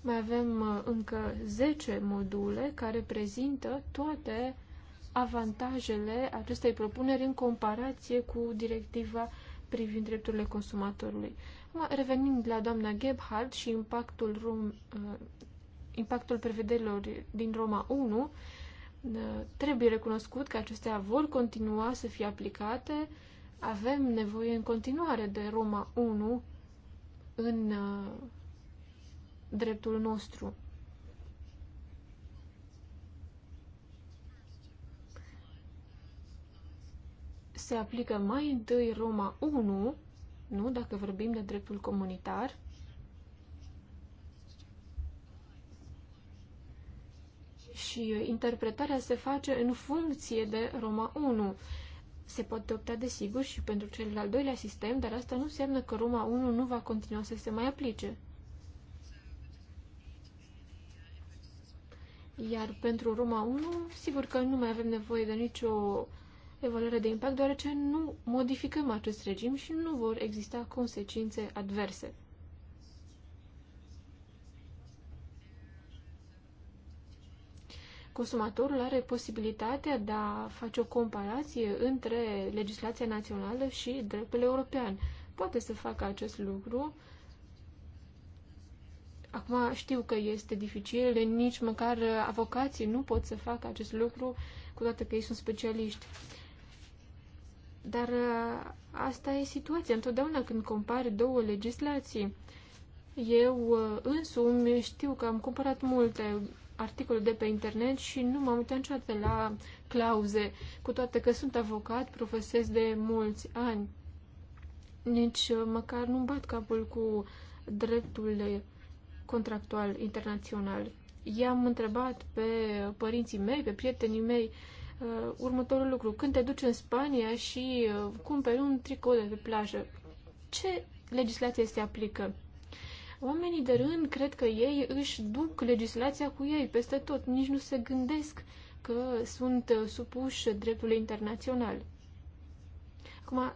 Mai avem uh, încă 10 module care prezintă toate avantajele acestei propuneri în comparație cu directiva privind drepturile consumatorului. Revenind la doamna Gebhardt și impactul, rom, uh, impactul prevederilor din Roma 1, uh, trebuie recunoscut că acestea vor continua să fie aplicate. Avem nevoie în continuare de Roma 1 în uh, dreptul nostru. se aplică mai întâi Roma 1, nu? Dacă vorbim de dreptul comunitar. Și interpretarea se face în funcție de Roma 1. Se poate opta, desigur, și pentru cel al doilea sistem, dar asta nu înseamnă că Roma 1 nu va continua să se mai aplice. Iar pentru Roma 1, sigur că nu mai avem nevoie de nicio evaluare de impact, deoarece nu modificăm acest regim și nu vor exista consecințe adverse. Consumatorul are posibilitatea de a face o comparație între legislația națională și dreptul european. Poate să facă acest lucru. Acum știu că este dificil, nici măcar avocații nu pot să facă acest lucru, cu toate că ei sunt specialiști. Dar uh, asta e situația. Întotdeauna când compari două legislații, eu uh, însumi știu că am cumpărat multe articole de pe internet și nu m-am uitat niciodată la clauze, cu toate că sunt avocat, profesez de mulți ani. Nici uh, măcar nu bat capul cu dreptul contractual internațional. I-am întrebat pe părinții mei, pe prietenii mei, uh, uh, următorul lucru. Când te duci în Spania și uh, cumperi un tricou de pe plajă, ce legislație se aplică? Oamenii de rând cred că ei își duc legislația cu ei peste tot, nici nu se gândesc că sunt uh, supuși dreptului internațional. Acum,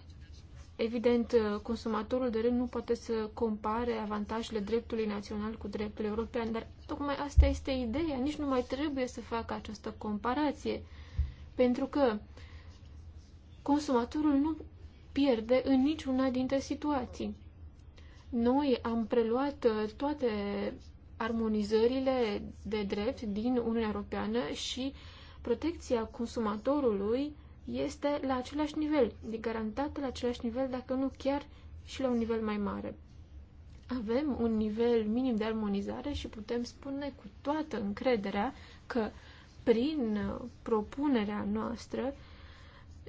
evident, uh, consumatorul de rând nu poate să compare avantajele dreptului național cu dreptul european, dar tocmai asta este ideea, nici nu mai trebuie să facă această comparație pentru că consumatorul nu pierde în niciuna dintre situații. Noi am preluat uh, toate armonizările de drept din Uniunea Europeană și protecția consumatorului este la același nivel, e garantată la același nivel, dacă nu chiar și la un nivel mai mare. Avem un nivel minim de armonizare și putem spune cu toată încrederea că prin uh, propunerea noastră,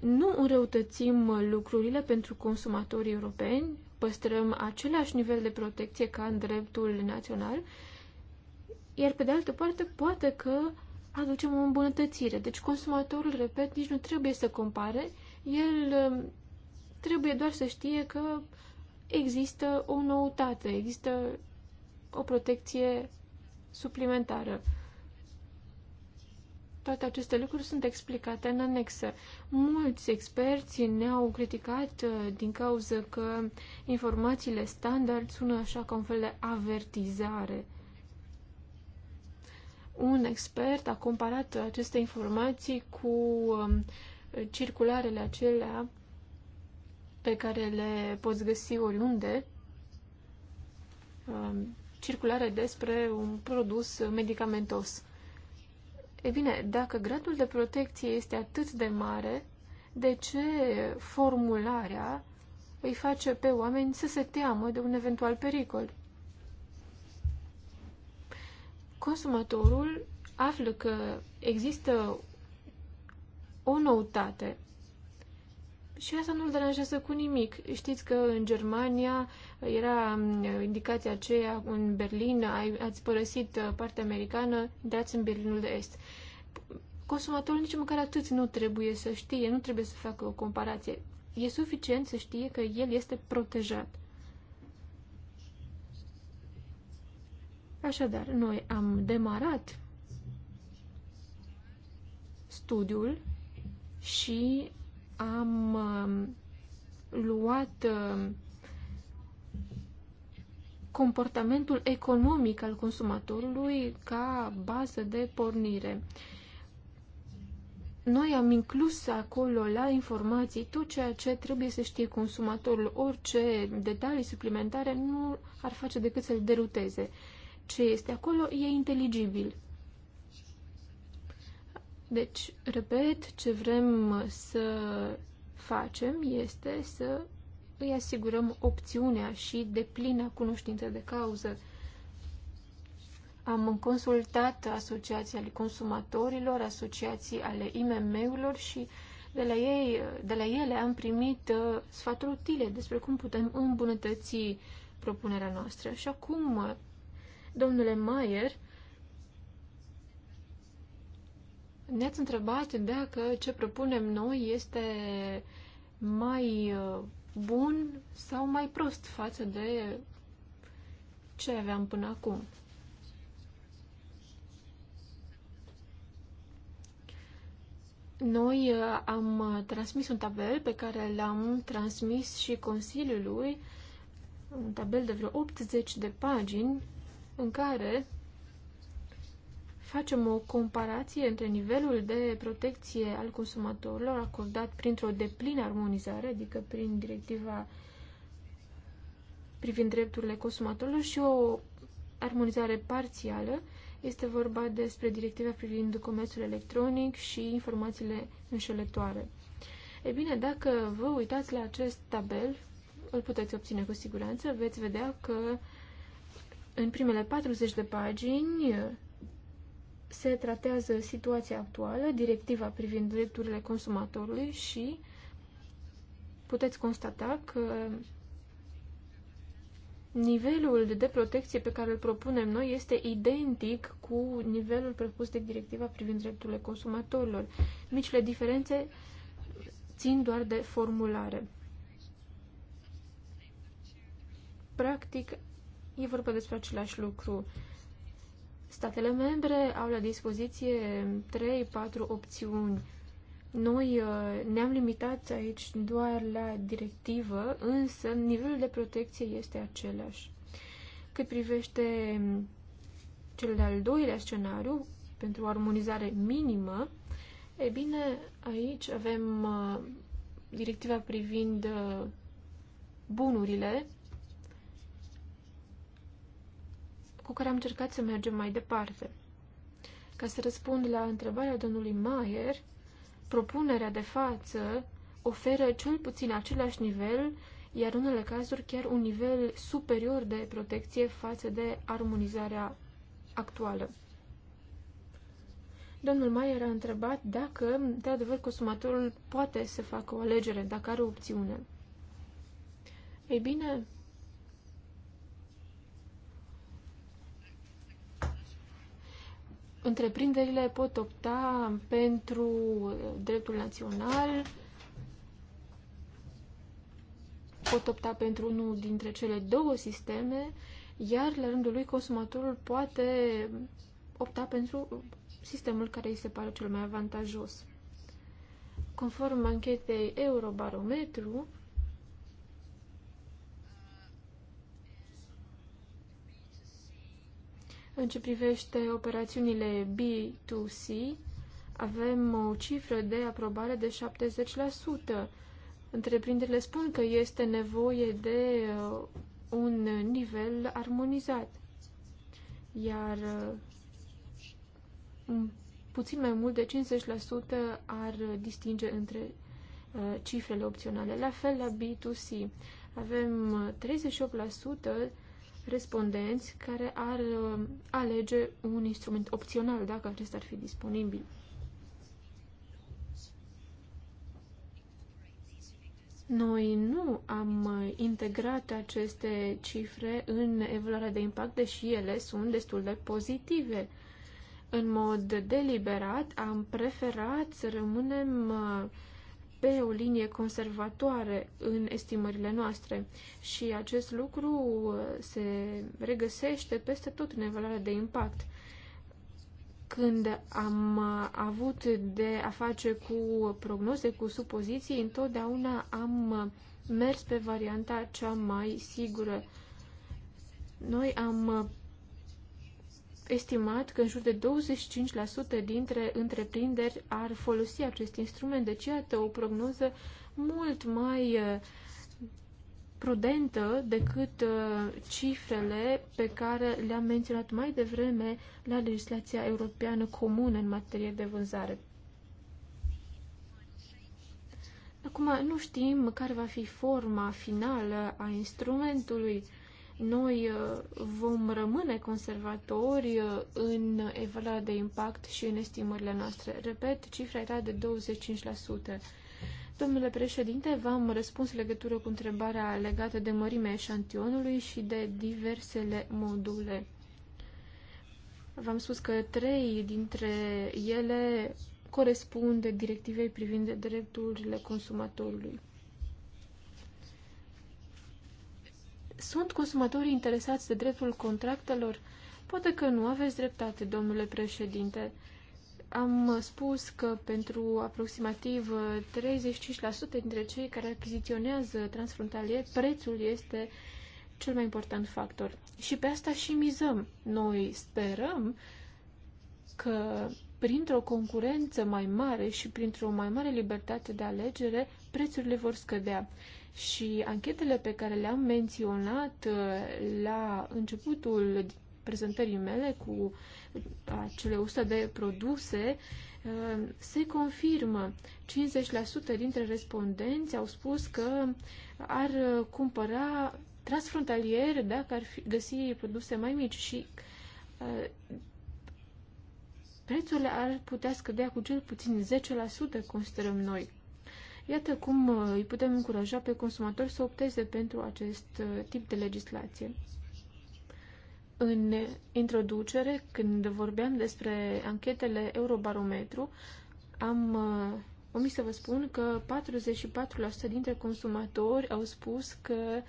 nu înrăutățim uh, lucrurile pentru consumatorii europeni, păstrăm același nivel de protecție ca în dreptul național, iar pe de altă parte poate că aducem o îmbunătățire. Deci consumatorul, repet, nici nu trebuie să compare, el um, trebuie doar să știe că există o noutate, există o protecție suplimentară. Toate aceste lucruri sunt explicate în anexă. Mulți experți ne-au criticat uh, din cauza că informațiile standard sună așa ca un fel de avertizare. Un expert a comparat aceste informații cu um, circularele acelea pe care le poți găsi oriunde, um, circulare despre un produs medicamentos. E bine, dacă gradul de protecție este atât de mare, de ce formularea îi face pe oameni să se teamă de un eventual pericol? Consumatorul află că există o noutate și asta nu îl deranjează cu nimic. Știți că în Germania era mm, indicația aceea, în Berlin, ai, ați părăsit uh, partea americană, intrați în Berlinul de Est. Consumatorul nici măcar atât nu trebuie să știe, nu trebuie să facă o comparație. E suficient să știe că el este protejat. Așadar, noi am demarat studiul și am um, luat um, comportamentul economic al consumatorului ca bază de pornire. Noi am inclus acolo la informații tot ceea ce trebuie să știe consumatorul. Orice detalii suplimentare nu ar face decât să-l deruteze. Ce este acolo e inteligibil. Deci, repet, ce vrem să facem este să îi asigurăm opțiunea și plină cunoștință de cauză. Am consultat asociații ale consumatorilor, asociații ale IMM-urilor și de la, ei, de la ele am primit uh, sfaturi utile despre cum putem îmbunătăți propunerea noastră. Și acum, domnule Maier, Ne-ați întrebat dacă ce propunem noi este mai uh, bun sau mai prost față de ce aveam până acum. Noi uh, am transmis un tabel pe care l-am transmis și Consiliului, un tabel de vreo 80 de pagini, în care facem o comparație între nivelul de protecție al consumatorilor acordat printr-o deplină armonizare, adică prin directiva privind drepturile consumatorilor și o armonizare parțială. Este vorba despre directiva privind comerțul electronic și informațiile înșelătoare. E bine, dacă vă uitați la acest tabel, îl puteți obține cu siguranță, veți vedea că în primele 40 de pagini se tratează situația actuală, directiva privind drepturile consumatorului și puteți constata că nivelul de protecție pe care îl propunem noi este identic cu nivelul propus de directiva privind drepturile consumatorilor. Micile diferențe țin doar de formulare. Practic, e vorba despre același lucru. Statele membre au la dispoziție 3-4 opțiuni. Noi uh, ne-am limitat aici doar la directivă, însă nivelul de protecție este același. Cât privește um, cel de-al doilea scenariu, pentru o armonizare minimă, e bine, aici avem uh, directiva privind uh, bunurile cu care am încercat să mergem mai departe. Ca să răspund la întrebarea domnului Mayer, propunerea de față oferă cel puțin același nivel, iar în unele cazuri chiar un nivel superior de protecție față de armonizarea actuală. Domnul Maier a întrebat dacă, de adevăr, consumatorul poate să facă o alegere, dacă are o opțiune. Ei bine, Întreprinderile pot opta pentru dreptul național, pot opta pentru unul dintre cele două sisteme, iar la rândul lui consumatorul poate opta pentru sistemul care îi se pare cel mai avantajos. Conform anchetei Eurobarometru, În ce privește operațiunile B2C, avem o cifră de aprobare de 70%. Întreprinderile spun că este nevoie de uh, un nivel armonizat. Iar uh, puțin mai mult de 50% ar distinge între uh, cifrele opționale. La fel la B2C avem 38% respondenți care ar uh, alege un instrument opțional dacă acesta ar fi disponibil. Noi nu am uh, integrat aceste cifre în evaluarea de impact, deși ele sunt destul de pozitive. În mod deliberat am preferat să rămânem uh, pe o linie conservatoare în estimările noastre și acest lucru uh, se regăsește peste tot în evaluarea de impact. Când am uh, avut de a face cu prognoze, cu supoziții, întotdeauna am uh, mers pe varianta cea mai sigură. Noi am estimat că în jur de 25% dintre întreprinderi ar folosi acest instrument. Deci, iată o prognoză mult mai uh, prudentă decât uh, cifrele pe care le-am menționat mai devreme la legislația europeană comună în materie de vânzare. Acum, nu știm care va fi forma finală a instrumentului noi uh, vom rămâne conservatori uh, în evaluarea de impact și în estimările noastre. Repet, cifra era de 25%. Domnule președinte, v-am răspuns legătură cu întrebarea legată de mărimea eșantionului și de diversele module. V-am spus că trei dintre ele corespund directivei privind drepturile consumatorului. Sunt consumatori interesați de dreptul contractelor? Poate că nu aveți dreptate, domnule președinte. Am spus că pentru aproximativ 35% uh, dintre cei care achiziționează transfrontalier, prețul este cel mai important factor. Și pe asta și mizăm. Noi sperăm că printr-o concurență mai mare și printr-o mai mare libertate de alegere, prețurile vor scădea și anchetele pe care le-am menționat uh, la începutul prezentării mele cu acele 100 de produse uh, se confirmă. 50% dintre respondenți au spus că ar cumpăra transfrontalier dacă ar fi, găsi produse mai mici și uh, prețurile ar putea scădea cu cel puțin 10%, considerăm noi. Iată cum uh, îi putem încuraja pe consumatori să opteze pentru acest uh, tip de legislație. În introducere, când vorbeam despre anchetele Eurobarometru, am uh, omis să vă spun că 44% dintre consumatori au spus că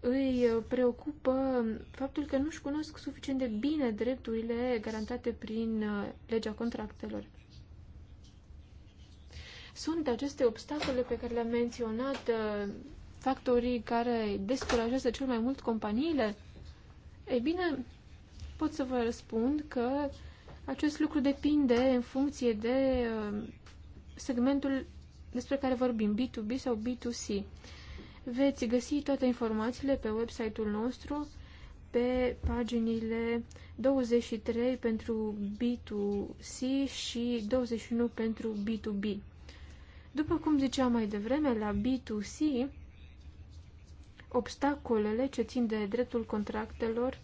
îi preocupă faptul că nu-și cunosc suficient de bine drepturile garantate prin legea contractelor. Sunt aceste obstacole pe care le-am menționat, uh, factorii care descurajează cel mai mult companiile? Ei bine, pot să vă răspund că acest lucru depinde în funcție de uh, segmentul despre care vorbim, B2B sau B2C. Veți găsi toate informațiile pe website-ul nostru, pe paginile 23 pentru B2C și 21 pentru B2B. După cum ziceam mai devreme, la B2C, obstacolele ce țin de dreptul contractelor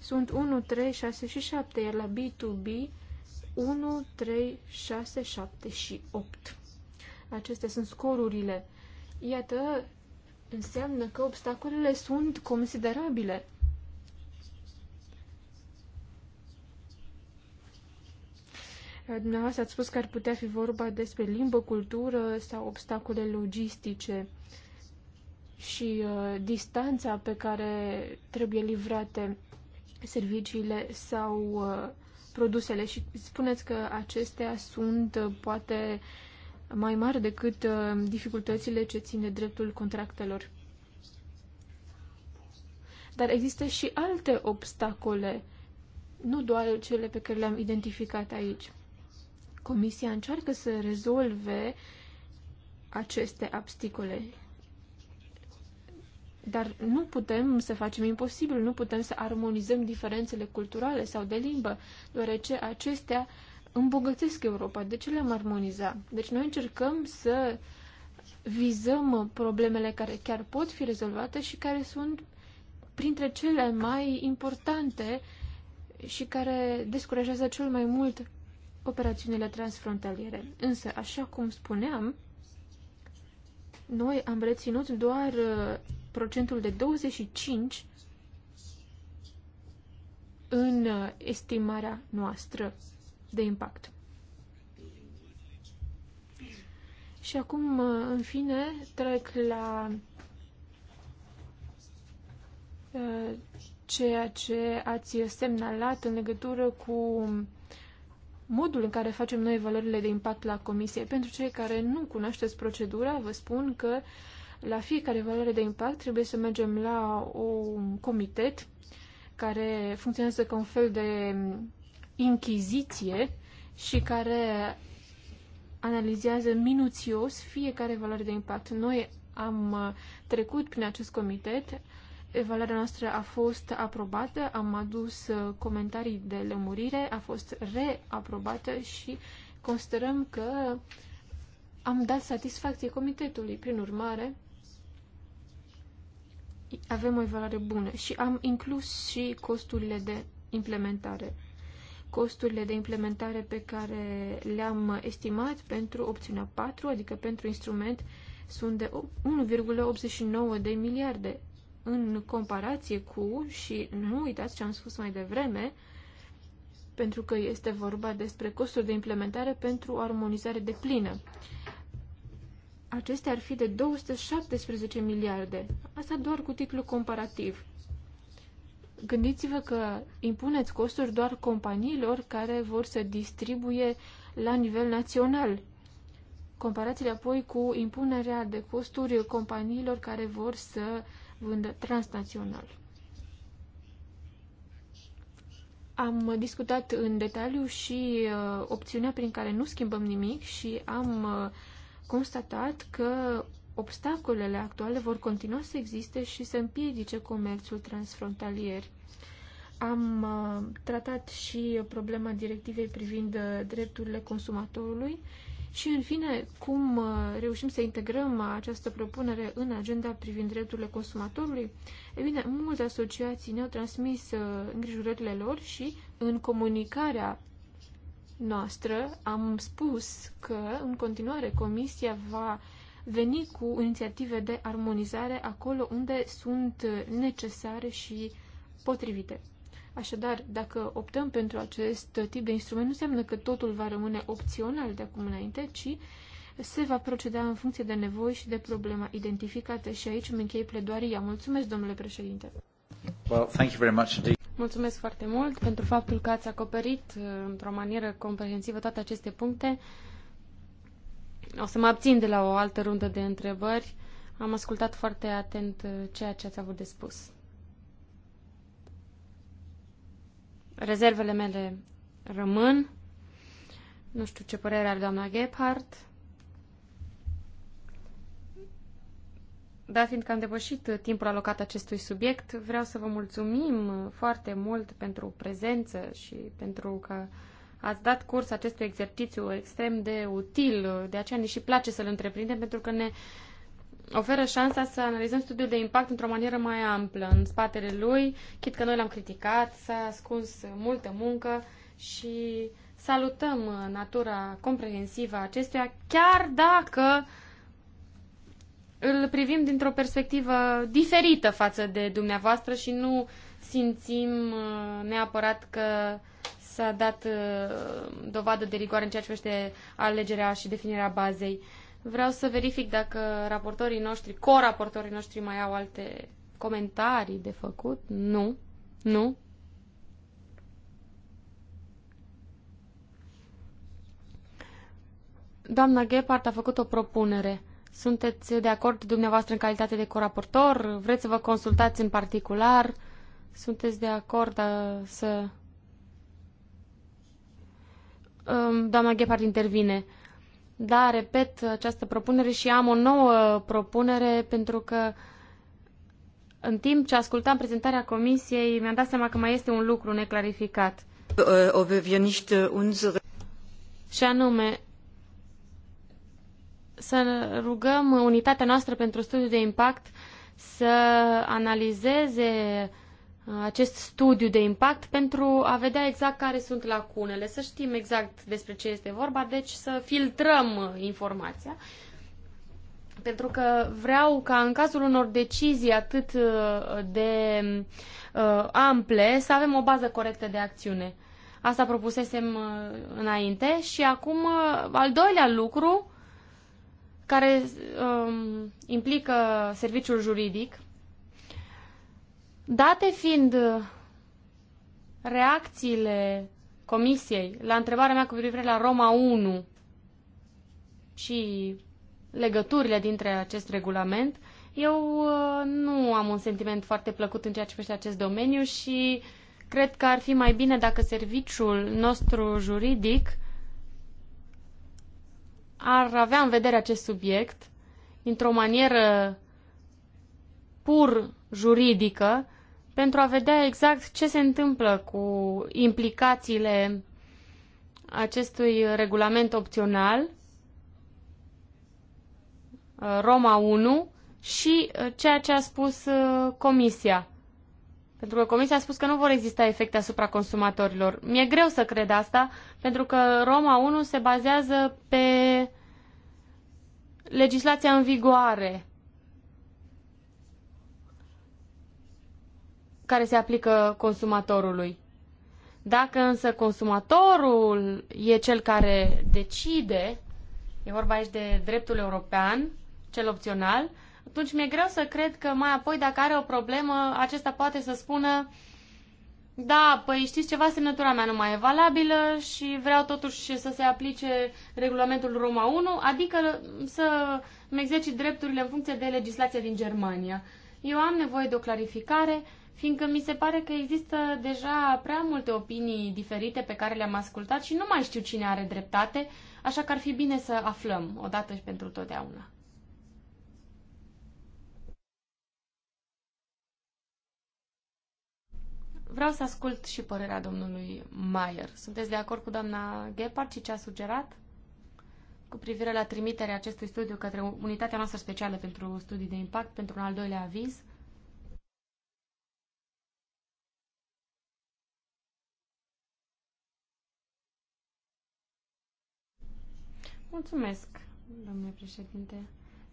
sunt 1, 3, 6 și 7, iar la B2B 1, 3, 6, 7 și 8. Acestea sunt scorurile. Iată, înseamnă că obstacolele sunt considerabile. Dumneavoastră ați spus că ar putea fi vorba despre limbă, cultură sau obstacole logistice și uh, distanța pe care trebuie livrate serviciile sau uh, produsele și spuneți că acestea sunt uh, poate mai mari decât uh, dificultățile ce țin de dreptul contractelor. Dar există și alte obstacole, nu doar cele pe care le-am identificat aici. Comisia încearcă să rezolve aceste obstacole. Dar nu putem să facem imposibil, nu putem să armonizăm diferențele culturale sau de limbă, deoarece acestea îmbogățesc Europa. De ce le-am armoniza? Deci noi încercăm să vizăm problemele care chiar pot fi rezolvate și care sunt printre cele mai importante și care descurajează cel mai mult operațiunile transfrontaliere. Însă, așa cum spuneam, noi am reținut doar uh, procentul de 25 în uh, estimarea noastră de impact. Și acum, uh, în fine, trec la ceea ce ați semnalat în legătură cu modul în care facem noi valorile de impact la comisie. Pentru cei care nu cunoașteți procedura, vă spun că la fiecare valoare de impact trebuie să mergem la un comitet care funcționează ca un fel de inchiziție și care analizează minuțios fiecare valoare de impact. Noi am trecut prin acest comitet, Evaluarea noastră a fost aprobată, am adus uh, comentarii de lămurire, a fost reaprobată și considerăm că am dat satisfacție comitetului. Prin urmare, avem o evaluare bună și am inclus și costurile de implementare. Costurile de implementare pe care le-am estimat pentru opțiunea 4, adică pentru instrument, sunt de 1,89 de miliarde în comparație cu, și nu uitați ce am spus mai devreme, pentru că este vorba despre costuri de implementare pentru o armonizare de plină. Acestea ar fi de 217 miliarde. Asta doar cu titlu comparativ. Gândiți-vă că impuneți costuri doar companiilor care vor să distribuie la nivel național. comparați Comparați-le apoi cu impunerea de costuri companiilor care vor să uh, vândă transnațional. Am discutat în detaliu și uh, opțiunea prin care nu schimbăm nimic și am uh, constatat că obstacolele actuale vor continua să existe și să împiedice comerțul transfrontalier. Am uh, tratat și problema directivei privind uh, drepturile consumatorului și, în fine, cum uh, reușim să integrăm această propunere în agenda privind drepturile consumatorului? E bine, multe asociații ne-au transmis uh, îngrijorările lor și, în comunicarea noastră, am spus că, în continuare, Comisia va veni cu inițiative de armonizare acolo unde sunt necesare și potrivite. Așadar, dacă optăm pentru acest tip de instrument, nu înseamnă că totul va rămâne opțional de acum înainte, ci se va proceda în funcție de nevoi și de problema identificată. Și aici îmi închei pledoaria. Mulțumesc, domnule președinte. Well, thank you very much indeed. Mulțumesc foarte mult pentru faptul că ați acoperit uh, într-o manieră comprehensivă toate aceste puncte. O să mă abțin de la o altă rundă de întrebări. Am ascultat foarte atent uh, ceea ce ați avut de spus. Rezervele mele rămân. Nu știu ce părere are doamna Gephardt. Dar fiindcă am depășit timpul alocat acestui subiect, vreau să vă mulțumim foarte mult pentru prezență și pentru că ați dat curs acestui exercițiu extrem de util. De aceea ne și place să-l întreprindem, pentru că ne oferă șansa să analizăm studiul de impact într-o manieră mai amplă. În spatele lui, chit că noi l-am criticat, s-a ascuns multă muncă și salutăm natura comprehensivă a acestuia, chiar dacă îl privim dintr-o perspectivă diferită față de dumneavoastră și nu simțim uh, neapărat că s-a dat uh, dovadă de rigoare în ceea ce privește alegerea și definirea bazei uh, Vreau să verific dacă raportorii noștri, co-raportorii noștri mai au alte comentarii de făcut. Nu. Nu. Doamna Gepard a făcut o propunere. Sunteți de acord dumneavoastră în calitate de coraportor? Vreți să vă consultați în particular? Sunteți de acord a, uh, să... Um, doamna Gepard intervine. Uh, da, repet această propunere și am o nouă propunere pentru că în timp ce ascultam prezentarea comisiei, mi-am dat seama că mai este un lucru neclarificat. Și anume, să rugăm unitatea noastră pentru studiu de impact să analizeze uh, acest studiu de impact pentru a vedea exact care sunt lacunele, să știm exact despre ce este vorba, deci să filtrăm informația. Pentru că vreau ca în cazul unor decizii atât uh, de uh, ample să avem o bază corectă de acțiune. Asta propusesem uh, înainte și acum uh, al doilea lucru care uh, implică serviciul juridic Date fiind uh, reacțiile Comisiei la întrebarea mea cu privire la Roma 1 și legăturile dintre acest regulament, eu uh, nu am un sentiment foarte plăcut în ceea ce privește acest domeniu și cred că ar fi mai bine dacă serviciul nostru juridic ar avea în vedere acest subiect într-o manieră pur juridică pentru a vedea exact ce se întâmplă cu implicațiile acestui regulament opțional uh, Roma 1 și uh, ceea ce a spus uh, Comisia. Pentru că Comisia a spus că nu vor exista efecte asupra consumatorilor. Mi-e greu să cred asta, pentru că Roma 1 se bazează pe legislația în vigoare care se aplică consumatorului. Dacă însă consumatorul e cel care decide, e vorba aici de dreptul european, cel opțional, atunci mi-e greu să cred că mai apoi, dacă are o problemă, acesta poate să spună da, păi știți ceva, semnătura mea nu mai e valabilă și vreau totuși să se aplice regulamentul Roma 1, adică să îmi exercit drepturile în funcție de legislația din Germania. Eu am nevoie de o clarificare, fiindcă mi se pare că există deja prea multe opinii diferite pe care le-am ascultat și nu mai știu cine are dreptate, așa că ar fi bine să aflăm odată și pentru totdeauna. Vreau să ascult și părerea domnului Mayer. Sunteți de acord cu doamna Gepard și ce a sugerat? Cu privire la trimiterea acestui studiu către unitatea noastră specială pentru studii de impact, pentru un al doilea aviz, Mulțumesc, domnule președinte.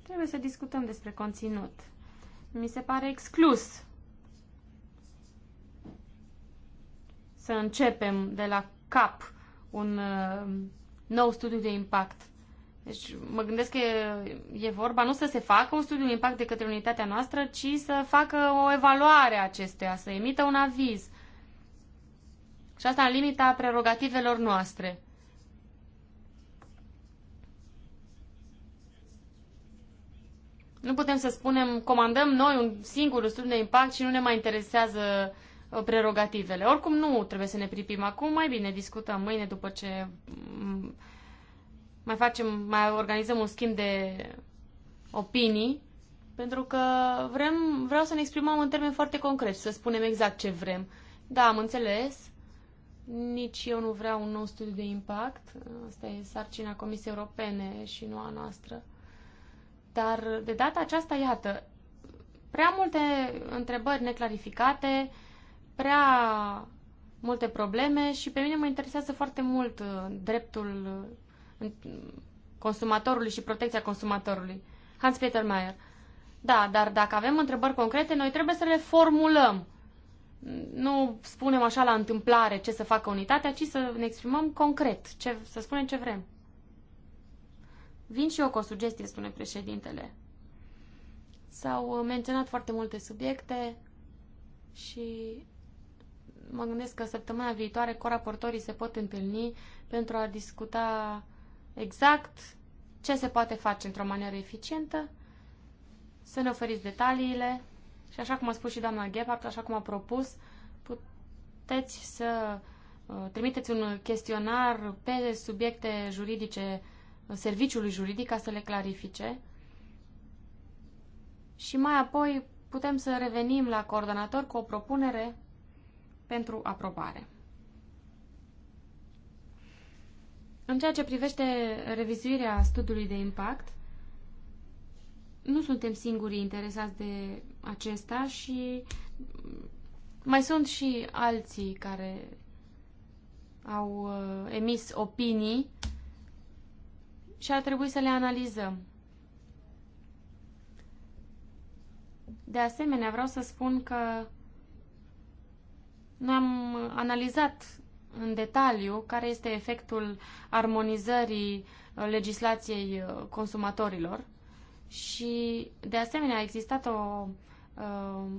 Trebuie să discutăm despre conținut. Mi se pare exclus să începem de la cap un uh, nou studiu de impact. Deci mă gândesc că e, e vorba nu să se facă un studiu de impact de către unitatea noastră, ci să facă o evaluare a acestuia, să emită un aviz. Și asta în limita prerogativelor noastre. Nu putem să spunem, comandăm noi un singur studiu de impact și nu ne mai interesează uh, prerogativele. Oricum nu trebuie să ne pripim acum, mai bine discutăm mâine după ce mm, mai facem, mai organizăm un schimb de opinii, pentru că vrem, vreau să ne exprimăm în termeni foarte concret, să spunem exact ce vrem. Da, am înțeles. Nici eu nu vreau un nou studiu de impact. Asta e sarcina Comisiei Europene și nu a noastră. Dar de data aceasta, iată, prea multe întrebări neclarificate, prea multe probleme și pe mine mă interesează foarte mult uh, dreptul uh, consumatorului și protecția consumatorului. Hans Peter Mayer. Da, dar dacă avem întrebări concrete, noi trebuie să le formulăm. Nu spunem așa la întâmplare ce să facă unitatea, ci să ne exprimăm concret, ce, să spunem ce vrem. Vin și eu cu o sugestie, spune președintele. S-au uh, menționat foarte multe subiecte și mă gândesc că săptămâna viitoare coraportorii se pot întâlni pentru a discuta exact ce se poate face într-o manieră eficientă, să ne oferiți detaliile și așa cum a spus și doamna Gephardt, așa cum a propus, puteți să uh, trimiteți un chestionar pe subiecte juridice serviciului juridic ca să le clarifice. Și mai apoi putem să revenim la coordonator cu o propunere pentru aprobare. În ceea ce privește revizuirea studiului de impact, nu suntem singurii interesați de acesta și mai sunt și alții care au uh, emis opinii și ar trebui să le analizăm. De asemenea, vreau să spun că noi am analizat în detaliu care este efectul armonizării uh, legislației uh, consumatorilor și, de asemenea, a existat o uh,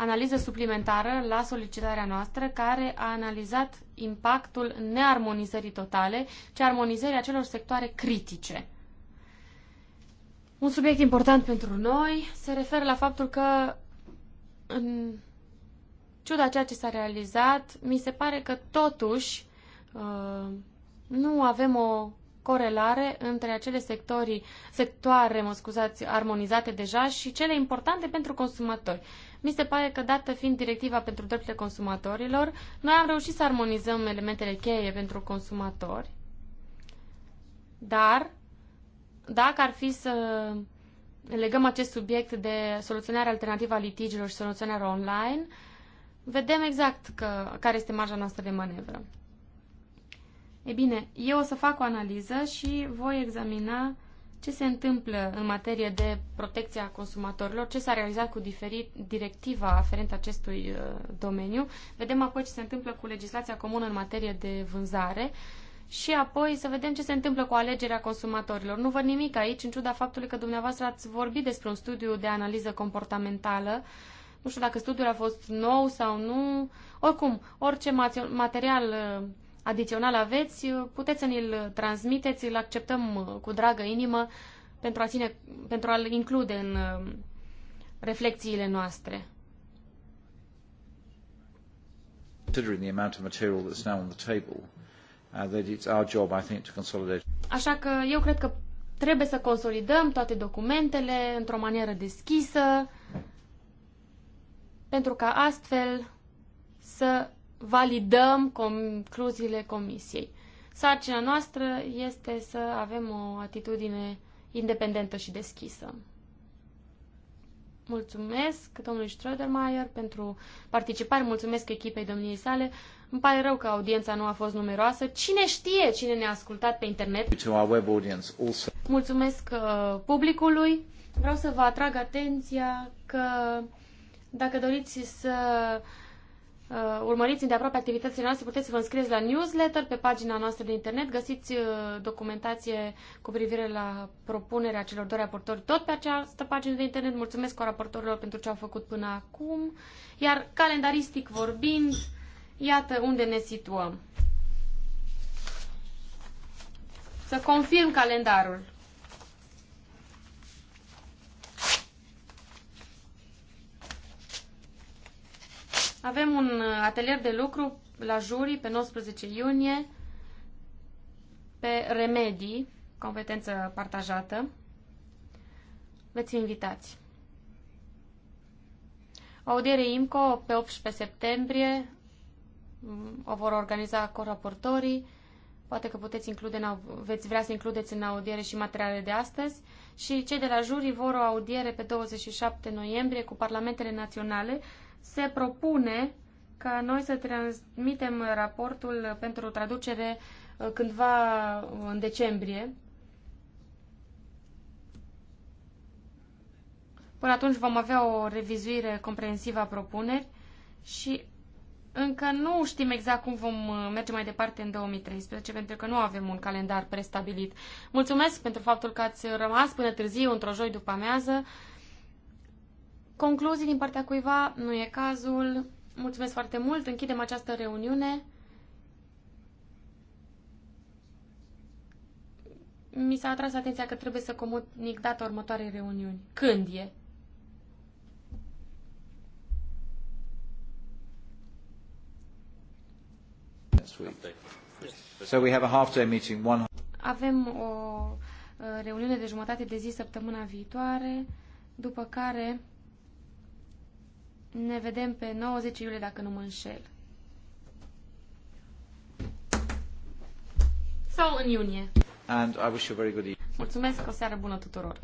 analiză suplimentară la solicitarea noastră care a analizat impactul nearmonizării totale, ci armonizării acelor sectoare critice. Un subiect important pentru noi se referă la faptul că, în ciuda ceea ce s-a realizat, mi se pare că totuși uh, nu avem o corelare între acele sectorii, sectoare, mă scuzați, armonizate deja și cele importante pentru consumatori. Mi se pare că, dată fiind directiva pentru drepturile consumatorilor, noi am reușit să armonizăm elementele cheie pentru consumatori, dar dacă ar fi să legăm acest subiect de soluționarea alternativă a litigilor și soluționarea online, vedem exact că, care este marja noastră de manevră. E bine, eu o să fac o analiză și voi examina ce se întâmplă în materie de protecția consumatorilor, ce s-a realizat cu diferit, directiva aferent acestui uh, domeniu. Vedem apoi ce se întâmplă cu legislația comună în materie de vânzare și apoi să vedem ce se întâmplă cu alegerea consumatorilor. Nu văd nimic aici, în ciuda faptului că dumneavoastră ați vorbit despre un studiu de analiză comportamentală. Nu știu dacă studiul a fost nou sau nu. Oricum, orice material uh, adițional aveți, puteți să ne-l transmiteți, îl acceptăm cu dragă inimă pentru, a ține, pentru a-l include în um, reflexiile noastre. Considering the amount of material that's now on the table, uh, that it's our job, I think, to consolidate. Așa că eu cred că trebuie să consolidăm toate documentele într-o manieră deschisă, pentru ca astfel să validăm concluziile comisiei. Sarcina noastră este să avem o atitudine independentă și deschisă. Mulțumesc domnului Strödermeier pentru participare, mulțumesc echipei domniei sale. Îmi pare rău că audiența nu a fost numeroasă. Cine știe cine ne-a ascultat pe internet? Mulțumesc uh, publicului. Vreau să vă atrag atenția că dacă doriți să uh, urmăriți îndeaproape activitățile noastre, puteți să vă înscrieți la newsletter pe pagina noastră de internet, găsiți uh, documentație cu privire la propunerea celor doi raportori tot pe această pagină de internet. Mulțumesc cu raportorilor pentru ce au făcut până acum. Iar calendaristic vorbind, iată unde ne situăm. Să confirm calendarul. Avem un atelier de lucru la juri pe 19 iunie pe remedii, competență partajată. Veți fi invitați. Audiere IMCO pe 18 septembrie o vor organiza coraportorii. Poate că puteți include în, veți vrea să includeți în audiere și materiale de astăzi. Și cei de la jurii vor o audiere pe 27 noiembrie cu parlamentele naționale se propune ca noi să transmitem raportul pentru traducere uh, cândva în decembrie. Până atunci vom avea o revizuire comprehensivă a propuneri și încă nu știm exact cum vom uh, merge mai departe în 2013, pentru că nu avem un calendar prestabilit. Mulțumesc pentru faptul că ați rămas până târziu, într-o joi după amiază. Concluzii din partea cuiva nu e cazul. Mulțumesc foarte mult. Închidem această reuniune. Mi s-a atras atenția că trebuie să comunic data următoarei reuniuni. Când e? So we have a half day meeting, one... Avem o uh, reuniune de jumătate de zi săptămâna viitoare, după care ne vedem pe 90 iulie, dacă nu mă înșel. Sau în iunie. And I wish you very good evening. Mulțumesc, o seară bună tuturor!